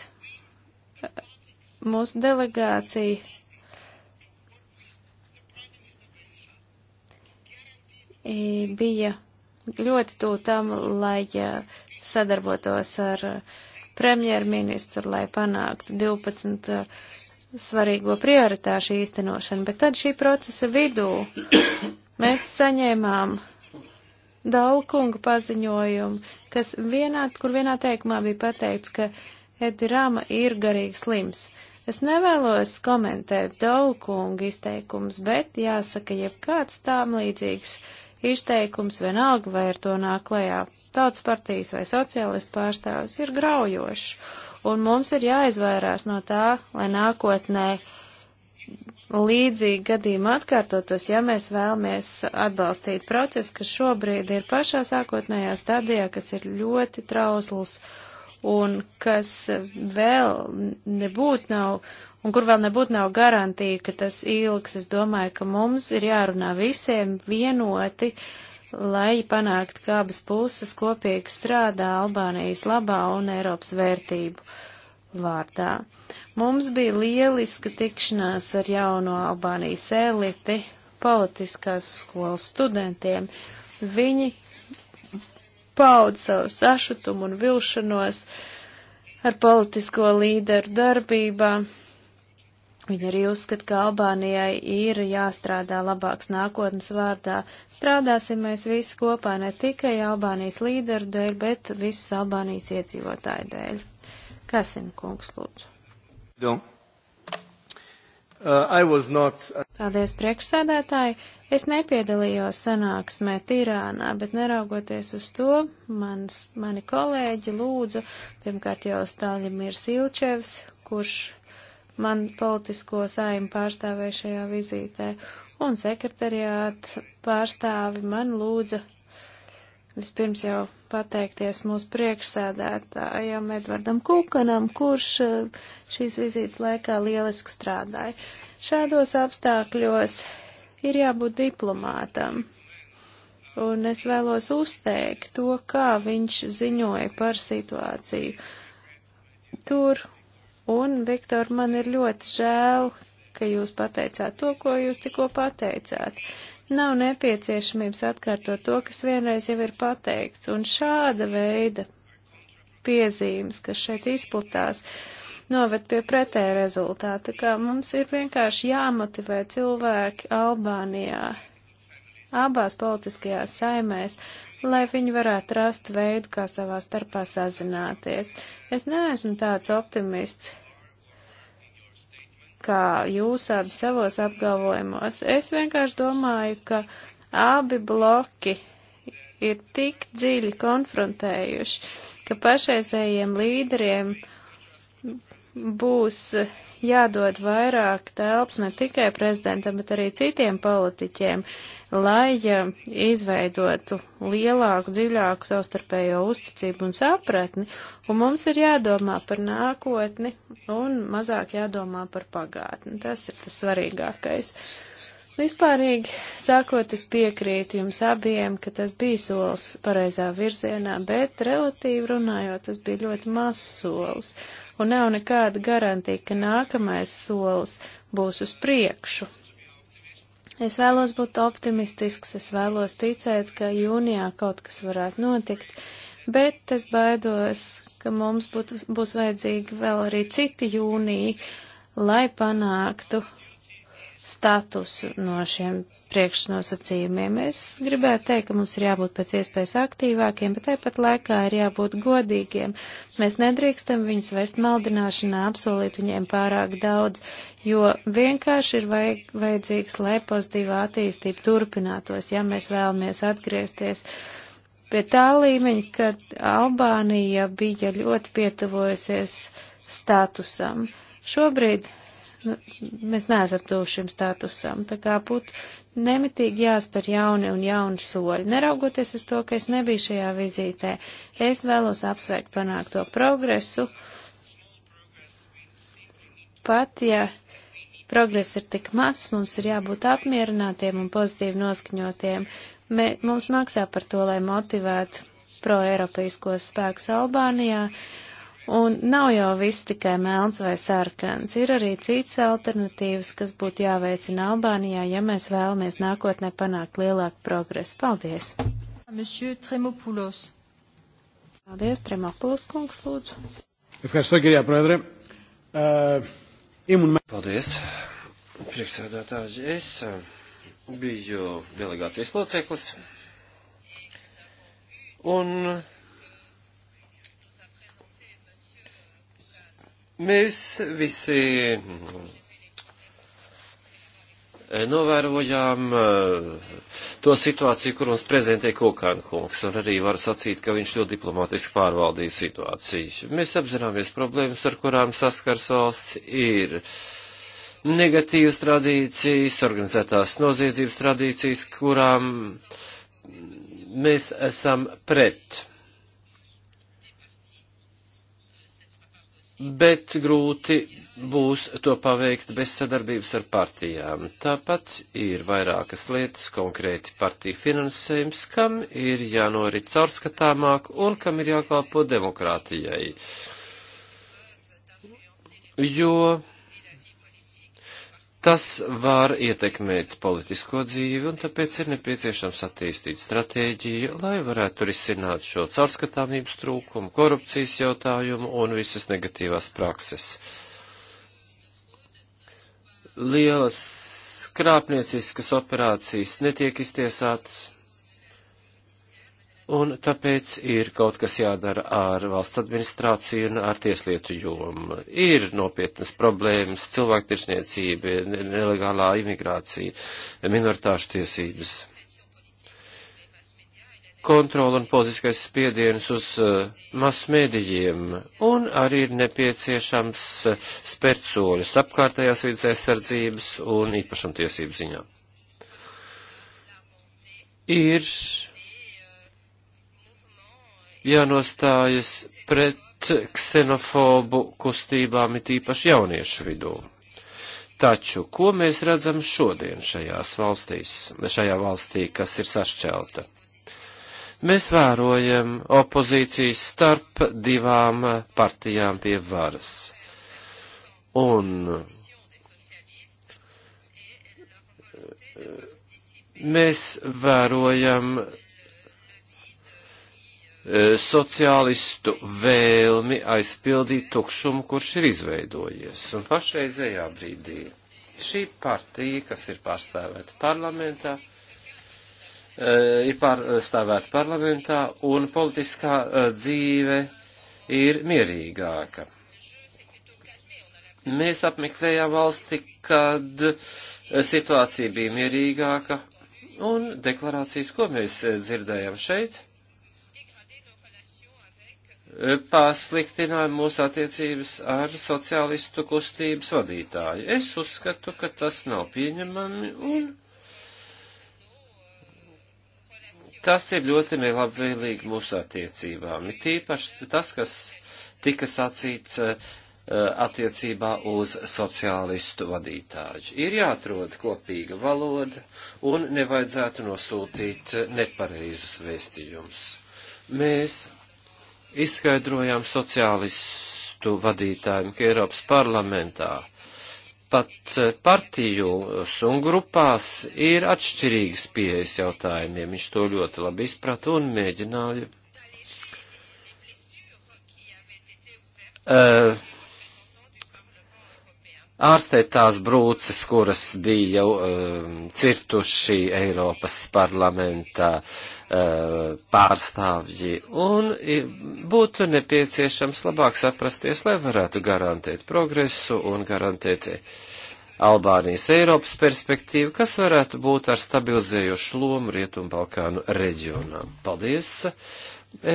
mūsu delegācija, bija ļoti tūtam, lai sadarbotos ar premjerministru, lai panāktu 12 eh, svarīgo prioritāšu īstenošanu, bet tad šī procesa vidū [COUGHS] mēs saņēmām Dalkunga paziņojumu, kas vienā, kur vienā teikumā bija pateikts, ka Edi Rama ir garīgi slims. Es nevēlos komentēt Dalkunga izteikums, bet jāsaka, jebkāds tām līdzīgs izteikums vienalga, vai ar to nāk klajā tautas partijas vai sociālistu pārstāvis, ir graujošs. Un mums ir jāizvairās no tā, lai nākotnē līdzīgi gadījumi atkārtotos, ja mēs vēlamies atbalstīt procesu, kas šobrīd ir pašā sākotnējā stadijā, kas ir ļoti trausls un kas vēl nebūtu nav un kur vēl nebūtu nav garantīja, ka tas ilgs. Es domāju, ka mums ir jārunā visiem vienoti, lai panāktu, ka abas puses kopīgi strādā Albānijas labā un Eiropas vērtību vārdā. Mums bija lieliska tikšanās ar jauno Albānijas eliti, politiskās skolas studentiem. Viņi paud savu sašutumu un vilšanos ar politisko līderu darbībā, Viņa arī uzskata, ka Albānijai ir jāstrādā labāks nākotnes vārdā. Strādāsim mēs visi kopā ne tikai Albānijas līderu dēļ, bet visas Albānijas iedzīvotāju dēļ. Kasim kungs, lūdzu. Uh, not... Paldies, priekšsēdētāji. Es nepiedalījos sanāksmē Tirānā, bet neraugoties uz to, mans, mani kolēģi lūdzu, pirmkārt jau Staļimirs Ilčevs, kurš man politisko saimu pārstāvēja šajā vizītē, un sekretariāta pārstāvi man lūdza vispirms jau pateikties mūsu priekšsēdētājam Edvardam Kukanam, kurš eh, šīs vizītes laikā lieliski strādāja. Šādos apstākļos ir jābūt diplomātam. Un es vēlos uzteikt to, kā viņš ziņoja par situāciju tur Un, Viktor, man ir ļoti žēl, ka jūs pateicāt to, ko jūs tikko pateicāt. Nav nepieciešamības atkārtot to, kas vienreiz jau ir pateikts. Un šāda veida piezīmes, kas šeit izplatās, noved pie pretēja rezultāta, ka mums ir vienkārši jāmotivē cilvēki Albānijā abās politiskajās saimēs lai viņi varētu rast veidu, kā savā starpā sazināties. Es neesmu tāds optimists, kā jūs abi savos apgalvojumos. Es vienkārši domāju, ka abi bloki ir tik dziļi konfrontējuši, ka pašreizējiem līderiem būs uh, jādod vairāk telps ne tikai prezidentam, bet arī citiem politiķiem, lai izveidotu lielāku, dziļāku savstarpējo uzticību un sapratni, un mums ir jādomā par nākotni un mazāk jādomā par pagātni. Tas ir tas svarīgākais. Vispārīgi sākot, es piekrītu jums abiem, ka tas bija solis pareizā virzienā, bet relatīvi runājot, tas bija ļoti mazs solis un nav nekāda garantija, ka nākamais solis būs uz priekšu. Es vēlos būt optimistisks, es vēlos ticēt, ka jūnijā kaut kas varētu notikt, bet es baidos, ka mums būt, būs vajadzīgi vēl arī citi jūniji, lai panāktu statusu no šiem priekšnosacījumiem. Es gribētu teikt, ka mums ir jābūt pēc iespējas aktīvākiem, bet tāpat laikā ir jābūt godīgiem. Mēs nedrīkstam viņus vest maldināšanā, apsolīt viņiem pārāk daudz, jo vienkārši ir vajag, vajadzīgs, lai pozitīvā attīstība turpinātos, ja mēs vēlamies atgriezties pie tā līmeņa, kad Albānija bija ļoti pietuvojusies statusam. Šobrīd mēs neesam tuvu šim statusam. Tā kā būtu nemitīgi jāspēr jauni un jauni soļi. Neraugoties uz to, ka es nebiju šajā vizītē, es vēlos apsveikt panākto progresu. Pat ja progress ir tik mazs, mums ir jābūt apmierinātiem un pozitīvi noskaņotiem. Mē, mums maksā par to, lai motivētu proeiropeiskos spēkus Albānijā, uh, Un nav jau viss tikai melns vai sarkans. Ir arī citas alternatīvas, kas būtu jāveicina Albānijā, ja mēs vēlamies nākotnē panākt lielāku progresu. Paldies! Monsieur Tremopoulos. Paldies, Tremopoulos kungs, lūdzu. Paldies, priekšsēdētāji. Es biju delegācijas loceklis. Un Mēs visi mm, novērojām mm, to situāciju, kur mums prezentē Kukāna kungs, un arī var sacīt, ka viņš ļoti diplomātiski pārvaldīja situāciju. Mēs apzināmies problēmas, ar kurām saskars valsts ir negatīvas tradīcijas, organizētās noziedzības tradīcijas, kurām mēs esam pret. bet grūti būs to paveikt bez sadarbības ar partijām. Tāpat ir vairākas lietas, konkrēti partiju finansējums, kam ir jānorit caurskatāmāk un kam ir jākalpo demokrātijai. Jo Tas var ietekmēt politisko dzīvi, un tāpēc ir nepieciešams attīstīt stratēģiju, lai varētu risināt šo caurskatāmības trūkumu, korupcijas jautājumu un visas negatīvās prakses. Lielas krāpnieciskas operācijas netiek iztiesātas Un tāpēc ir kaut kas jādara ar valsts administrāciju un ar tieslietu jomu. Ir nopietnas problēmas, cilvēktirsniecība, nelegālā imigrācija, minoritāšu tiesības. Kontrola un politiskais spiediens uz eh, masmēdījiem un arī ir nepieciešams eh, spērt soļus apkārtējās vidas aizsardzības un īpašumtiesību ziņā. Ir jānostājas pret ksenofobu kustībām, it īpaši jauniešu vidū. Taču, ko mēs redzam šodien šajās valstīs, šajā valstī, kas ir sašķelta? Mēs vērojam opozīcijas starp divām partijām pie varas. Un mēs vērojam E, sociālistu vēlmi aizpildīt tukšumu, kurš ir izveidojies. Un pašreizējā brīdī šī partija, kas ir pārstāvēta parlamentā, e, ir pārstāvēta parlamentā un politiskā e, dzīve ir mierīgāka. Mēs apmeklējām valsti, kad situācija bija mierīgāka, un deklarācijas, ko mēs dzirdējām šeit, pasliktināja mūsu attiecības ar sociālistu kustības vadītāju. Es uzskatu, ka tas nav pieņemami un tas ir ļoti nelabvēlīgi mūsu attiecībām. Ir tīpaši tas, kas tika sacīts eh, attiecībā uz sociālistu vadītāju. Ir jāatrod kopīga valoda un nevajadzētu nosūtīt nepareizus vēstījumus. Mēs izskaidrojām sociālistu vadītājiem, ka Eiropas parlamentā pat eh, partijos un grupās ir atšķirīgas pieejas jautājumiem. Viņš to ļoti labi izprata un mēģināja. Uh, ārstēt tās brūces, kuras bija jau um, cirtuši Eiropas parlamentā um, ehm, pārstāvji, un būtu nepieciešams labāk saprasties, lai varētu garantēt progresu un garantēt Albānijas Eiropas perspektīvu, kas varētu būt ar stabilizējošu lomu Rietumbalkānu reģionām. Paldies!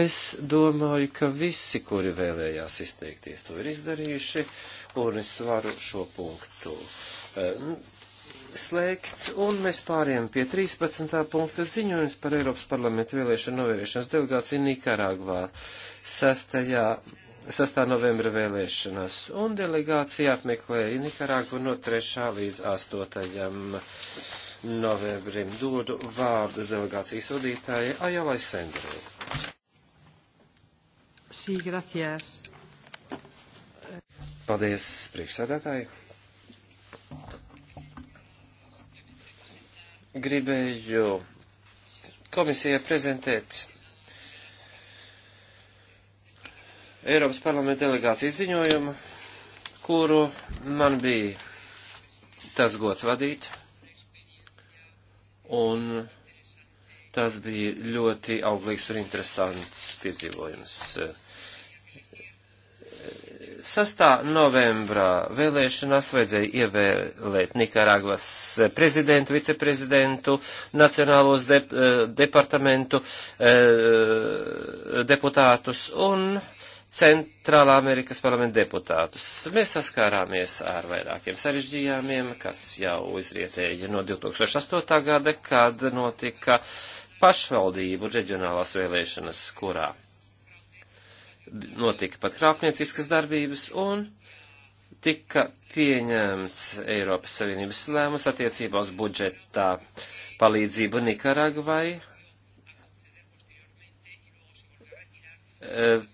Es domāju, ka visi, kuri vēlējās izteikties, to ir izdarījuši un es varu šo punktu eh, nu, slēgt, un mēs pāriem pie 13. punkta ziņojums par Eiropas parlamentu vēlēšanu novēriešanas delegāciju Nikaragvā 6. 6. novembra vēlēšanās, un delegācija apmeklēja Nikaragvu no 3. līdz 8. novembrim. Dodu vārdu delegācijas vadītājai Ajalai Sendrei. Sí, gracias. Paldies, priekšsēdētāji. Gribēju komisijai prezentēt Eiropas parlamenta delegācijas ziņojumu, kuru man bija tas gods vadīt. Un tas bija ļoti auglīgs un interesants piedzīvojums. 6. novembrā vēlēšanās vajadzēja ievēlēt Nikaragvas prezidentu, viceprezidentu, nacionālos de, eh, departamentu eh, deputātus un Centrālā Amerikas parlamenta deputātus. Mēs saskārāmies ar vairākiem sarežģījumiem, kas jau izrietēja no 2008. gada, kad notika pašvaldību reģionālās vēlēšanas, kurā notika pat krāpnieciskas darbības un tika pieņemts Eiropas Savienības lēmums attiecībā uz budžetā palīdzību Nikaragvai. Eh,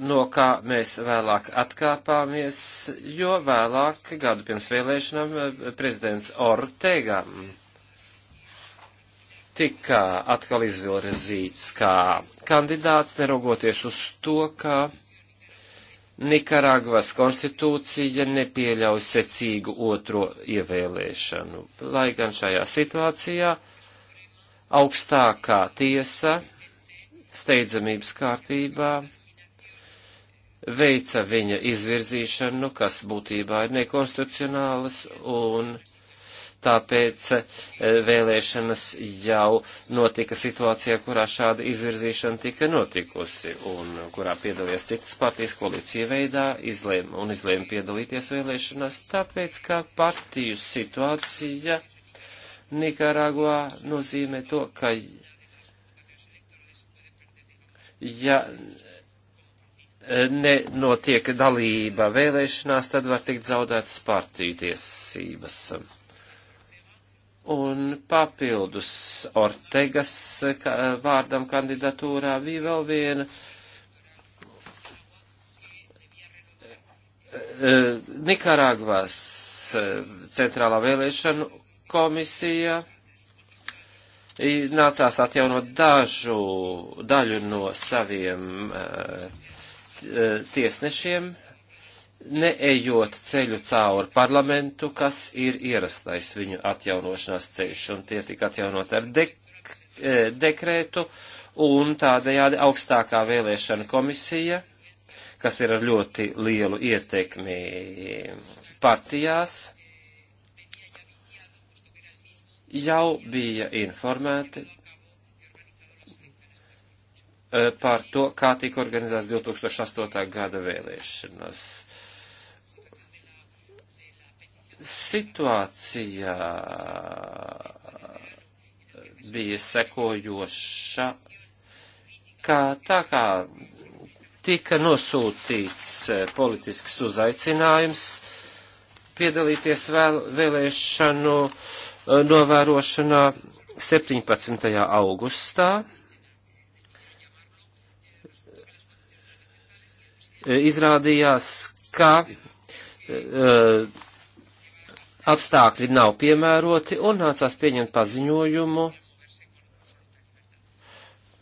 no kā mēs vēlāk atkāpāmies, jo vēlāk, gadu pirms vēlēšanām, eh, prezidents Ortega tika atkal izvirzīts kā kandidāts, neraugoties uz to, ka Nikaragvas konstitūcija nepieļauj secīgu otro ievēlēšanu. Lai gan šajā situācijā augstākā tiesa steidzamības kārtībā veica viņa izvirzīšanu, kas būtībā ir nekonstitucionālas un tāpēc e, vēlēšanas jau notika situācijā, kurā šāda izvirzīšana tika notikusi un kurā piedalījās citas partijas koalīcija veidā izlēma un izlēma piedalīties vēlēšanās, tāpēc, ka partiju situācija Nikaragvā nozīmē to, ka ja nenotiek dalība vēlēšanās, tad var tikt zaudētas partiju tiesības. Un papildus Ortegas eh, eh, vārdam kandidatūrā bija vēl viena eh, Nikaragvas centrālā vēlēšanu komisija nācās atjaunot dažu daļu no saviem tiesnešiem neejot ceļu cauri parlamentu, kas ir ierastais viņu atjaunošanās ceļš, un tie tika atjaunot ar dek e, dekrētu, un tādējādi augstākā vēlēšana komisija, kas ir ar ļoti lielu ietekmi partijās, jau bija informēti e, par to, kā tika organizēts 2008. gada vēlēšanas situācija bija sekojoša, kā tā kā tika nosūtīts politisks uzaicinājums piedalīties vēl, vēlēšanu e, novērošanā 17. augustā. E, izrādījās, ka uh, apstākļi nav piemēroti un nācās pieņemt paziņojumu,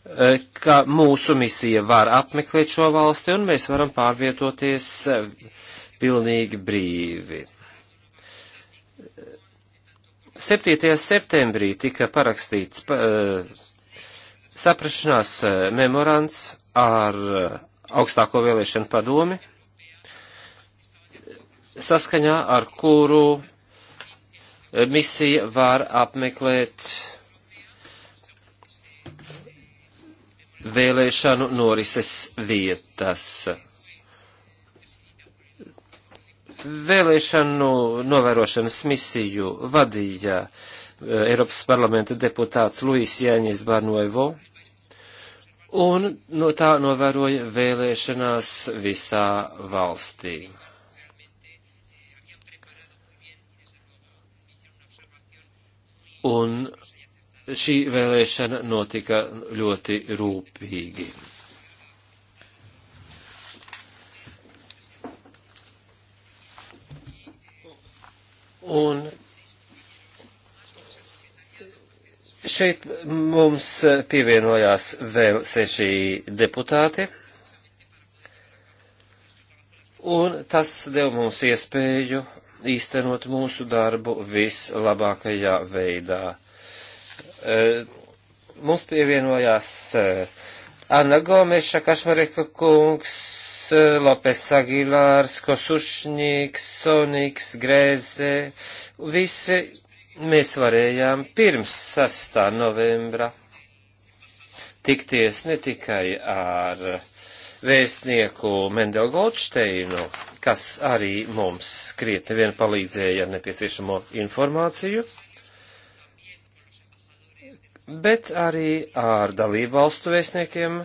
e, ka mūsu misija var apmeklēt šo valsti un mēs varam pārvietoties e, pilnīgi brīvi. 7. septembrī tika parakstīts e, saprašanās memorands ar augstāko vēlēšanu padomi, saskaņā ar kuru misija var apmeklēt vēlēšanu norises vietas. Vēlēšanu novērošanas misiju vadīja eh, Eiropas parlamenta deputāts Luis Jāņis Barnoevo, un no tā novēroja vēlēšanās visā valstī. un šī vēlēšana notika ļoti rūpīgi. Un šeit mums pievienojās vēl seši deputāti, un tas deva mums iespēju īstenot mūsu darbu vislabākajā veidā. E, mums pievienojās e, Anna Gomeša, Kašmareka kungs, e, Lopes Agilārs, Kosušņīgs, Soniks, Grēze. Visi mēs varējām pirms 6. novembra tikties ne tikai ar vēstnieku Mendel Goldsteinu, kas arī mums krietni vien palīdzēja ar nepieciešamo informāciju, bet arī ar dalību valstu vēstniekiem.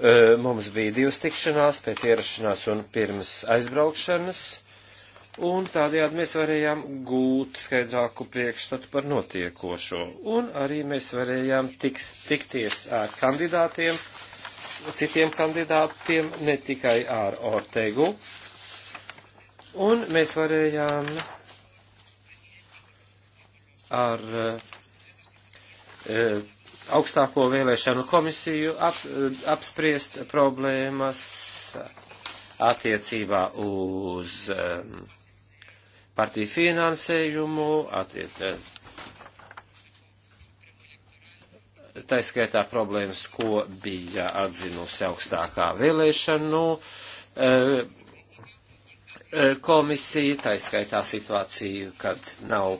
Eh, mums bija divas tikšanās pēc ierašanās un pirms aizbraukšanas, un tādējādi mēs varējām gūt skaidrāku priekšstatu par notiekošo, un arī mēs varējām tiks, tikties ar kandidātiem citiem kandidātiem, ne tikai ar Ortegu. Un mēs varējām ar e, augstāko vēlēšanu komisiju ap, apspriest problēmas attiecībā uz e, partiju finansējumu, attiecībā taiskaitā problēmas, ko bija atzinusi augstākā vēlēšanu eh, eh, komisija, taiskaitā situāciju, kad nav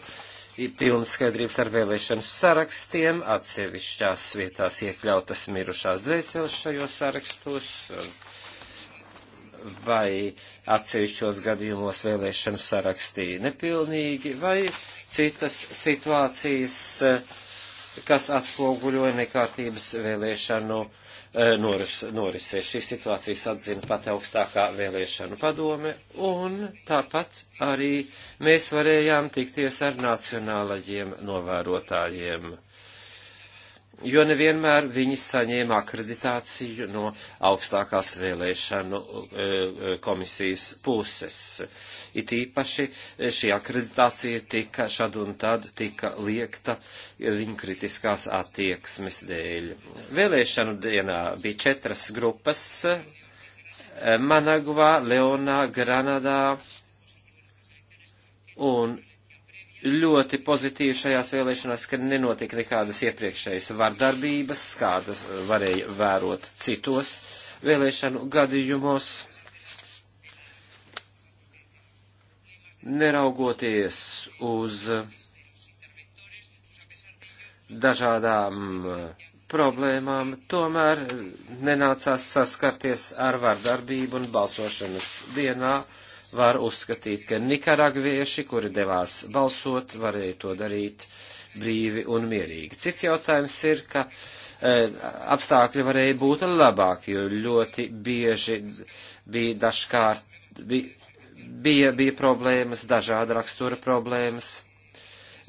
pilnas skaidrības ar vēlēšanu sarakstiem, atsevišķās vietās iekļautas mirušās dvēseles šajos sarakstos, vai atsevišķos gadījumos vēlēšanu sarakstī nepilnīgi, vai citas situācijas eh, kas atspoguļoja nekārtības vēlēšanu e, noris, norisē. Šī situācijas atzina pat augstākā vēlēšanu padome, un tāpat arī mēs varējām tikties ar nacionālajiem novērotājiem jo nevienmēr viņi saņēma akreditāciju no augstākās vēlēšanu e, e, komisijas puses. It īpaši e, šī akreditācija tika šad un tad tika liekta viņu kritiskās attieksmes dēļ. Vēlēšanu dienā bija četras grupas - Managvā, Leonā, Granadā un ļoti pozitīvi šajās vēlēšanās, ka nenotika nekādas iepriekšējas vardarbības, kāda varēja vērot citos vēlēšanu gadījumos. Neraugoties uz dažādām problēmām, tomēr nenācās saskarties ar vardarbību un balsošanas dienā uh, var uzskatīt, ka nikaragvieši, kuri devās balsot, varēja to darīt brīvi un mierīgi. Cits jautājums ir, ka e, apstākļi varēja būt labāki, jo ļoti bieži bija dažkārt, bija, bija, bija problēmas, dažāda rakstura problēmas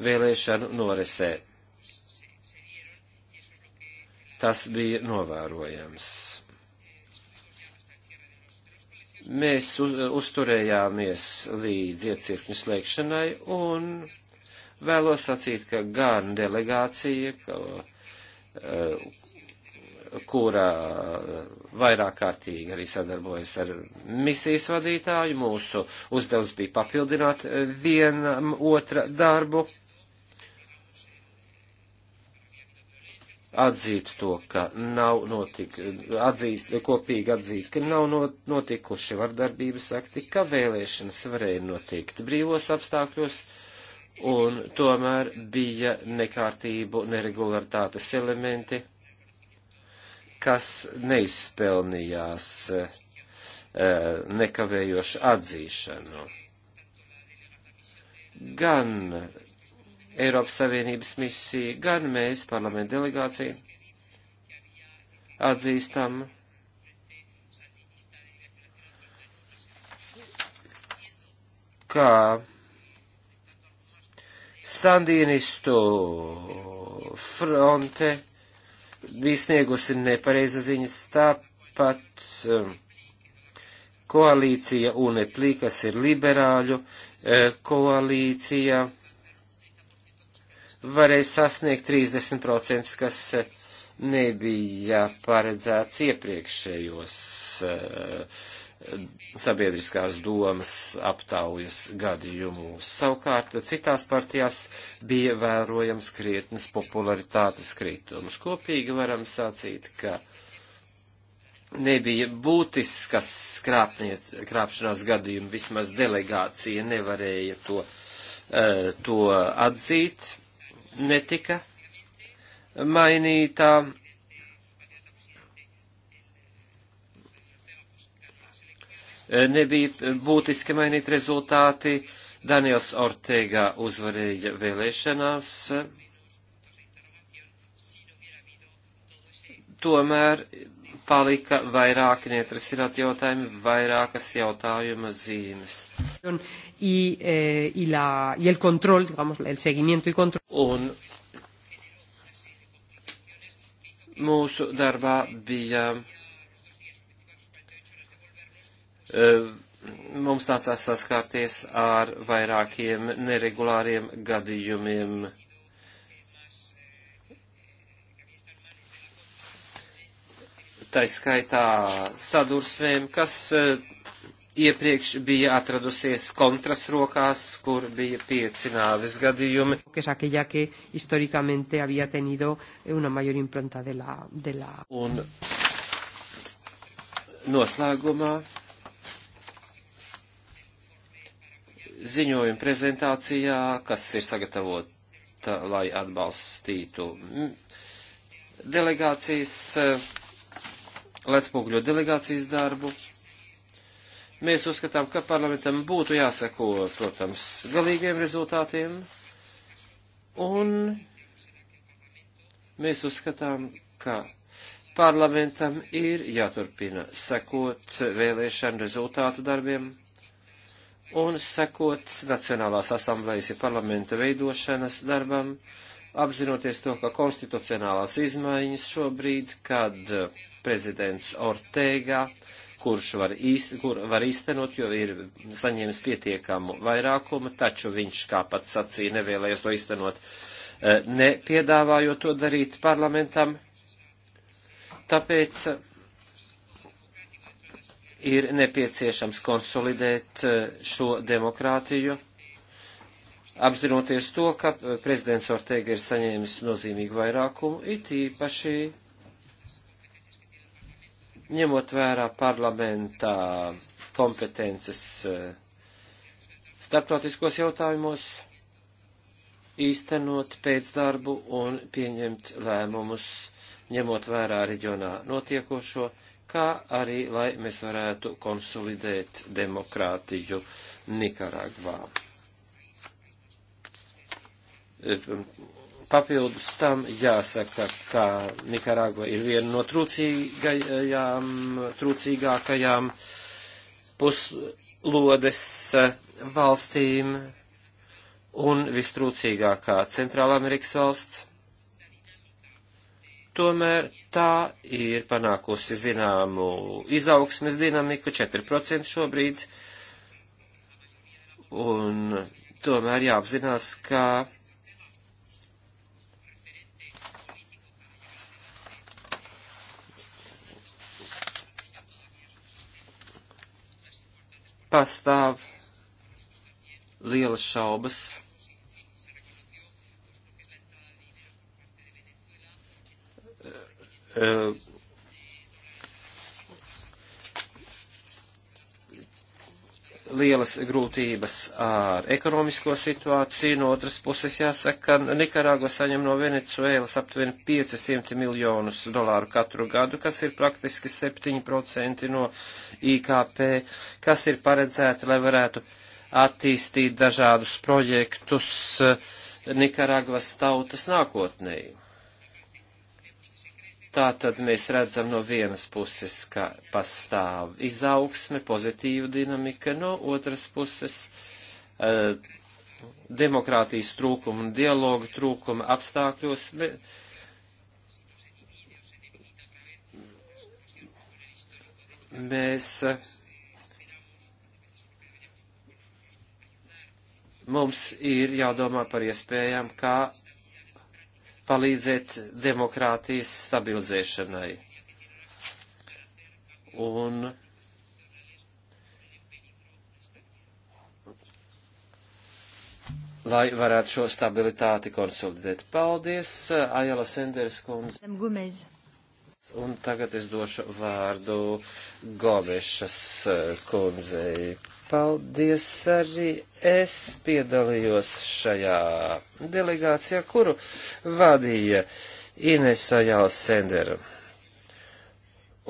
vēlēšanu norisē. Tas bija novērojams. Mēs uz, uzturējāmies līdz iecirkņu slēgšanai un vēlos sacīt, ka gan delegācija, ka, eh, kurā vairāk kārtīgi arī sadarbojas ar misijas vadītāju, mūsu uzdevums bija papildināt eh, viena otra darbu atzīt to, ka nav notik, atzīst, kopīgi atzīt, ka nav notikuši vardarbības akti, ka vēlēšanas varēja notikt brīvos apstākļos, un tomēr bija nekārtību, neregularitātes elementi, kas neizspelnījās e, nekavējošu atzīšanu. Gan Eiropas Savienības misija, gan mēs, parlamenta delegācija, atzīstam, ka sandīnistu fronte bija sniegusi nepareiza ziņas tāpat um, koalīcija UNEPLI, kas ir liberāļu eh, koalīcija varēja sasniegt 30%, kas eh, nebija paredzēts iepriekšējos eh, sabiedriskās domas aptaujas gadījumos. Savukārt citās partijās bija vērojams krietnes popularitātes kritums. Kopīgi varam sacīt, ka nebija būtiskas krāpšanās gadījumi, vismaz delegācija nevarēja to, eh, to atzīt netika mainītā. Nebija būtiski mainīt rezultāti. Daniels Ortega uzvarēja vēlēšanās. Tomēr palika vairāki neatrisināt jautājumi, vairākas jautājuma zīmes. Un, y, eh, y la, y el control, digamos, el seguimiento y control. Un mūsu darbā bija. Uh, mums nācās saskārties ar vairākiem neregulāriem gadījumiem. Uh, tai skaitā sadursmēm, kas eh, iepriekš bija atradusies kontras rokās, kur bija pieci nāves gadījumi. Eh, Un noslēgumā ziņojuma prezentācijā, kas ir sagatavota, lai atbalstītu delegācijas eh, atspūgļo delegācijas darbu. Mēs uzskatām, ka parlamentam būtu jāseko, protams, galīgiem rezultātiem, un mēs uzskatām, ka parlamentam ir jāturpina sekot vēlēšanu rezultātu darbiem un sekot Nacionālās asamblejas ir parlamenta veidošanas darbam, apzinoties to, ka konstitucionālās izmaiņas šobrīd, kad uh, prezidents Ortega, kurš var, īst, kur var īstenot, jo ir saņēmis pietiekamu vairākumu, taču viņš, kā pats sacīja, nevēlējies to īstenot, eh, nepiedāvājot to darīt parlamentam. Tāpēc eh, ir nepieciešams konsolidēt eh, šo demokrātiju, apzinoties to, ka prezidents Ortega ir saņēmis nozīmīgu vairākumu, it īpaši ņemot vērā parlamentā kompetences eh, starptautiskos jautājumos, īstenot pēcdarbu un pieņemt lēmumus, ņemot vērā reģionā notiekošo, kā arī, lai mēs varētu konsolidēt demokrātiju Nikaragvā eh, Papildus tam jāsaka, ka Nikaragva ir viena no trūcīgajām, trūcīgākajām puslodes valstīm un vistrūcīgākā Centrāla Amerikas valsts. Tomēr tā ir panākusi zināmu izaugsmes dinamiku 4% šobrīd, un tomēr jāapzinās, ka pastāv lielas šaubas. Uh, lielas grūtības ar ekonomisko situāciju, no otras puses jāsaka, ka Nikaragua saņem no Venecuēlas aptuveni 500 miljonus dolāru katru gadu, kas ir praktiski 7% no IKP, kas ir paredzēti, lai varētu attīstīt dažādus projektus Nikaragvas tautas nākotnēji. Tā tad mēs redzam no vienas puses, ka pastāv izaugsme, pozitīva dinamika, no otras puses eh, demokrātijas trūkuma un dialoga trūkuma apstākļos. Bet, mēs eh, mums ir jādomā par iespējām, kā palīdzēt demokrātijas stabilizēšanai. Un lai varētu šo stabilitāti konsolidēt. Paldies, Ajala Senders kundze. Un tagad es došu vārdu Gomešas eh, kundzei. Paldies arī es piedalījos šajā delegācijā, kuru vadīja Inesa Jāls Sendera.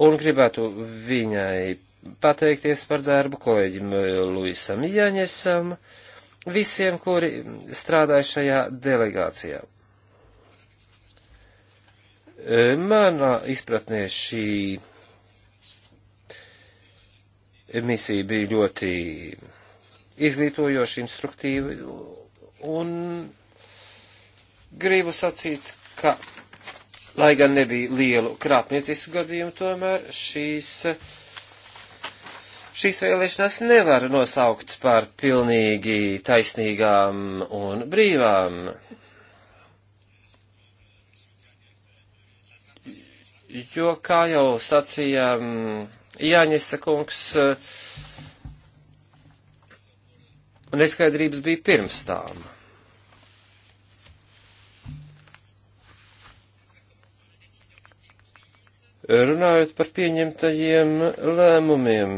Un gribētu viņai pateikties par darbu kolēģim Luisam Jaņesam, visiem, kuri strādāja šajā delegācijā. Manā izpratnē šī misija bija ļoti izglītojoša, instruktīva, un gribu sacīt, ka, lai gan nebija lielu krāpniecisku gadījumu, tomēr šīs, šīs vēlēšanās nevar nosaukt par pilnīgi taisnīgām un brīvām. Jo, kā jau sacījām, um, Jāņisa kungs, uh, neskaidrības bija pirms tām. Runājot par pieņemtajiem lēmumiem.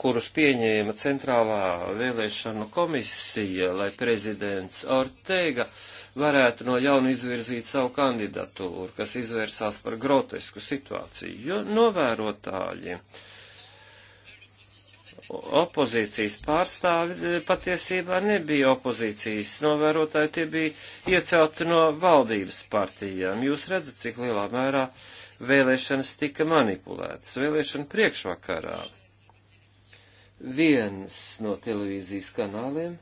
kurus pieņēma Centrālā vēlēšanu komisija, lai prezidents Ortega uh, varētu no jauna izvirzīt savu kandidatūru, kas izvērsās par grotesku situāciju, jo novērotāji opozīcijas pārstāvi patiesībā nebija opozīcijas novērotāji, tie bija iecelti no valdības partijām. Jūs redzat, cik lielā mērā vēlēšanas tika manipulētas vēlēšana priekšvakarā. Viens no televīzijas kanāliem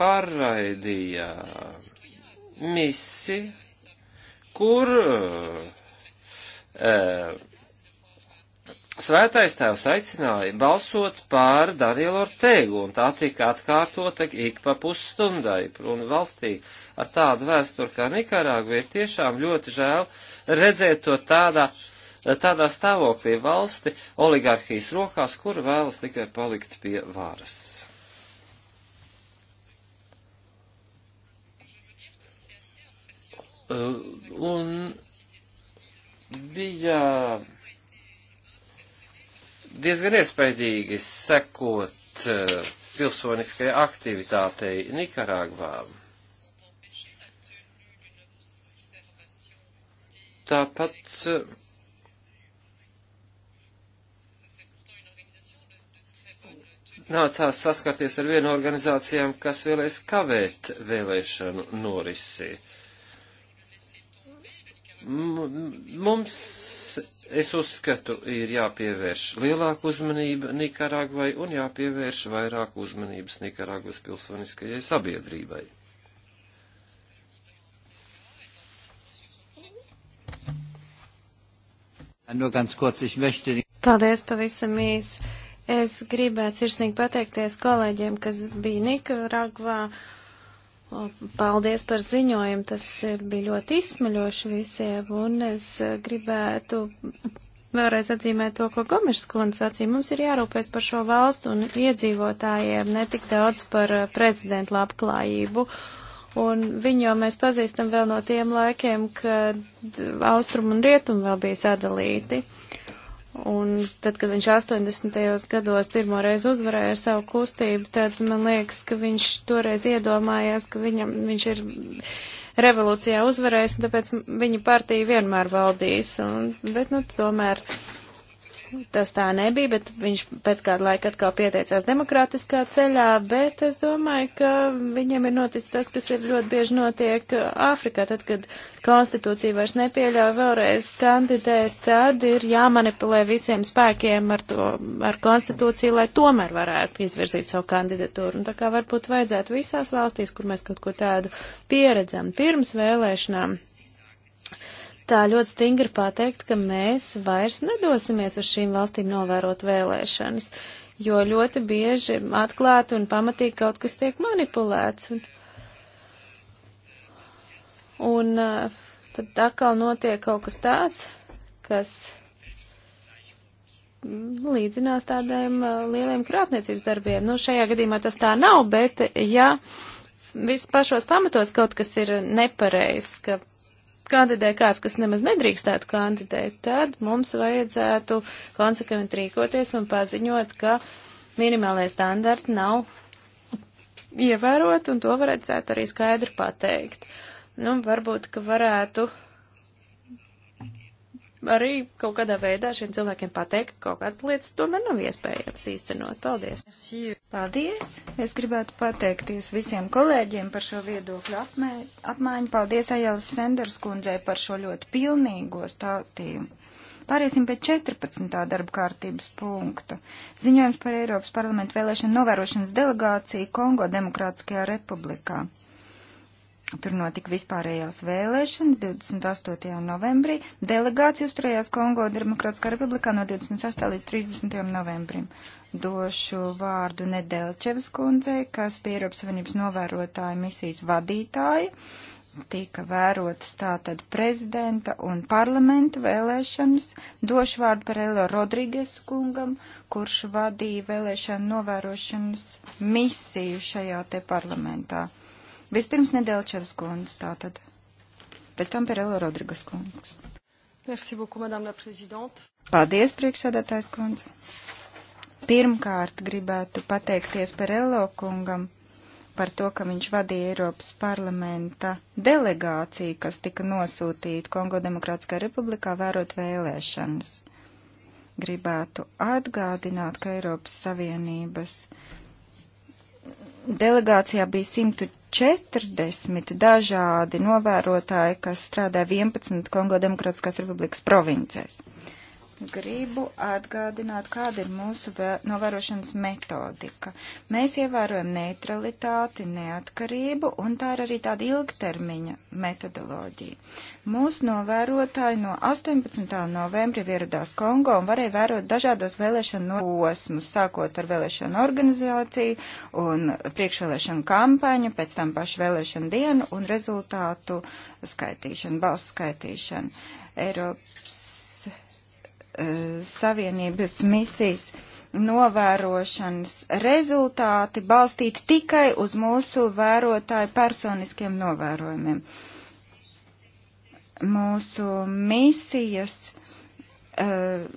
pārraidīja misi, kur uh, Svētais tēvs aicināja balsot pār Danielu Ortegu, un tā tika atkārtota ik pa pusstundai, un valstī ar tādu vēsturi kā Nikarāgu ir tiešām ļoti žēl redzēt to tādā, tādā stāvoklī valsti oligarhijas rokās, kur vēlas tikai palikt pie varas. Eh, un bija diezgan iespaidīgi sekot eh, pilsoniskajai aktivitātei Nikaragvā. Tāpat eh, nācās saskarties ar vienu organizācijām, kas vēlēs kavēt vēlēšanu norisi. Mums, es uzskatu, ir jāpievērš lielāka uzmanība Nikaragvai un jāpievērš vairāk uzmanības Nikaragvas pilsoniskajai sabiedrībai. Paldies pavisam īsi. Es gribētu sirsnīgi pateikties kolēģiem, kas bija Nikaragvā Paldies par ziņojumu, tas ir, bija ļoti izsmeļoši visiem, un es gribētu vēlreiz atzīmēt to, ko Gomešs kundze sacīja. Mums ir jārūpēs par šo valstu un iedzīvotājiem, ne tik daudz par eh, prezidentu labklājību. Un viņu jau mēs pazīstam vēl no tiem laikiem, kad austrum un rietum vēl bija sadalīti. Un tad, kad viņš 80. gados pirmo reizi uzvarēja ar savu kustību, tad man liekas, ka viņš toreiz iedomājās, ka viņam, viņš ir revolūcijā uzvarējis, un tāpēc viņa partija vienmēr valdīs. Un, bet, nu, tomēr tas tā nebija, bet viņš pēc kāda laika atkal pieteicās demokrātiskā ceļā, bet es domāju, ka viņam ir noticis tas, kas ir ļoti bieži notiek Āfrikā, tad, kad konstitūcija vairs nepieļauj vēlreiz kandidēt, tad ir jāmanipulē visiem spēkiem ar, to, ar konstitūciju, lai tomēr varētu izvirzīt savu kandidatūru. Un tā kā varbūt vajadzētu visās valstīs, kur mēs kaut ko tādu pieredzam pirms vēlēšanām tā ļoti stingri pateikt, ka mēs vairs nedosimies uz šīm valstīm novērot vēlēšanas, jo ļoti bieži atklāti un pamatīgi kaut kas tiek manipulēts. Un, un eh, tad atkal notiek kaut kas tāds, kas mm, līdzinās tādiem eh, lieliem krāpniecības darbiem. Nu, šajā gadījumā tas tā nav, bet ja vispār šos pamatos kaut kas ir nepareizs, ka kandidē kāds, kas nemaz nedrīkstētu kandidēt, tad mums vajadzētu konsekventi rīkoties un paziņot, ka minimālajie standarti nav ievērot, un to varētu arī skaidri pateikt. Nu, varbūt, ka varētu arī kaut kādā veidā šiem cilvēkiem pateikt, ka kaut kādas lietas tomēr nav iespējams īstenot. Paldies! Paldies! Es gribētu pateikties visiem kolēģiem par šo viedokļu apmē, apmaiņu. Paldies Ajēlas Senders kundzei par šo ļoti pilnīgo stāstījumu. Pāriesim pie 14. darba kārtības punkta. Ziņojums par Eiropas parlamentu vēlēšanu novērošanas delegāciju Kongo Demokrātiskajā republikā. Tur notika vispārējās vēlēšanas 28. novembrī. Delegācija uzturējās Kongo Demokrātiskā republikā no 26. līdz 30. novembrim. Došu vārdu Nedelčevas kundzei, kas bija Eiropas Savienības novērotāja misijas vadītāja. Tika vērotas tātad prezidenta un parlamenta vēlēšanas. Došu vārdu par Elo Rodrīgas kungam, kurš vadīja vēlēšanu novērošanas misiju šajā te parlamentā. Vispirms Nedelčevs kundze tātad. Pēc tam Perelo Rodrigas kungs. Merci beaucoup, madame la présidente. Paldies, priekšsēdētājs kundze. Pirmkārt gribētu pateikties Perelo kungam par to, ka viņš vadīja Eiropas parlamenta delegāciju, kas tika nosūtīta Kongo Demokrātiskā republikā vērot vēlēšanas gribētu atgādināt, ka Eiropas Savienības delegācijā bija 140 dažādi novērotāji, kas strādā 11 Kongo Demokrātiskās republikas provincēs. Uh, gribu atgādināt, kāda ir mūsu novērošanas metodika. Mēs ievērojam neutralitāti, neatkarību, un tā ir arī tāda ilgtermiņa metodoloģija. Mūsu novērotāji no 18. novembra ieradās Kongo un varēja vērot dažādos vēlēšanu posmus, sākot ar vēlēšanu organizāciju un priekšvēlēšanu kampaņu, pēc tam pašu vēlēšanu dienu un rezultātu skaitīšanu, balsu skaitīšanu. Eiropas Eh, Savienības misijas novērošanas rezultāti balstīti tikai uz mūsu vērotāju personiskiem novērojumiem. Mūsu misijas eh,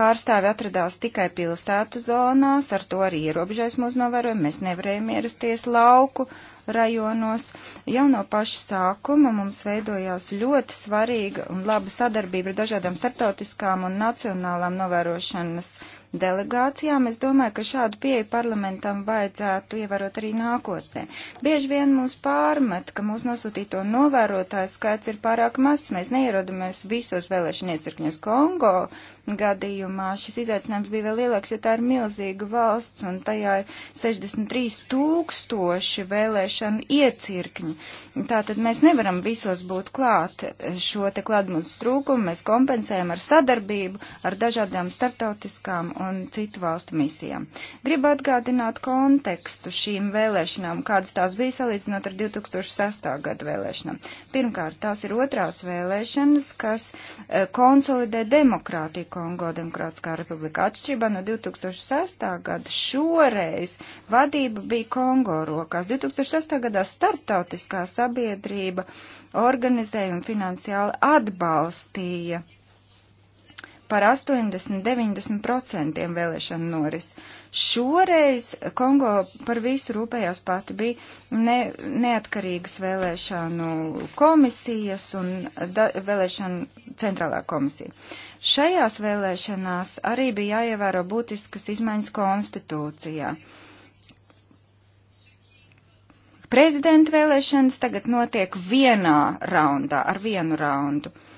pārstāvi atradās tikai pilsētu zonās, ar to arī ierobežais mūsu novērojumi. Mēs nevarējām ierasties lauku rajonos. Jau no paša sākuma mums veidojās ļoti svarīga un laba sadarbība ar dažādām starptautiskām un nacionālām novērošanas delegācijām. Es domāju, ka šādu pieeju parlamentam vajadzētu ievērot arī nākotnē. Bieži vien mūs pārmet, ka mūsu nosūtīto novērotāju skaits ir pārāk mazs. Mēs neierodamies visos vēlēšana iecirkņos Kongo, gadījumā šis izaicinājums bija vēl lielāks, jo tā ir milzīga valsts un tajā ir 63 tūkstoši vēlēšanu iecirkņi. Tātad mēs nevaram visos būt klāt šo te klātbūtnes trūkumu, mēs kompensējam ar sadarbību, ar dažādām startautiskām un citu valstu misijām. Gribu atgādināt kontekstu šīm vēlēšanām, kādas tās bija salīdzinot ar 2006. gadu vēlēšanām. Pirmkārt, tās ir otrās vēlēšanas, kas eh, konsolidē demokrātiju Kongo Demokrātiskā republika. Atšķirībā no 2006. gada šoreiz vadība bija Kongo rokās. 2006. gadā starptautiskā sabiedrība organizēja un finansiāli atbalstīja uh, par 80-90% vēlēšanu noris. Šoreiz Kongo par visu rūpējās pati bija ne, neatkarīgas vēlēšanu komisijas un da, vēlēšanu centrālā komisija. Šajās vēlēšanās arī bija jāievēro būtiskas izmaiņas konstitūcijā. Prezidenta vēlēšanas tagad notiek vienā raundā, ar vienu raundu. Uh,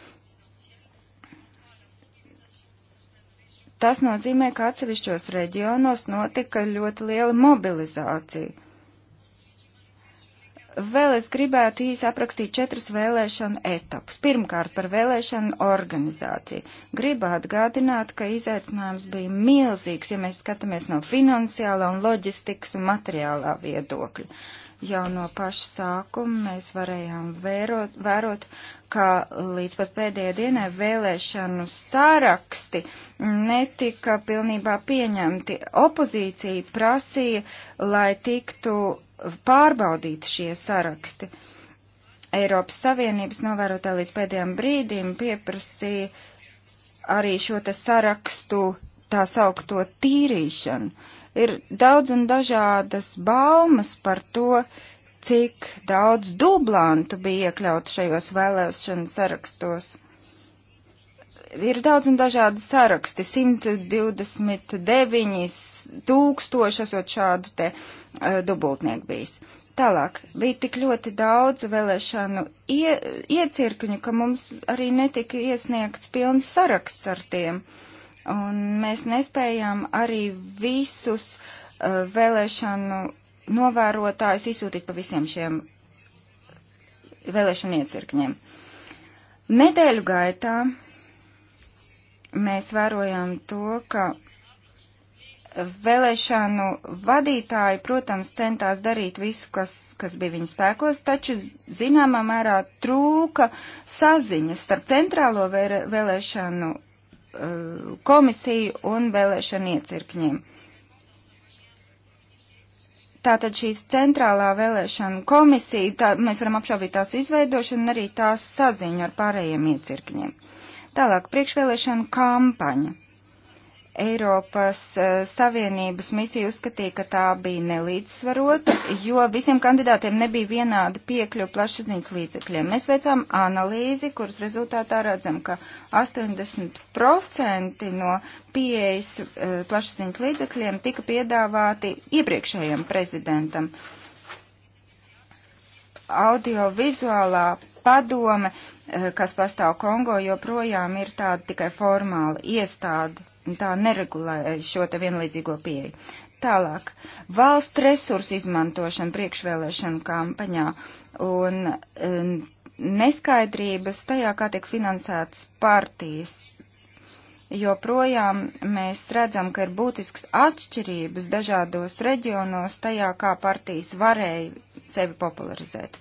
Tas nozīmē, ka atsevišķos reģionos notika ļoti liela mobilizācija. Vēl es gribētu īsi aprakstīt četrus vēlēšanu etapus. Pirmkārt, par vēlēšanu organizāciju. Gribu atgādināt, ka izaicinājums bija milzīgs, ja mēs skatāmies no finansiālā un loģistikas un materiālā viedokļa. Jau no paša sākuma mēs varējām vērot, vērot ka līdz pat pēdējai dienai vēlēšanu sāraksti netika pilnībā pieņemti. Opozīcija prasīja, lai tiktu pārbaudīti šie saraksti. Eiropas Savienības novērotā līdz pēdējiem brīdiem pieprasīja arī šo te sarakstu tā saukto tīrīšanu. Uh, ir daudz un dažādas baumas par to, cik daudz dublantu bija iekļauts šajos vēlēšanu sarakstos. Ir daudz un dažādi saraksti, 129 tūkstoši esot šādu te uh, dubultnieku bijis. Tālāk bija tik ļoti daudz vēlēšanu ie, iecirkņu, ka mums arī netika iesniegts pilns saraksts ar tiem. Uh, Un mēs nespējām arī visus uh, vēlēšanu novērotājus izsūtīt pa visiem šiem vēlēšanu iecirkņiem. Nedēļu gaitā mēs vērojam to, ka vēlēšanu vadītāji, protams, centās darīt visu, kas, kas bija viņu spēkos, taču zināmā mērā trūka saziņas starp centrālo vēlēšanu Eh, komisiju un vēlēšanu iecirkņiem. Tātad šīs centrālā vēlēšana komisija, tā, mēs varam apšaubīt tās izveidošanu un arī tās saziņu ar pārējiem iecirkņiem. Tālāk priekšvēlēšana kampaņa. Eiropas eh, Savienības misija uzskatīja, ka tā bija nelīdzsvarota, jo visiem kandidātiem nebija vienāda piekļuva plašsaziņas līdzekļiem. Mēs veicām analīzi, kuras rezultātā redzam, ka 80% no pieejas eh, plašsaziņas līdzekļiem tika piedāvāti iepriekšējiem prezidentam audiovizuālā padome, eh, kas pastāv Kongo, joprojām ir tāda tikai formāla iestāde tā neregulē šo te vienlīdzīgo pieeju. Tālāk, valsts resursu izmantošana priekšvēlēšana kampaņā un um, neskaidrības tajā, kā tiek finansētas partijas joprojām mēs redzam, ka ir būtisks atšķirības dažādos reģionos tajā, kā partijas varēja sevi popularizēt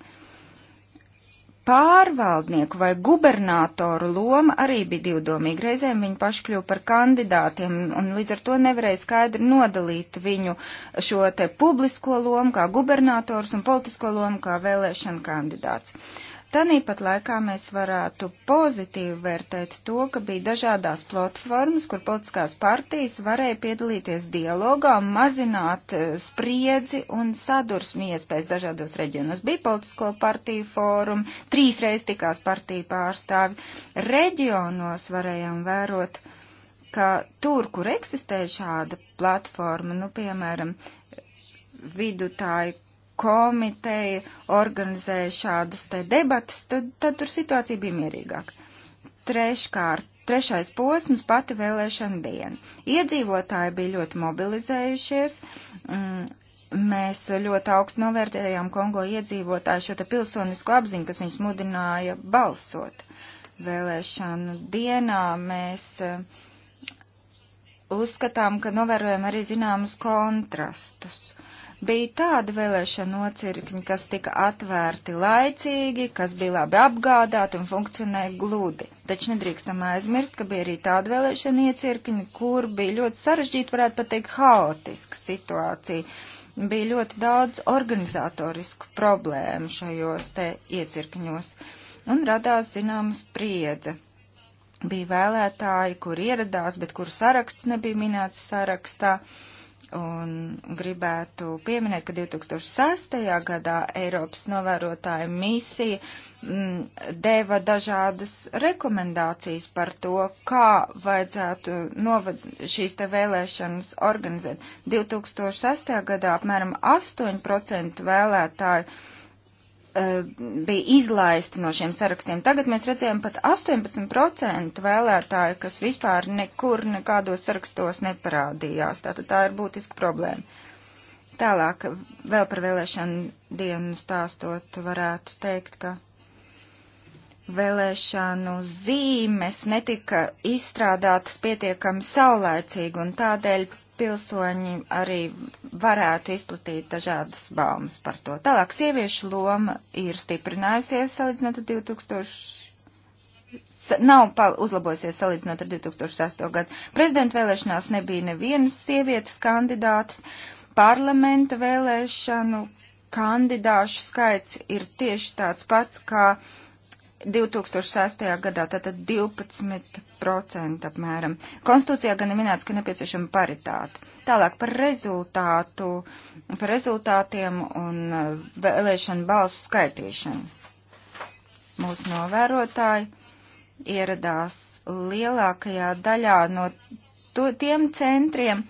pārvaldnieku vai gubernatoru loma arī bija divdomīga. Reizēm viņi paši kļuva par kandidātiem un līdz ar to nevarēja skaidri nodalīt viņu šo te publisko lomu kā gubernators un politisko lomu kā vēlēšana kandidāts. Uh, Tāpat laikā mēs varētu pozitīvi vērtēt to, ka bija dažādās platformas, kur politiskās partijas varēja piedalīties dialogā, mazināt eh, spriedzi un sadursmi iespējas dažādos reģionos. Bija politisko partiju fórumi, trīsreiz tikās partiju pārstāvi. Reģionos varējām vērot, ka tur, kur eksistē šāda platforma, nu, piemēram, vidutāju komiteja organizēja šādas te debatas, tad, tad tur situācija bija mierīgāka. Treškārt, trešais posms pati vēlēšana diena. Iedzīvotāji bija ļoti mobilizējušies. Mm, Mēs ļoti augstu novērtējām Kongo iedzīvotāju šo te pilsonisko apziņu, kas viņus mudināja balsot. Vēlēšanu dienā mēs eh, uzskatām, ka novērojam arī zināmus kontrastus Bija tāda vēlēšana nocirkņi, kas tika atvērti laicīgi, kas bija labi apgādāti un funkcionēja gludi. Taču nedrīkstam aizmirst, ka bija arī tāda vēlēšana iecirkņi, kur bija ļoti sarežģīta, varētu pateikt, haotiska situācija. Bija ļoti daudz organizatorisku problēmu šajos te iecirkņos un radās zināmas priedze bija vēlētāji, kur ieradās, bet kuru saraksts nebija minēts sarakstā. Uh, Un gribētu pieminēt, ka 2006. gadā Eiropas novērotāja misija m, mm, deva dažādas rekomendācijas par to, kā vajadzētu novad šīs te vēlēšanas organizēt. 2006. gadā apmēram 8% vēlētāju Eh, bija izlaisti no šiem sarakstiem. Tagad mēs redzējām pat 18% vēlētāju, kas vispār nekur nekādos sarakstos neparādījās. Tātad tā ir būtiska problēma. Tālāk vēl par vēlēšanu dienu stāstot varētu teikt, ka vēlēšanu zīmes netika izstrādātas pietiekami saulēcīgi un tādēļ pilsoņi arī varētu izplatīt dažādas baumas par to. Tālāk sieviešu loma ir stiprinājusies salīdzinot ar 2000. Nav uzlabojusies salīdzinot ar 2008. gadu. Prezidenta vēlēšanās nebija nevienas sievietes kandidātas. Parlamenta vēlēšanu kandidāšu skaits ir tieši tāds pats kā 2008. gadā, tātad 12 5% apmēram. Konstitūcijā gan ir minēts, ka nepieciešama paritāte. Tālāk par rezultātu, par rezultātiem un uh, vēlēšanu balsu skaitīšanu. Mūsu novērotāji ieradās lielākajā daļā no to, tiem centriem,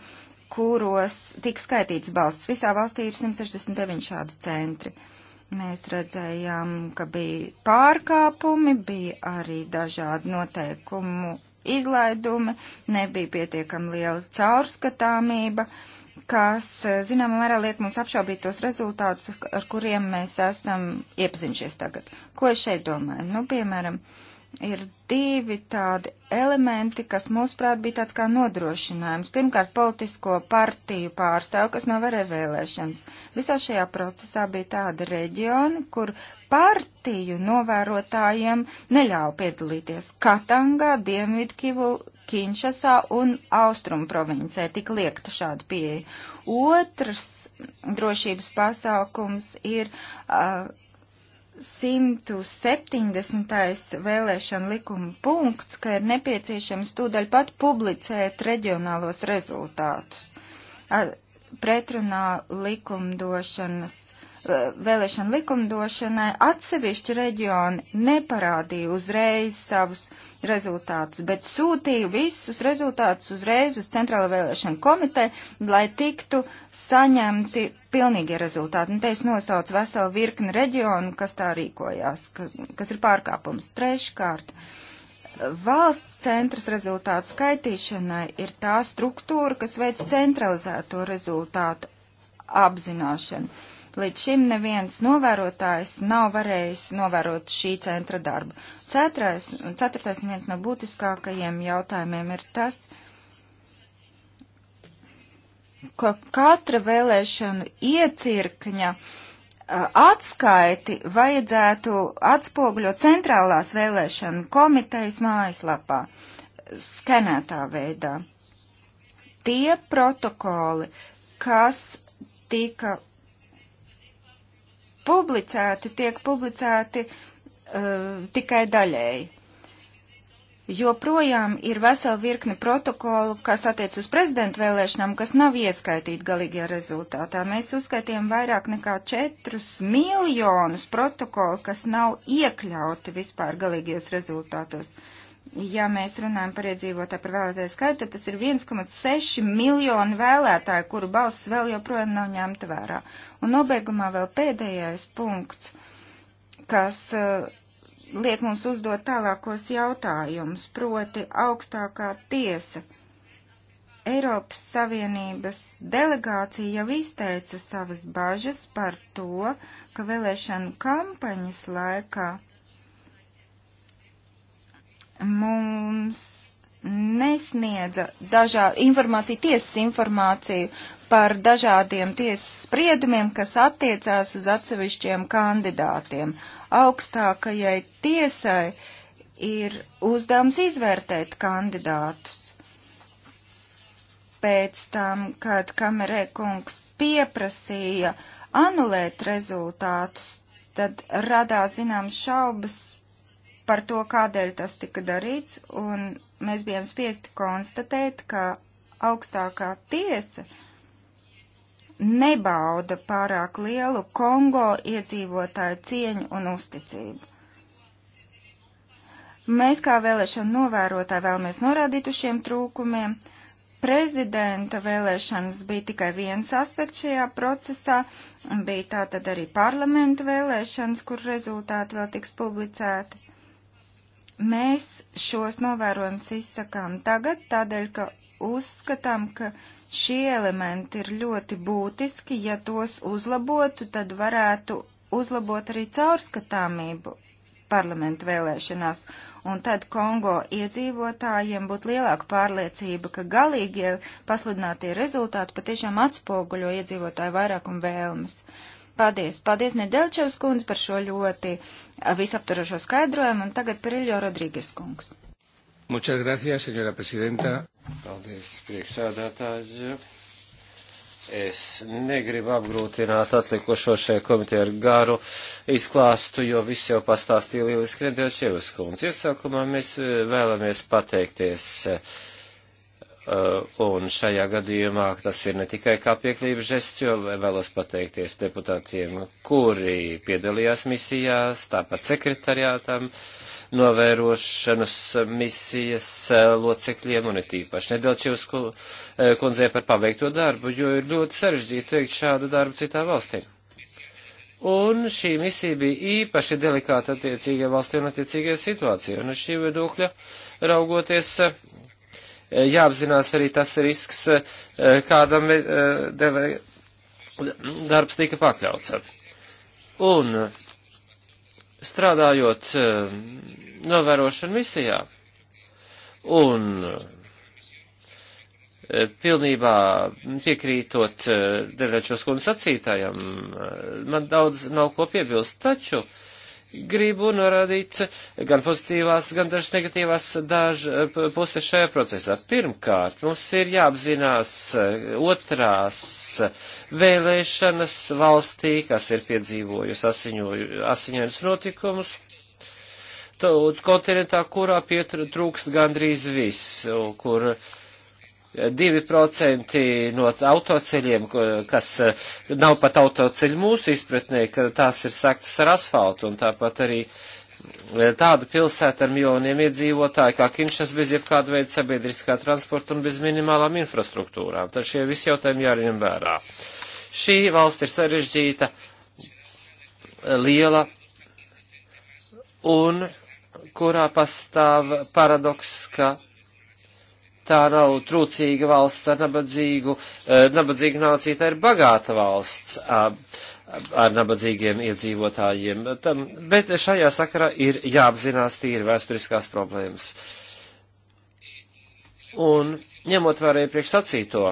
kuros tika skaitīts balsts. Visā valstī ir 169 šādi centri. Uh, Mēs redzējām, ka bija pārkāpumi, bija arī dažādi noteikumu izlaidumi, nebija pietiekami liela caurskatāmība, kas, zinām, mērā liek mums apšaubīt tos rezultātus, ar kuriem mēs esam iepazinušies tagad. Ko es šeit domāju? Nu, piemēram, uh, ir divi tādi elementi, kas mūsuprāt bija tāds kā nodrošinājums. Pirmkārt, politisko partiju pārstāvu, kas nav varēja vēlēšanas. Visā šajā procesā bija tādi reģioni, kur partiju novērotājiem neļauj piedalīties Katangā, Dienvidkivu, Kinšasā un Austrum provincē. Tik liekta šāda pieeja. Otrs drošības pasākums ir. Uh, 170. vēlēšana likuma punkts, ka ir nepieciešams tūdaļ pat publicēt reģionālos rezultātus. Ar pretrunā likumdošanas, e, vēlēšana likumdošanai atsevišķi reģioni neparādīja uzreiz savus rezultātus rezultātus, bet sūtīju visus rezultātus uzreiz uz Centrāla vēlēšana komiteja, lai tiktu saņemti pilnīgie rezultāti. Un te es nosaucu veselu virkni reģionu, kas tā rīkojās, ka, kas ir pārkāpums. Treškārt. Valsts centras rezultātu skaitīšanai ir tā struktūra, kas veic centralizēto rezultātu apzināšanu. Līdz šim neviens novērotājs nav varējis novērot šī centra darbu. Ceturtais, ceturtais un viens no būtiskākajiem jautājumiem ir tas, ka katra vēlēšanu iecirkņa atskaiti vajadzētu atspoguļot centrālās vēlēšanu komitejas mājaslapā, skenētā veidā. Tie protokoli, kas tika publicēti, tiek publicēti uh, tikai daļēji. Joprojām ir vesela virkne protokolu, kas attiec uz prezidentu vēlēšanām, kas nav ieskaitīti galīgajā rezultātā. Mēs uzskaitījām vairāk nekā 4 miljonus protokolu, kas nav iekļauti vispār galīgajos rezultātos. Uh, ja mēs runājam par iedzīvotāju par vēlētāju skaitu, tad tas ir 1,6 miljonu vēlētāju, kuru balsts vēl joprojām nav ņemta vērā. Un nobeigumā vēl pēdējais punkts, kas uh, liek mums uzdot tālākos jautājumus, proti augstākā tiesa. Eiropas Savienības delegācija jau izteica savas bažas par to, ka vēlēšanu kampaņas laikā mums nesniedza dažā, informāciju, tiesas informāciju par dažādiem tiesas spriedumiem, kas attiecās uz atsevišķiem kandidātiem. Augstākajai tiesai ir uzdevums izvērtēt kandidātus. Pēc tam, kad kamerē kungs pieprasīja anulēt rezultātus, tad radās zināms šaubas par to, kādēļ tas tika darīts, un mēs bijām spiesti konstatēt, ka augstākā tiesa nebauda pārāk lielu Kongo iedzīvotāju cieņu un uzticību. Mēs kā vēlēšana novērotāji vēlamies norādīt uz šiem trūkumiem. Prezidenta vēlēšanas bija tikai viens aspekts šajā procesā, bija tātad arī parlamenta vēlēšanas, kur rezultāti vēl tiks publicēti. Mēs šos novērojumus izsakām tagad, tādēļ, ka uzskatām, ka šie elementi ir ļoti būtiski. Ja tos uzlabotu, tad varētu uzlabot arī caurskatāmību parlamentu vēlēšanās, un tad Kongo iedzīvotājiem būtu lielāka pārliecība, ka galīgie pasludinātie rezultāti patiešām atspoguļo iedzīvotāju vairākumu vēlmes. Uh, Paldies! Paldies Nedelčevs kundze par šo ļoti visaptarošo skaidrojumu, un tagad par Iljo Rodrīgas kungs. Muchas gracias, señora presidenta. Paldies, priekšsādātāji. Es negribu apgrūtināt atlikušo šajā komitē ar garu izklāstu, jo viss jau pastāstīja lieliski Nedelčevs kundze. Iesākumā mēs e, vēlamies pateikties. Uh, Uh, un šajā gadījumā tas ir ne tikai kā pieklības žests, jo vēlos pateikties deputātiem, kuri piedalījās misijās, tāpat sekretariātam, novērošanas misijas uh, locekļiem un it īpaši Nedelčevs uh, kundzē par paveikto darbu, jo ir ļoti sarežģīti veikt šādu darbu citā valstī. Un šī misija bija īpaši delikāta attiecīgajā valstī un attiecīgajā situācijā. Un uz šī viedokļa raugoties Eh, jāapzinās arī tas risks, eh, kādam eh, deve, darbs tika pakļauts. Un strādājot novērošanu misijā un pilnībā piekrītot Devrečos kundas sacītājam, man daudz nav ko piebilst, taču uh, gribu norādīt gan pozitīvās, gan dažas negatīvās daž, puses šajā procesā. Pirmkārt, mums ir jāapzinās eh, otrās vēlēšanas valstī, kas ir piedzīvojusi asiņojums notikumus, kontinentā, kurā pietrūkst gandrīz viss, kur uh, 2% no autoceļiem, kas eh, nav pat autoceļi mūsu izpratnē, ka tās ir saktas ar asfaltu, un tāpat arī eh, tāda pilsēta ar miljoniem iedzīvotāju kā Kinšas bez jebkāda veida sabiedriskā transporta un bez minimālām infrastruktūrām. Tad šie visi jautājumi jāņem vērā. Šī valsts ir sarežģīta, liela un kurā pastāv paradoks, ka tā nav trūcīga valsts ar nabadzīgu, eh, nabadzīgu nāciju, tā ir bagāta valsts ar, ar nabadzīgiem iedzīvotājiem. Tam, bet šajā sakarā ir jāapzinās tīri vēsturiskās problēmas. Un ņemot vērā iepriekš sacīto,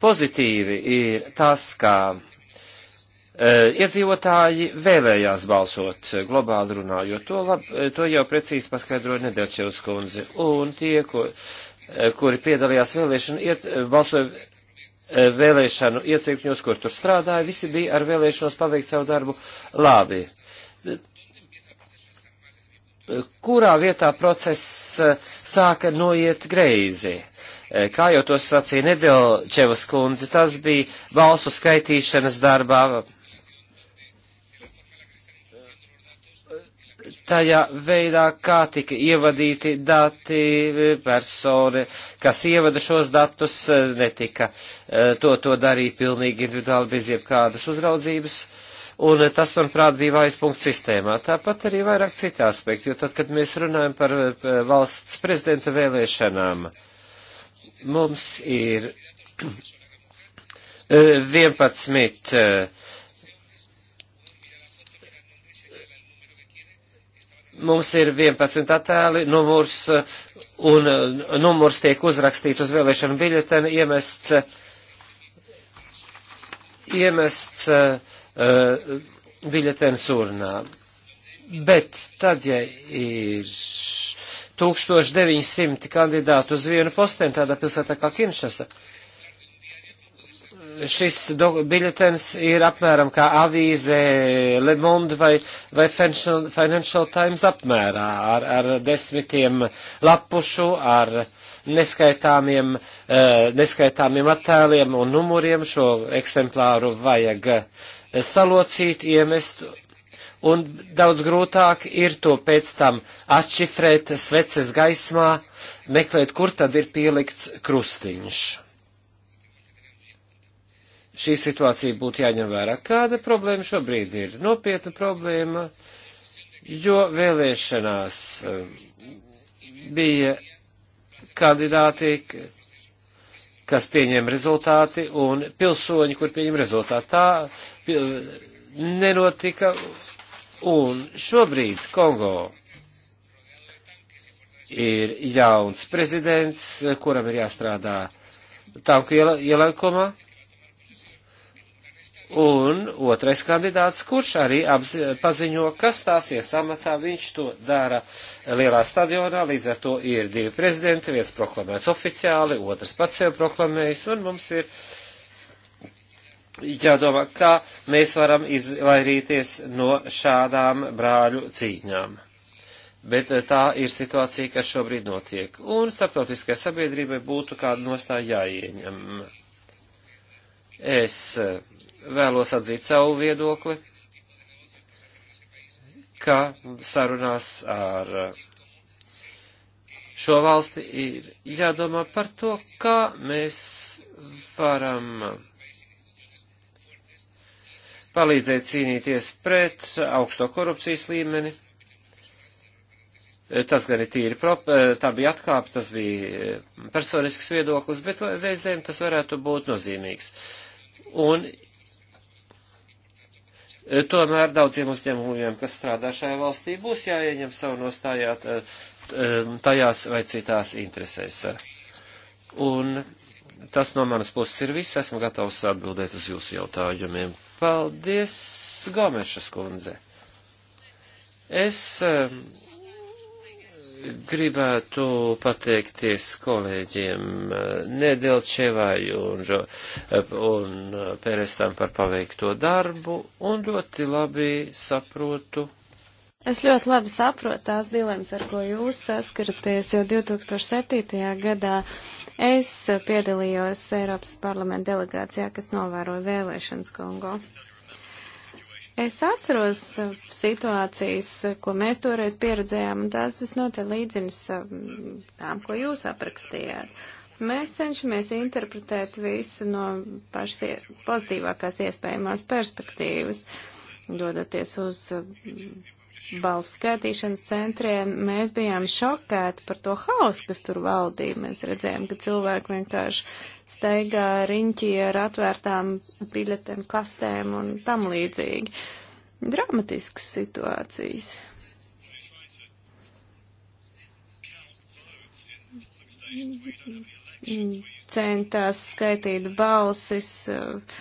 pozitīvi ir tas, ka e, iedzīvotāji vēlējās balsot globāli runājot. To, lab, e, to jau precīzi paskaidroja Nedelčevs kundze. Un tie, ko, uh, Eh, kuri piedalījās vēlēšanu, iet, eh, balsoja eh, vēlēšanu iecirkņos, kur tur strādāja, visi bija ar vēlēšanos paveikt savu darbu labi. Kurā vietā process sāka noiet greizi? kā jau to sacīja Nedelčevas kundze, tas bija balsu skaitīšanas darbā, tajā veidā, kā tika ievadīti dati, e, personi, kas ievada šos datus, e, netika e, to, to darīja pilnīgi individuāli bez jebkādas uzraudzības. Un tas, manuprāt, bija vājas punkts sistēmā. Tāpat arī vairāk citi aspekti, jo tad, kad mēs runājam par valsts prezidenta vēlēšanām, mums ir 11 mums ir 11 attēli, numurs, un numurs tiek uzrakstīts uz vēlēšanu biļeteni, iemests, iemests uh, eh, biļetenis urnā. Bet tad, ja ir 1900 kandidātu uz vienu posteni tādā pilsētā kā Kinšasa, uh, šis biļetens ir apmēram kā avīze Le Monde vai, vai Financial Times apmērā ar, ar desmitiem lapušu, ar neskaitāmiem, eh, neskaitāmiem attēliem un numuriem. Šo eksemplāru vajag eh, salocīt, iemest un daudz grūtāk ir to pēc tam atšifrēt sveces gaismā, meklēt, kur tad ir pielikts krustiņš šī situācija būtu jāņem vērā. Kāda problēma šobrīd ir? Nopietna problēma, jo vēlēšanās eh, bija kandidāti, kas pieņem rezultāti, un pilsoņi, kur pieņem rezultāti. Tā nenotika, un šobrīd Kongo ir jauns prezidents, kuram ir jāstrādā tanku ielaikumā. Iela Un otrais kandidāts, kurš arī apzi, paziņo, ka stāsies amatā, viņš to dara lielā stadionā, līdz ar to ir divi prezidenti, viens proklamēts oficiāli, otrs pats sev proklamējis, un mums ir jādomā, kā mēs varam izvairīties no šādām brāļu cīņām. Bet tā ir situācija, kas šobrīd notiek, un starptautiskai sabiedrībai būtu kāda nostāja jāieņem. Es vēlos atzīt savu viedokli, ka sarunās ar šo valsti ir jādomā par to, kā mēs varam palīdzēt cīnīties pret augsto korupcijas līmeni. Tas gan ir tīri, prop, tā bija atkāpe, tas bija personisks viedoklis, bet reizēm tas varētu būt nozīmīgs. Un E, tomēr daudziem uzņēmumiem, kas strādā šajā valstī, būs jāieņem savu nostājāt e, e, tajās vai citās interesēs. Un tas no manas puses ir viss. Esmu gatavs atbildēt uz jūsu jautājumiem. Paldies, Gomešas kundze! Es gribētu pateikties kolēģiem eh, Nedelčevai un, un eh, Peresam par paveikto darbu un ļoti labi saprotu. Es ļoti labi saprotu tās dilemmas, ar ko jūs saskaraties, jo 2007. gadā es piedalījos Eiropas parlamenta delegācijā, kas novēroja vēlēšanas Kongo. Es atceros uh, situācijas, uh, ko mēs toreiz pieredzējām, un tās visnotaļ līdzinas um, tām, ko jūs aprakstījāt. Mēs cenšamies interpretēt visu no pašas pozitīvākās iespējamās perspektīvas. Dodoties uz uh, balsu skaitīšanas centriem, mēs bijām šokēti par to hausu, kas tur valdīja. Mēs redzējām, ka cilvēki vienkārši steigā riņķi ar atvērtām biļetēm, kastēm un tam līdzīgi. Dramatiskas situācijas. Centās skaitīt balsis uh,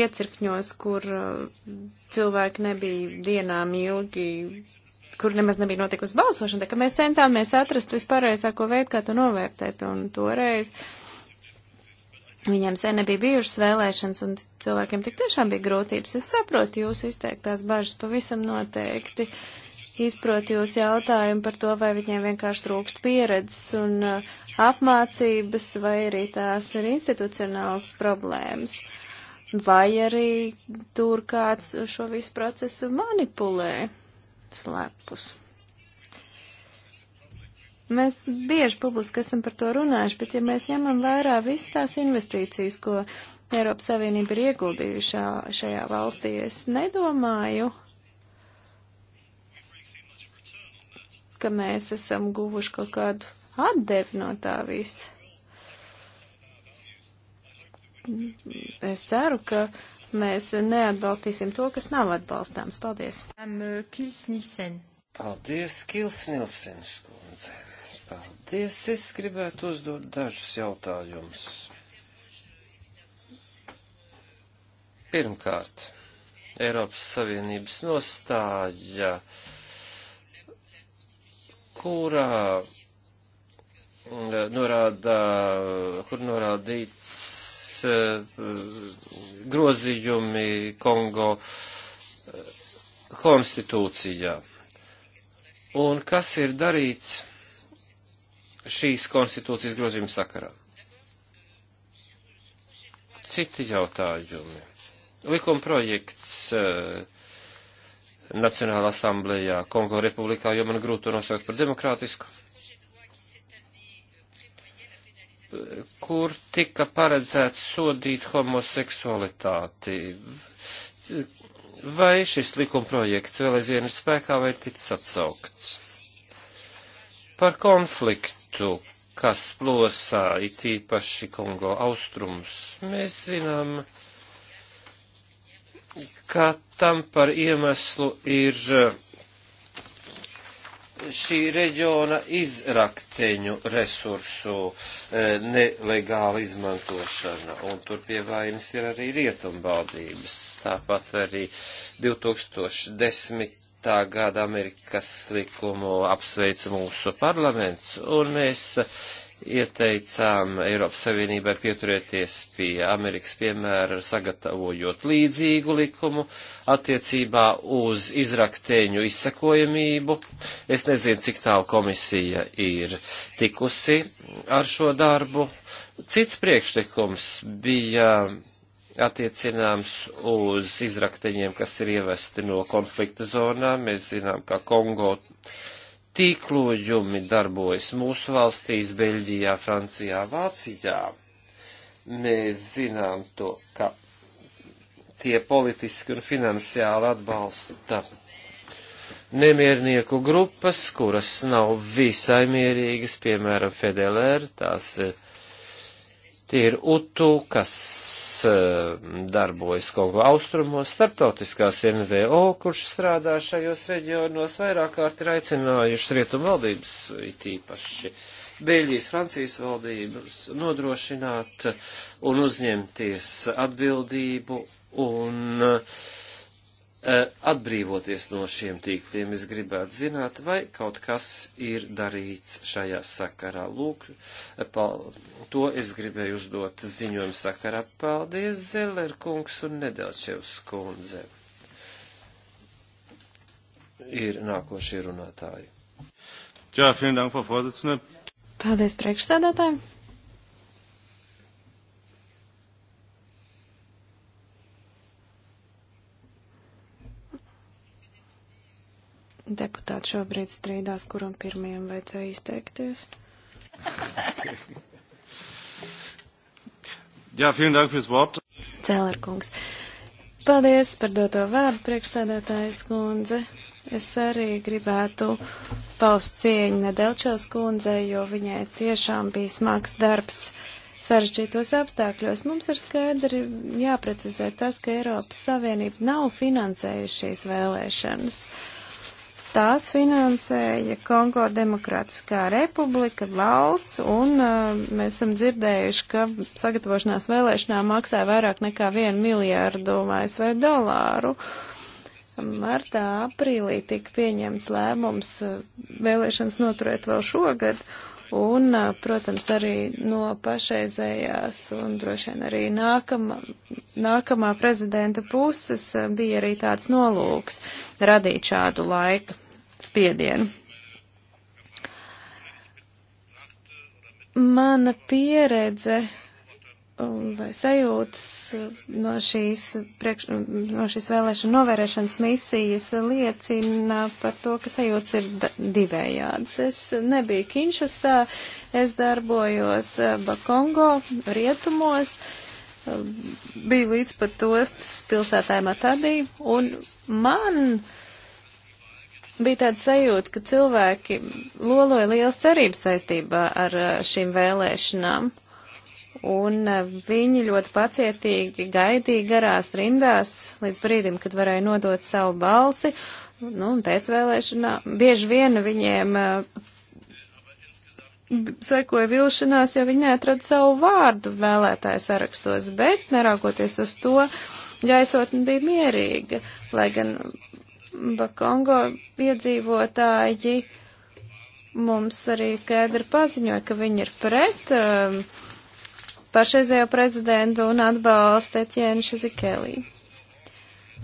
iecirkņos, kur uh, cilvēki nebija dienām ilgi kur nemaz nebija notikusi balsošana, tā ka mēs centāmies atrast vispareizāko veidu, kā to novērtēt, un toreiz uh, Viņiem sen nebija bijušas vēlēšanas, un cilvēkiem tik tiešām bija grūtības. Es saprotu jūsu izteiktās bažas pavisam noteikti. Izprotu jūsu jautājumu par to, vai viņiem vienkārši trūkst pieredzes un uh, apmācības, vai arī tās ir institucionāls problēmas. Vai arī tur kāds šo visu procesu manipulē slepus. Mēs bieži publiski esam par to runājuši, bet ja mēs ņemam vērā visas tās investīcijas, ko Eiropas Savienība ir ieguldījušā šajā valstī, es nedomāju, ka mēs esam guvuši kaut kādu atdevi no tā visa. Es ceru, ka mēs neatbalstīsim to, kas nav atbalstāms. Paldies. Uh, Paldies, Kils Nilsens. Paldies, es gribētu uzdot dažus jautājumus. Pirmkārt, Eiropas Savienības nostāja, kurā norāda, kur norādīts eh, grozījumi Kongo eh, konstitūcijā. Un kas ir darīts? šīs konstitūcijas grozījuma sakarā. Citi jautājumi. Likuma projekts eh, Nacionālā asamblējā Kongo republikā, jo man grūti to nosaukt par demokrātisku, kur tika paredzēts sodīt homoseksualitāti. Vai šis likuma projekts vēl aizvien ir spēkā vai ir ticis atsaukts? Par konfliktu konfliktu, kas plosā it īpaši Kongo austrums, mēs zinām, ka tam par iemeslu ir eh, šī reģiona izrakteņu resursu e, nelegāla izmantošana, un tur pie vainas ir arī rietumbaldības. Tāpat arī 2010 gada Amerikas likumu apsveic mūsu parlaments, un mēs ieteicām Eiropas Savienībai pieturēties pie Amerikas piemēra, sagatavojot līdzīgu likumu attiecībā uz izrakteņu izsakojamību. Es nezinu, cik tālu komisija ir tikusi ar šo darbu. Cits priekšlikums bija attiecināms uz izrakteņiem, kas ir ievesti no konflikta zonām. Mēs zinām, ka Kongo tīklojumi darbojas mūsu valstīs, Beļģijā, Francijā, Vācijā. Mēs zinām to, ka tie politiski un finansiāli atbalsta nemiernieku grupas, kuras nav visai mierīgas, piemēram, FDLR, tās ir eh, Tie ir UTU, kas eh, darbojas kaut ko austrumos, starptautiskās NVO, kurš strādā šajos reģionos, vairāk kārt ir aicinājuši rietumu valdības, it īpaši Beļģijas, Francijas valdības, nodrošināt un uzņemties atbildību un uh, Eh, atbrīvoties no šiem tīkliem. Es gribētu zināt, vai kaut kas ir darīts šajā sakarā. Lūk, eh, pal, to es gribēju uzdot ziņojumu sakarā. Paldies, Zeller kungs un Nedelčevs kundze. Ir nākošie runātāji. Jā, vielen dank, Frau Vorsitzende. Paldies, priekšsēdētāji. Deputāti šobrīd strīdās, kuram pirmajam vajadzēja izteikties. [LAUGHS] Jā, vielen dank fürs Wort. Cēlērkungs. Paldies par doto vārdu, priekšsēdētājas kundze. Es arī gribētu paust cieņu Nedelčās kundzei, jo viņai tiešām bija smags darbs sarežģītos apstākļos. Mums ir skaidri jāprecizē tas, ka Eiropas Savienība nav finansējuši šīs vēlēšanas. Uh, Tās finansēja Kongo Demokrātiskā republika, valsts, un uh, mēs esam dzirdējuši, ka sagatavošanās vēlēšanām maksāja vairāk nekā 1 miljārdu ASV dolāru. Martā, aprīlī tika pieņemts lēmums uh, vēlēšanas noturēt vēl šogad, un, uh, protams, arī no pašreizējās un droši vien arī nākamā, nākamā prezidenta puses uh, bija arī tāds nolūks radīt šādu laiku spiedienu. Mana pieredze vai sajūtas no šīs, priekš, no šīs vēlēšana novērēšanas misijas liecina par to, ka sajūtas ir divējādas. Es nebiju Kinšasā, es darbojos eh, Bakongo rietumos, eh, biju līdz pat ostas pilsētājumā tādī, un man uh, bija tāda sajūta, ka cilvēki loloja liels cerības saistībā ar eh, šīm vēlēšanām. Un eh, viņi ļoti pacietīgi gaidīja garās rindās līdz brīdim, kad varēja nodot savu balsi. Nu, un pēc vēlēšanām bieži vien viņiem eh, sekoja vilšanās, jo viņi neatrada savu vārdu vēlētāju sarakstos, bet neraugoties uz to, gaisotne bija mierīga, lai gan Bakongo iedzīvotāji mums arī skaidri paziņoja, ka viņi ir pret um, pašreizējo prezidentu un atbalsta Etienu Šazikelī.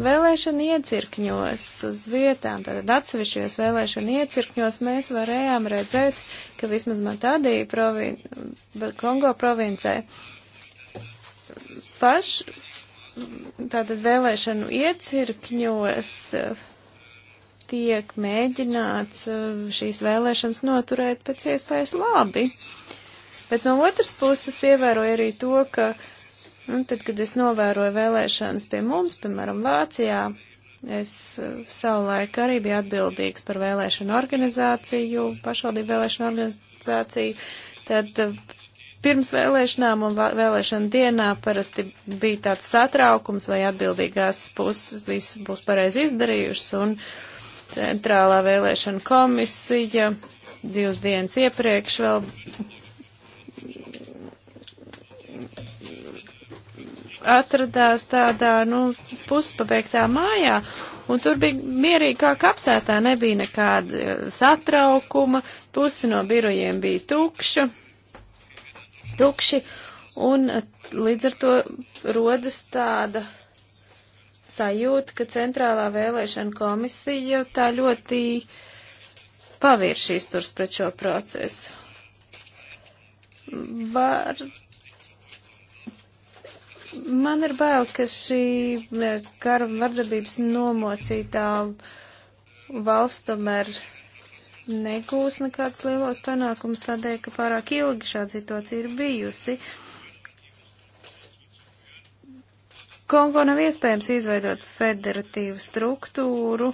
Vēlēšana iecirkņos uz vietām, tātad atsevišķos vēlēšana iecirkņos mēs varējām redzēt, ka vismaz Matadī provin Kongo provincē paš, tātad vēlēšanu iecirkņos uh, tiek mēģināts uh, šīs vēlēšanas noturēt pēc iespējas labi. Bet no otras puses ievēroju arī to, ka, nu, tad, kad es novēroju vēlēšanas pie mums, piemēram, Vācijā, es uh, savulaik arī biju atbildīgs par vēlēšanu organizāciju, pašvaldību vēlēšanu organizāciju, tad uh, pirms vēlēšanām un vēlēšana dienā parasti bija tāds satraukums, vai atbildīgās puses viss būs pareizi izdarījušas, un Centrālā vēlēšana komisija divas dienas iepriekš vēl atradās tādā, nu, puspabeigtā mājā, un tur bija mierīgi kā kapsētā, nebija nekāda eh, satraukuma, pusi no birojiem bija tukša, tukši, un eh, līdz ar to rodas tāda sajūta, ka centrālā vēlēšana komisija jau tā ļoti pavirš izturs pret šo procesu. Var... Man ir bail, ka šī eh, kara vardarbības nomocītā valsts tomēr negūs nekādus lielos panākumus tādēļ, ka pārāk ilgi šāda situācija ir bijusi. Uh, Kongo nav iespējams izveidot federatīvu struktūru.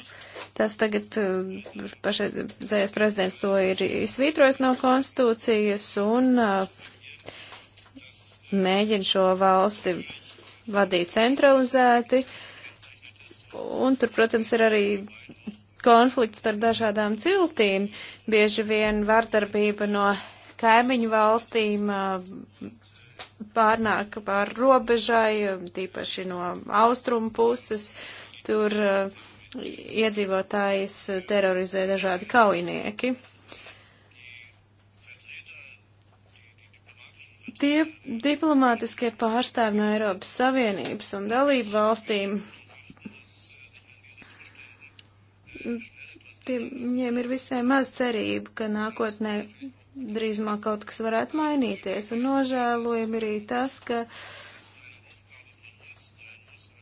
Tas tagad eh, pašreizējais prezidents to ir izsvītrojis no konstitūcijas un eh, mēģina šo valsti vadīt centralizēti. Un tur, protams, ir arī konflikts ar dažādām ciltīm. Bieži vien vardarbība no kaimiņu valstīm eh, pārnāk pār robežai, tīpaši no austrumu puses. Tur uh, iedzīvotājs terorizē dažādi kaujinieki. Tie diplomātiskie pārstāvi no Eiropas Savienības un dalību valstīm, tie, viņiem ir visai maz cerība, ka nākotnē drīzumā kaut kas varētu mainīties. Un nožēlojam arī tas, ka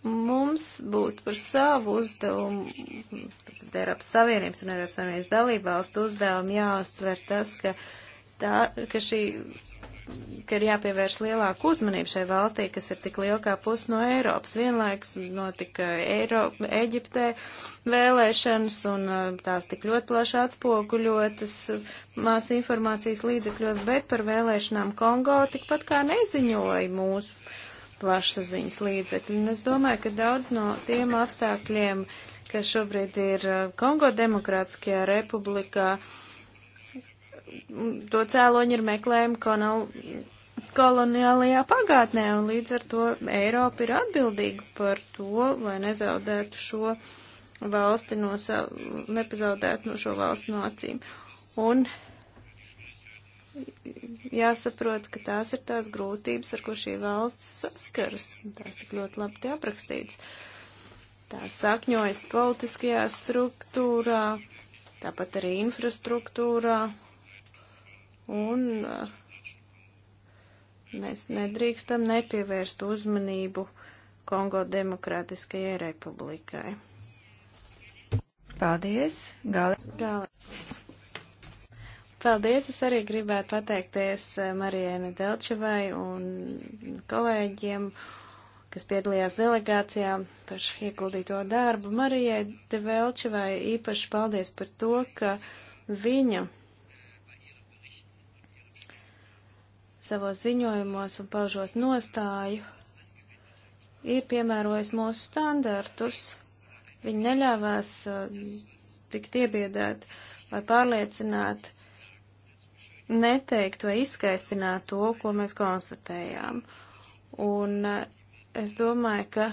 mums būtu par savu uzdevumu, tad Eiropas Savienības un Eiropas Savienības dalībvalstu uzdevumu jāuztver tas, ka, tā, ka šī ka ir jāpievērš lielāku uzmanību šai valstī, kas ir tik liela kā pus no Eiropas. Vienlaiks notika Eiro, Eģiptē vēlēšanas, un uh, tās tik ļoti plaši atspoguļotas māsu informācijas līdzekļos, bet par vēlēšanām Kongo tikpat kā neziņoja mūsu plašsaziņas līdzekļi. Un es domāju, ka daudz no tiem apstākļiem, kas šobrīd ir uh, Kongo Demokrātiskajā republikā, uh, to cēloņi ir meklējumi konal, koloniālajā pagātnē, un līdz ar to Eiropa ir atbildīga par to, lai nezaudētu šo valsti no savu, nepazaudētu no šo valstu no acīm. Un jāsaprot, ka tās ir tās grūtības, ar ko šī valsts saskaras. Tās tik ļoti labi te aprakstīts. Tās sakņojas politiskajā struktūrā, tāpat arī infrastruktūrā, un eh, mēs nedrīkstam nepievērst uzmanību Kongo Demokrātiskajai republikai. Paldies! Gala! Gala. Paldies! Es arī gribētu pateikties eh, Marijai Delčevai un kolēģiem, kas piedalījās delegācijā par ieguldīto darbu. Marijai Delčevai īpaši paldies par to, ka viņa savos ziņojumos un paužot nostāju, ir piemērojis mūsu standartus. Viņi neļāvās uh, tikt iebiedēt vai pārliecināt, neteikt vai izskaistināt to, ko mēs konstatējām. Un uh, es domāju, ka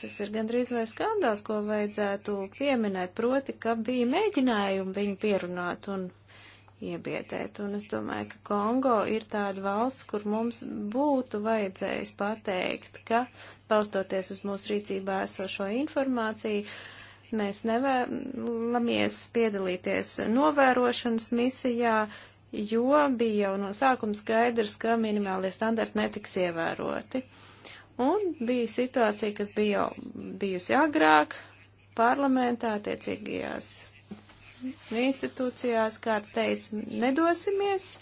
tas ir gandrīz vai skandāls, ko vajadzētu pieminēt, proti, ka bija mēģinājumi viņu pierunāt un iebiedēt. Un es domāju, ka Kongo ir tāda valsts, kur mums būtu vajadzējis pateikt, ka balstoties uz mūsu rīcībā esošo informāciju, mēs nevēlamies piedalīties novērošanas misijā, jo bija jau no sākuma skaidrs, ka minimālie standarti netiks ievēroti. Un bija situācija, kas bija jau bijusi agrāk parlamentā, attiecīgajās institūcijās kāds teica, nedosimies.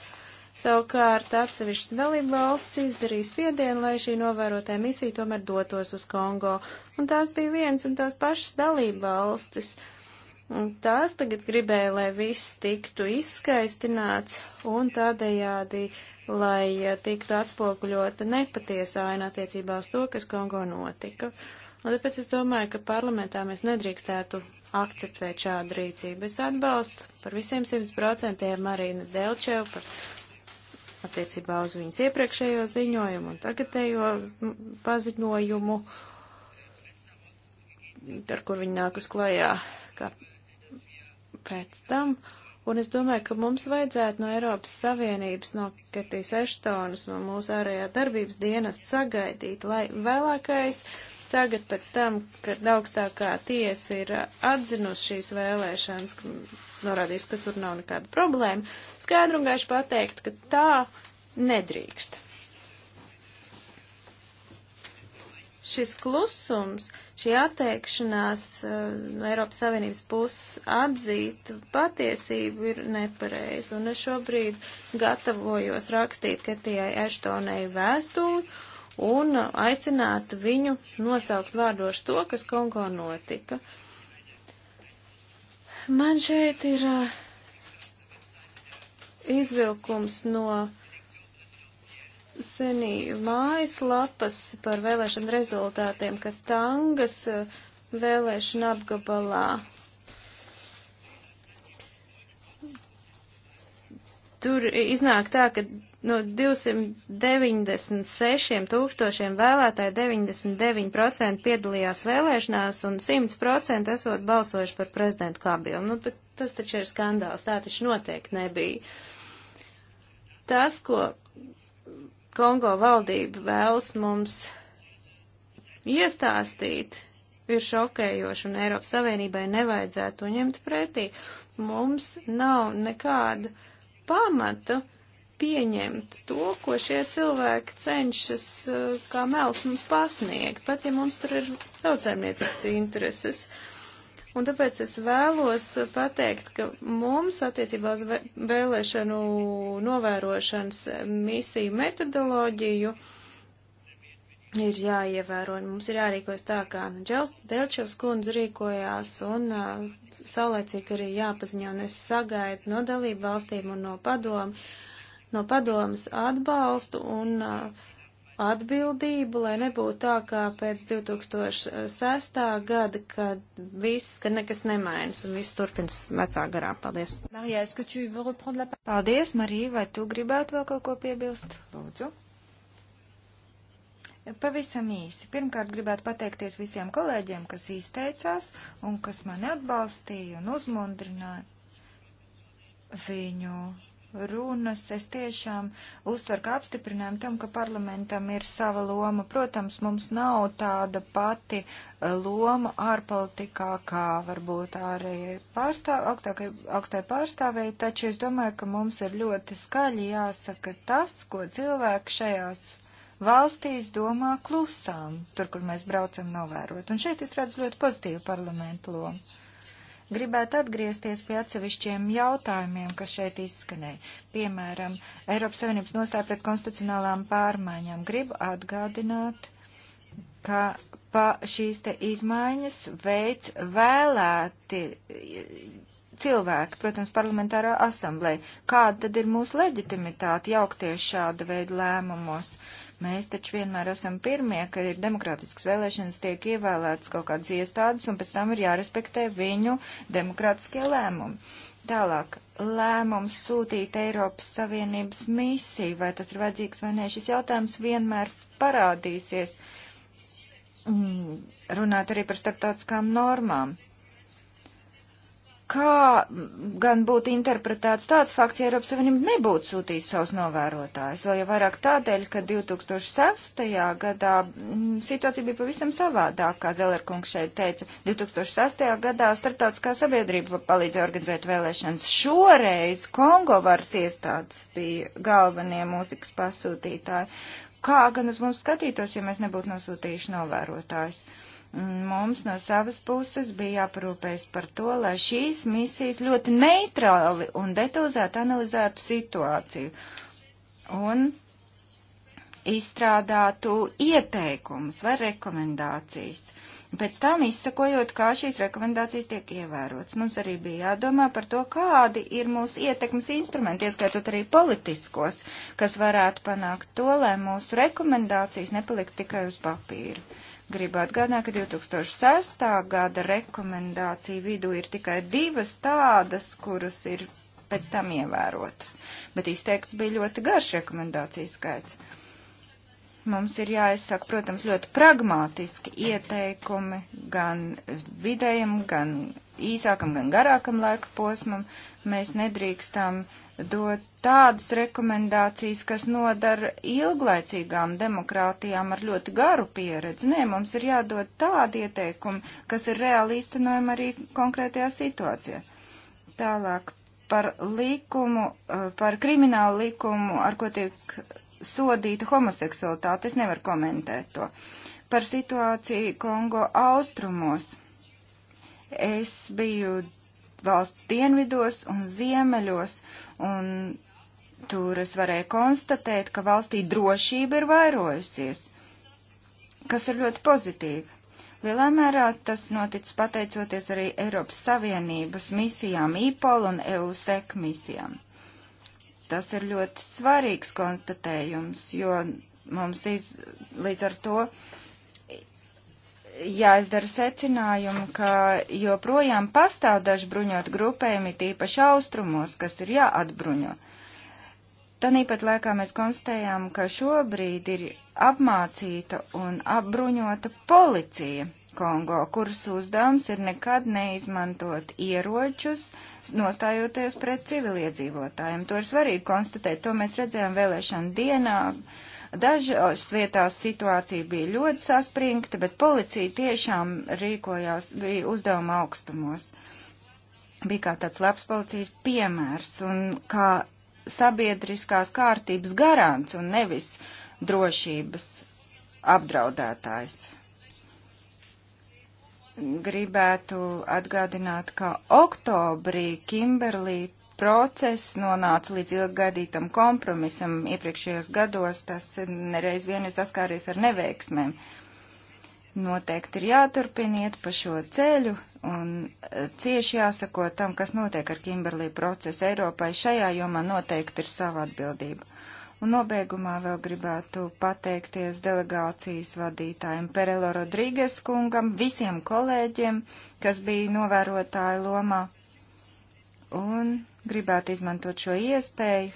Savukārt atsevišķas dalība valsts izdarīs spiedienu, lai šī novērotā misija tomēr dotos uz Kongo. Un tās bija viens un tās pašas dalība valstis. Un tās tagad gribēja, lai viss tiktu izskaistināts un tādējādi, lai eh, tiktu atspoguļota nepatiesā aina attiecībā uz to, kas Kongo notika. Un tāpēc es domāju, ka parlamentā mēs nedrīkstētu akceptēt šādu rīcību. Es atbalstu par visiem 100% Marīnu Delčevu par attiecībā uz viņas iepriekšējo ziņojumu un tagadējo paziņojumu, par kur viņa nāk uz klajā kā pēc tam. Un es domāju, ka mums vajadzētu no Eiropas Savienības, no Ketijas Eštonas, no mūsu ārējā darbības dienas sagaidīt, lai vēlākais uh, Tagad pēc tam, kad augstākā tiesa ir uh, atzinusi šīs vēlēšanas, norādījis, ka tur nav nekāda problēma, skaidru un gaišu pateikt, ka tā nedrīkst. Šis klusums, šī atteikšanās uh, no Eiropas Savienības puses atzīt patiesību ir nepareizi, un es šobrīd gatavojos rakstīt Ketijai Eštonai vēstuli un aicinātu viņu nosaukt vārdos to, kas Kongo notika. Man šeit ir izvilkums no senī mājaslapas par vēlēšanu rezultātiem, ka tangas vēlēšana apgabalā tur iznāk tā, ka No 296 tūkstošiem vēlētāji 99% piedalījās vēlēšanās un 100% esot balsojuši par prezidentu Kabilu. Nu, tas taču ir skandāls, tā taču noteikti nebija. Tas, ko Kongo valdība vēlas mums iestāstīt, ir šokējoši un Eiropas Savienībai nevajadzētu to ņemt pretī. Mums nav nekāda pamata pieņemt to, ko šie cilvēki cenšas eh, kā mels mums pasniegt, pat ja mums tur ir tautsēmniecības intereses. Un tāpēc es vēlos pateikt, ka mums attiecībā uz vēlēšanu novērošanas misiju metodoloģiju ir jāievēro, un mums ir jārīkojas tā, kā nu, Delčevs kundze rīkojās, un uh, saulēcīgi arī jāpaziņo, un es sagaidu no dalību valstīm un no padomu no padomas atbalstu un uh, atbildību, lai nebūtu tā, kā pēc 2006. gada, kad viss, ka nekas nemainas un viss turpins vecā garā. Paldies. Marija, la... Paldies, Marija, vai tu gribētu vēl kaut ko piebilst? Lūdzu. Pavisam īsi. Pirmkārt, gribētu pateikties visiem kolēģiem, kas izteicās un kas mani atbalstīja un uzmundrināja viņu runas es tiešām uztveru kā apstiprinājumu tam, ka parlamentam ir sava loma. Protams, mums nav tāda pati eh, loma ārpolitikā, kā varbūt arī pārstāv, augstākai, augstai pārstāvēji, taču es domāju, ka mums ir ļoti skaļi jāsaka tas, ko cilvēki šajās valstīs domā klusām, tur, kur mēs braucam novērot. Un šeit es redzu ļoti pozitīvu parlamentu lomu. Gribētu atgriezties pie atsevišķiem jautājumiem, kas šeit izskanēja. Piemēram, Eiropas Savienības nostāja pret konstitucionālām pārmaiņām. Gribu atgādināt, ka pa šīs te izmaiņas veids vēlēti cilvēki, protams, parlamentārā asamblē. Kāda tad ir mūsu leģitimitāte jaukties šāda veida lēmumos? Uh, Mēs taču vienmēr esam pirmie, ka ir demokrātiskas vēlēšanas, tiek ievēlētas kaut kādas iestādes, un pēc tam ir jārespektē viņu demokrātiskie lēmumi. Tālāk, lēmums sūtīt Eiropas Savienības misiju, vai tas ir vajadzīgs vai nē, šis jautājums vienmēr parādīsies. Mm, runāt arī par starptautiskām normām kā gan būtu interpretēts tāds fakts, ja Eiropas Savienība nebūtu sūtījis savus novērotājus, vēl jau vairāk tādēļ, ka 2006. gadā mm, situācija bija pavisam savādāk, kā Zelerkungs šeit teica. 2006. gadā starptautiskā sabiedrība palīdzēja organizēt vēlēšanas. Šoreiz Kongo varas iestādes bija galvenie mūzikas pasūtītāji. Kā gan uz mums skatītos, ja mēs nebūtu nosūtījuši novērotājus? Mums no savas puses bija aprūpējis par to, lai šīs misijas ļoti neitrāli un detalizēti analizētu situāciju un izstrādātu ieteikumus vai rekomendācijas. Pēc tam izsakojot, kā šīs rekomendācijas tiek ievērotas. Mums arī bija jādomā par to, kādi ir mūsu ietekmes instrumenti, ieskaitot arī politiskos, kas varētu panākt to, lai mūsu rekomendācijas nepalikt tikai uz papīra. Gribu atgādināt, ka 2006. gada rekomendāciju vidū ir tikai divas tādas, kuras ir pēc tam ievērotas, bet izteikts bija ļoti garš rekomendāciju skaits. Mums ir jāizsaka, protams, ļoti pragmātiski ieteikumi gan vidējiem, gan īsākam, gan garākam laika posmam. Mēs nedrīkstam uh, dot tādas rekomendācijas, kas nodara ilglaicīgām demokrātijām ar ļoti garu pieredzi. Nē, mums ir jādod tādi ieteikumi, kas ir reāli īstenojami arī konkrētajā situācijā. Tālāk par likumu, eh, par kriminālu likumu, ar ko tiek sodīta homoseksualitāte, es nevaru komentēt to. Par situāciju Kongo austrumos. Es biju valsts dienvidos un ziemeļos, un tur es varēju konstatēt, ka valstī drošība ir vairojusies, kas ir ļoti pozitīvi. Lielā mērā tas noticis pateicoties arī Eiropas Savienības misijām IPOL un EUSEC misijām. Tas ir ļoti svarīgs konstatējums, jo mums iz, līdz ar to uh, jāizdara secinājumi, ka joprojām pastāv daži bruņot grupējumi, tīpaši austrumos, kas ir jāatbruņo. Tanīpat laikā mēs konstatējām, ka šobrīd ir apmācīta un apbruņota policija Kongo, kuras uzdevums ir nekad neizmantot ieročus, nostājoties pret civiliedzīvotājiem. To ir svarīgi konstatēt, to mēs redzējām vēlēšana dienā. Uh, Dažās vietās situācija bija ļoti saspringta, bet policija tiešām rīkojās, bija uzdevuma augstumos. Bija kā tāds labs policijas piemērs un kā sabiedriskās kārtības garants un nevis drošības apdraudētājs gribētu atgādināt, ka oktobrī Kimberlī process nonāca līdz ilggadītam kompromisam. Iepriekšējos gados tas nereiz vien ir saskāries ar neveiksmēm. Noteikti ir jāturpina iet pa šo ceļu un e, cieši jāsako tam, kas notiek ar Kimberlī procesu Eiropai. Šajā jomā noteikti ir sava atbildība. Un nobeigumā vēl gribētu pateikties delegācijas vadītājiem Perelo Rodrīgas kungam, visiem kolēģiem, kas bija novērotāju lomā. Un gribētu izmantot šo iespēju,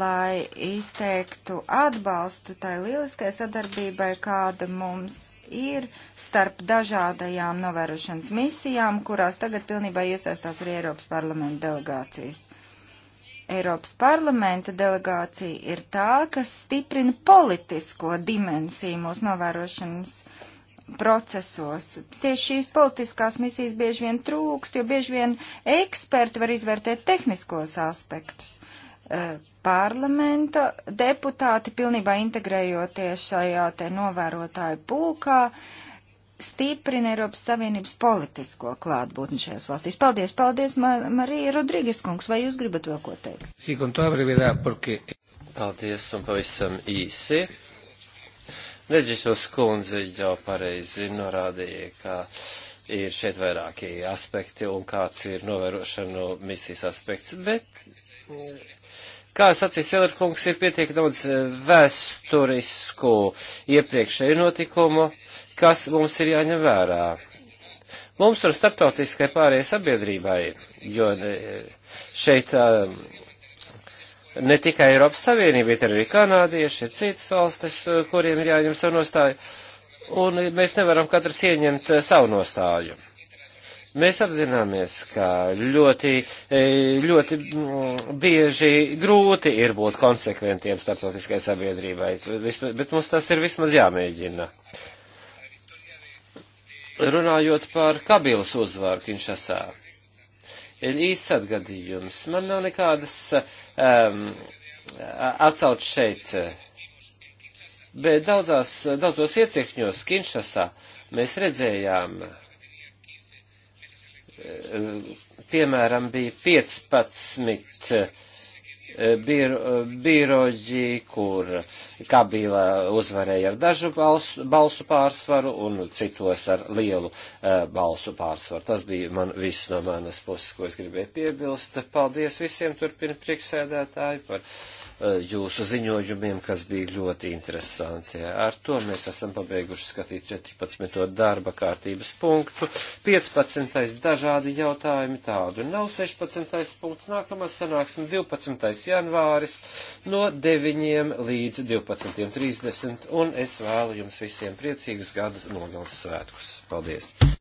lai izteiktu atbalstu tai lieliskai sadarbībai, kāda mums ir starp dažādajām novērošanas misijām, kurās tagad pilnībā iesaistās arī Eiropas parlamenta delegācijas. Eiropas parlamenta delegācija ir tā, kas stiprina politisko dimensiju mūsu novērošanas misijā procesos. Tieši šīs politiskās misijas bieži vien trūkst, jo bieži vien eksperti var izvērtēt tehniskos aspektus. Eh, parlamenta deputāti pilnībā integrējoties šajā te novērotāju pulkā stiprina Eiropas Savienības politisko klātbūtni šajās valstīs. Paldies, paldies, Mar Marija Rodrīgas kungs, vai jūs gribat vēl ko teikt? Paldies un pavisam īsi Reģisors kundze jau pareizi norādīja, ka ir šeit vairāki aspekti un kāds ir novērošanu misijas aspekts, bet, mm, kā sacīja Selerkungs, ir pietiek daudz vēsturisku iepriekšēju notikumu, kas mums ir jāņem vērā. Mums tur starptautiskai pārējai sabiedrībai, jo e, šeit um, ne tikai Eiropas Savienība, bet arī kanādieši, ir citas valstis, eh, kuriem ir jāņem savu nostāju, un mēs nevaram katrs ieņemt eh, savu nostāju. Mēs apzināmies, ka ļoti, eh, ļoti mm, bieži grūti ir būt konsekventiem starptautiskai sabiedrībai, bet mums tas ir vismaz jāmēģina. Runājot par Kabilas uzvaru Kinšasā īsat gadījums. Man nav nekādas um, atsauc šeit, bet daudzās, daudzos iecirkņos Kinšasā mēs redzējām, uh, piemēram, bija 15 biro, biroģi, kur Kabila uzvarēja ar dažu balsu, balsu pārsvaru un citos ar lielu uh, balsu pārsvaru. Tas bija man viss no manas puses, ko es gribēju piebilst. Paldies visiem turpina priekšsēdētāji par jūsu ziņojumiem, kas bija ļoti interesanti. Ar to mēs esam pabeiguši skatīt 14. darba kārtības punktu, 15. dažādi jautājumi tādu nav, 16. punkts nākamā sanāksme 12. janvāris no 9 līdz 12.30 un es vēlu jums visiem priecīgus gadus nogales svētkus. Paldies!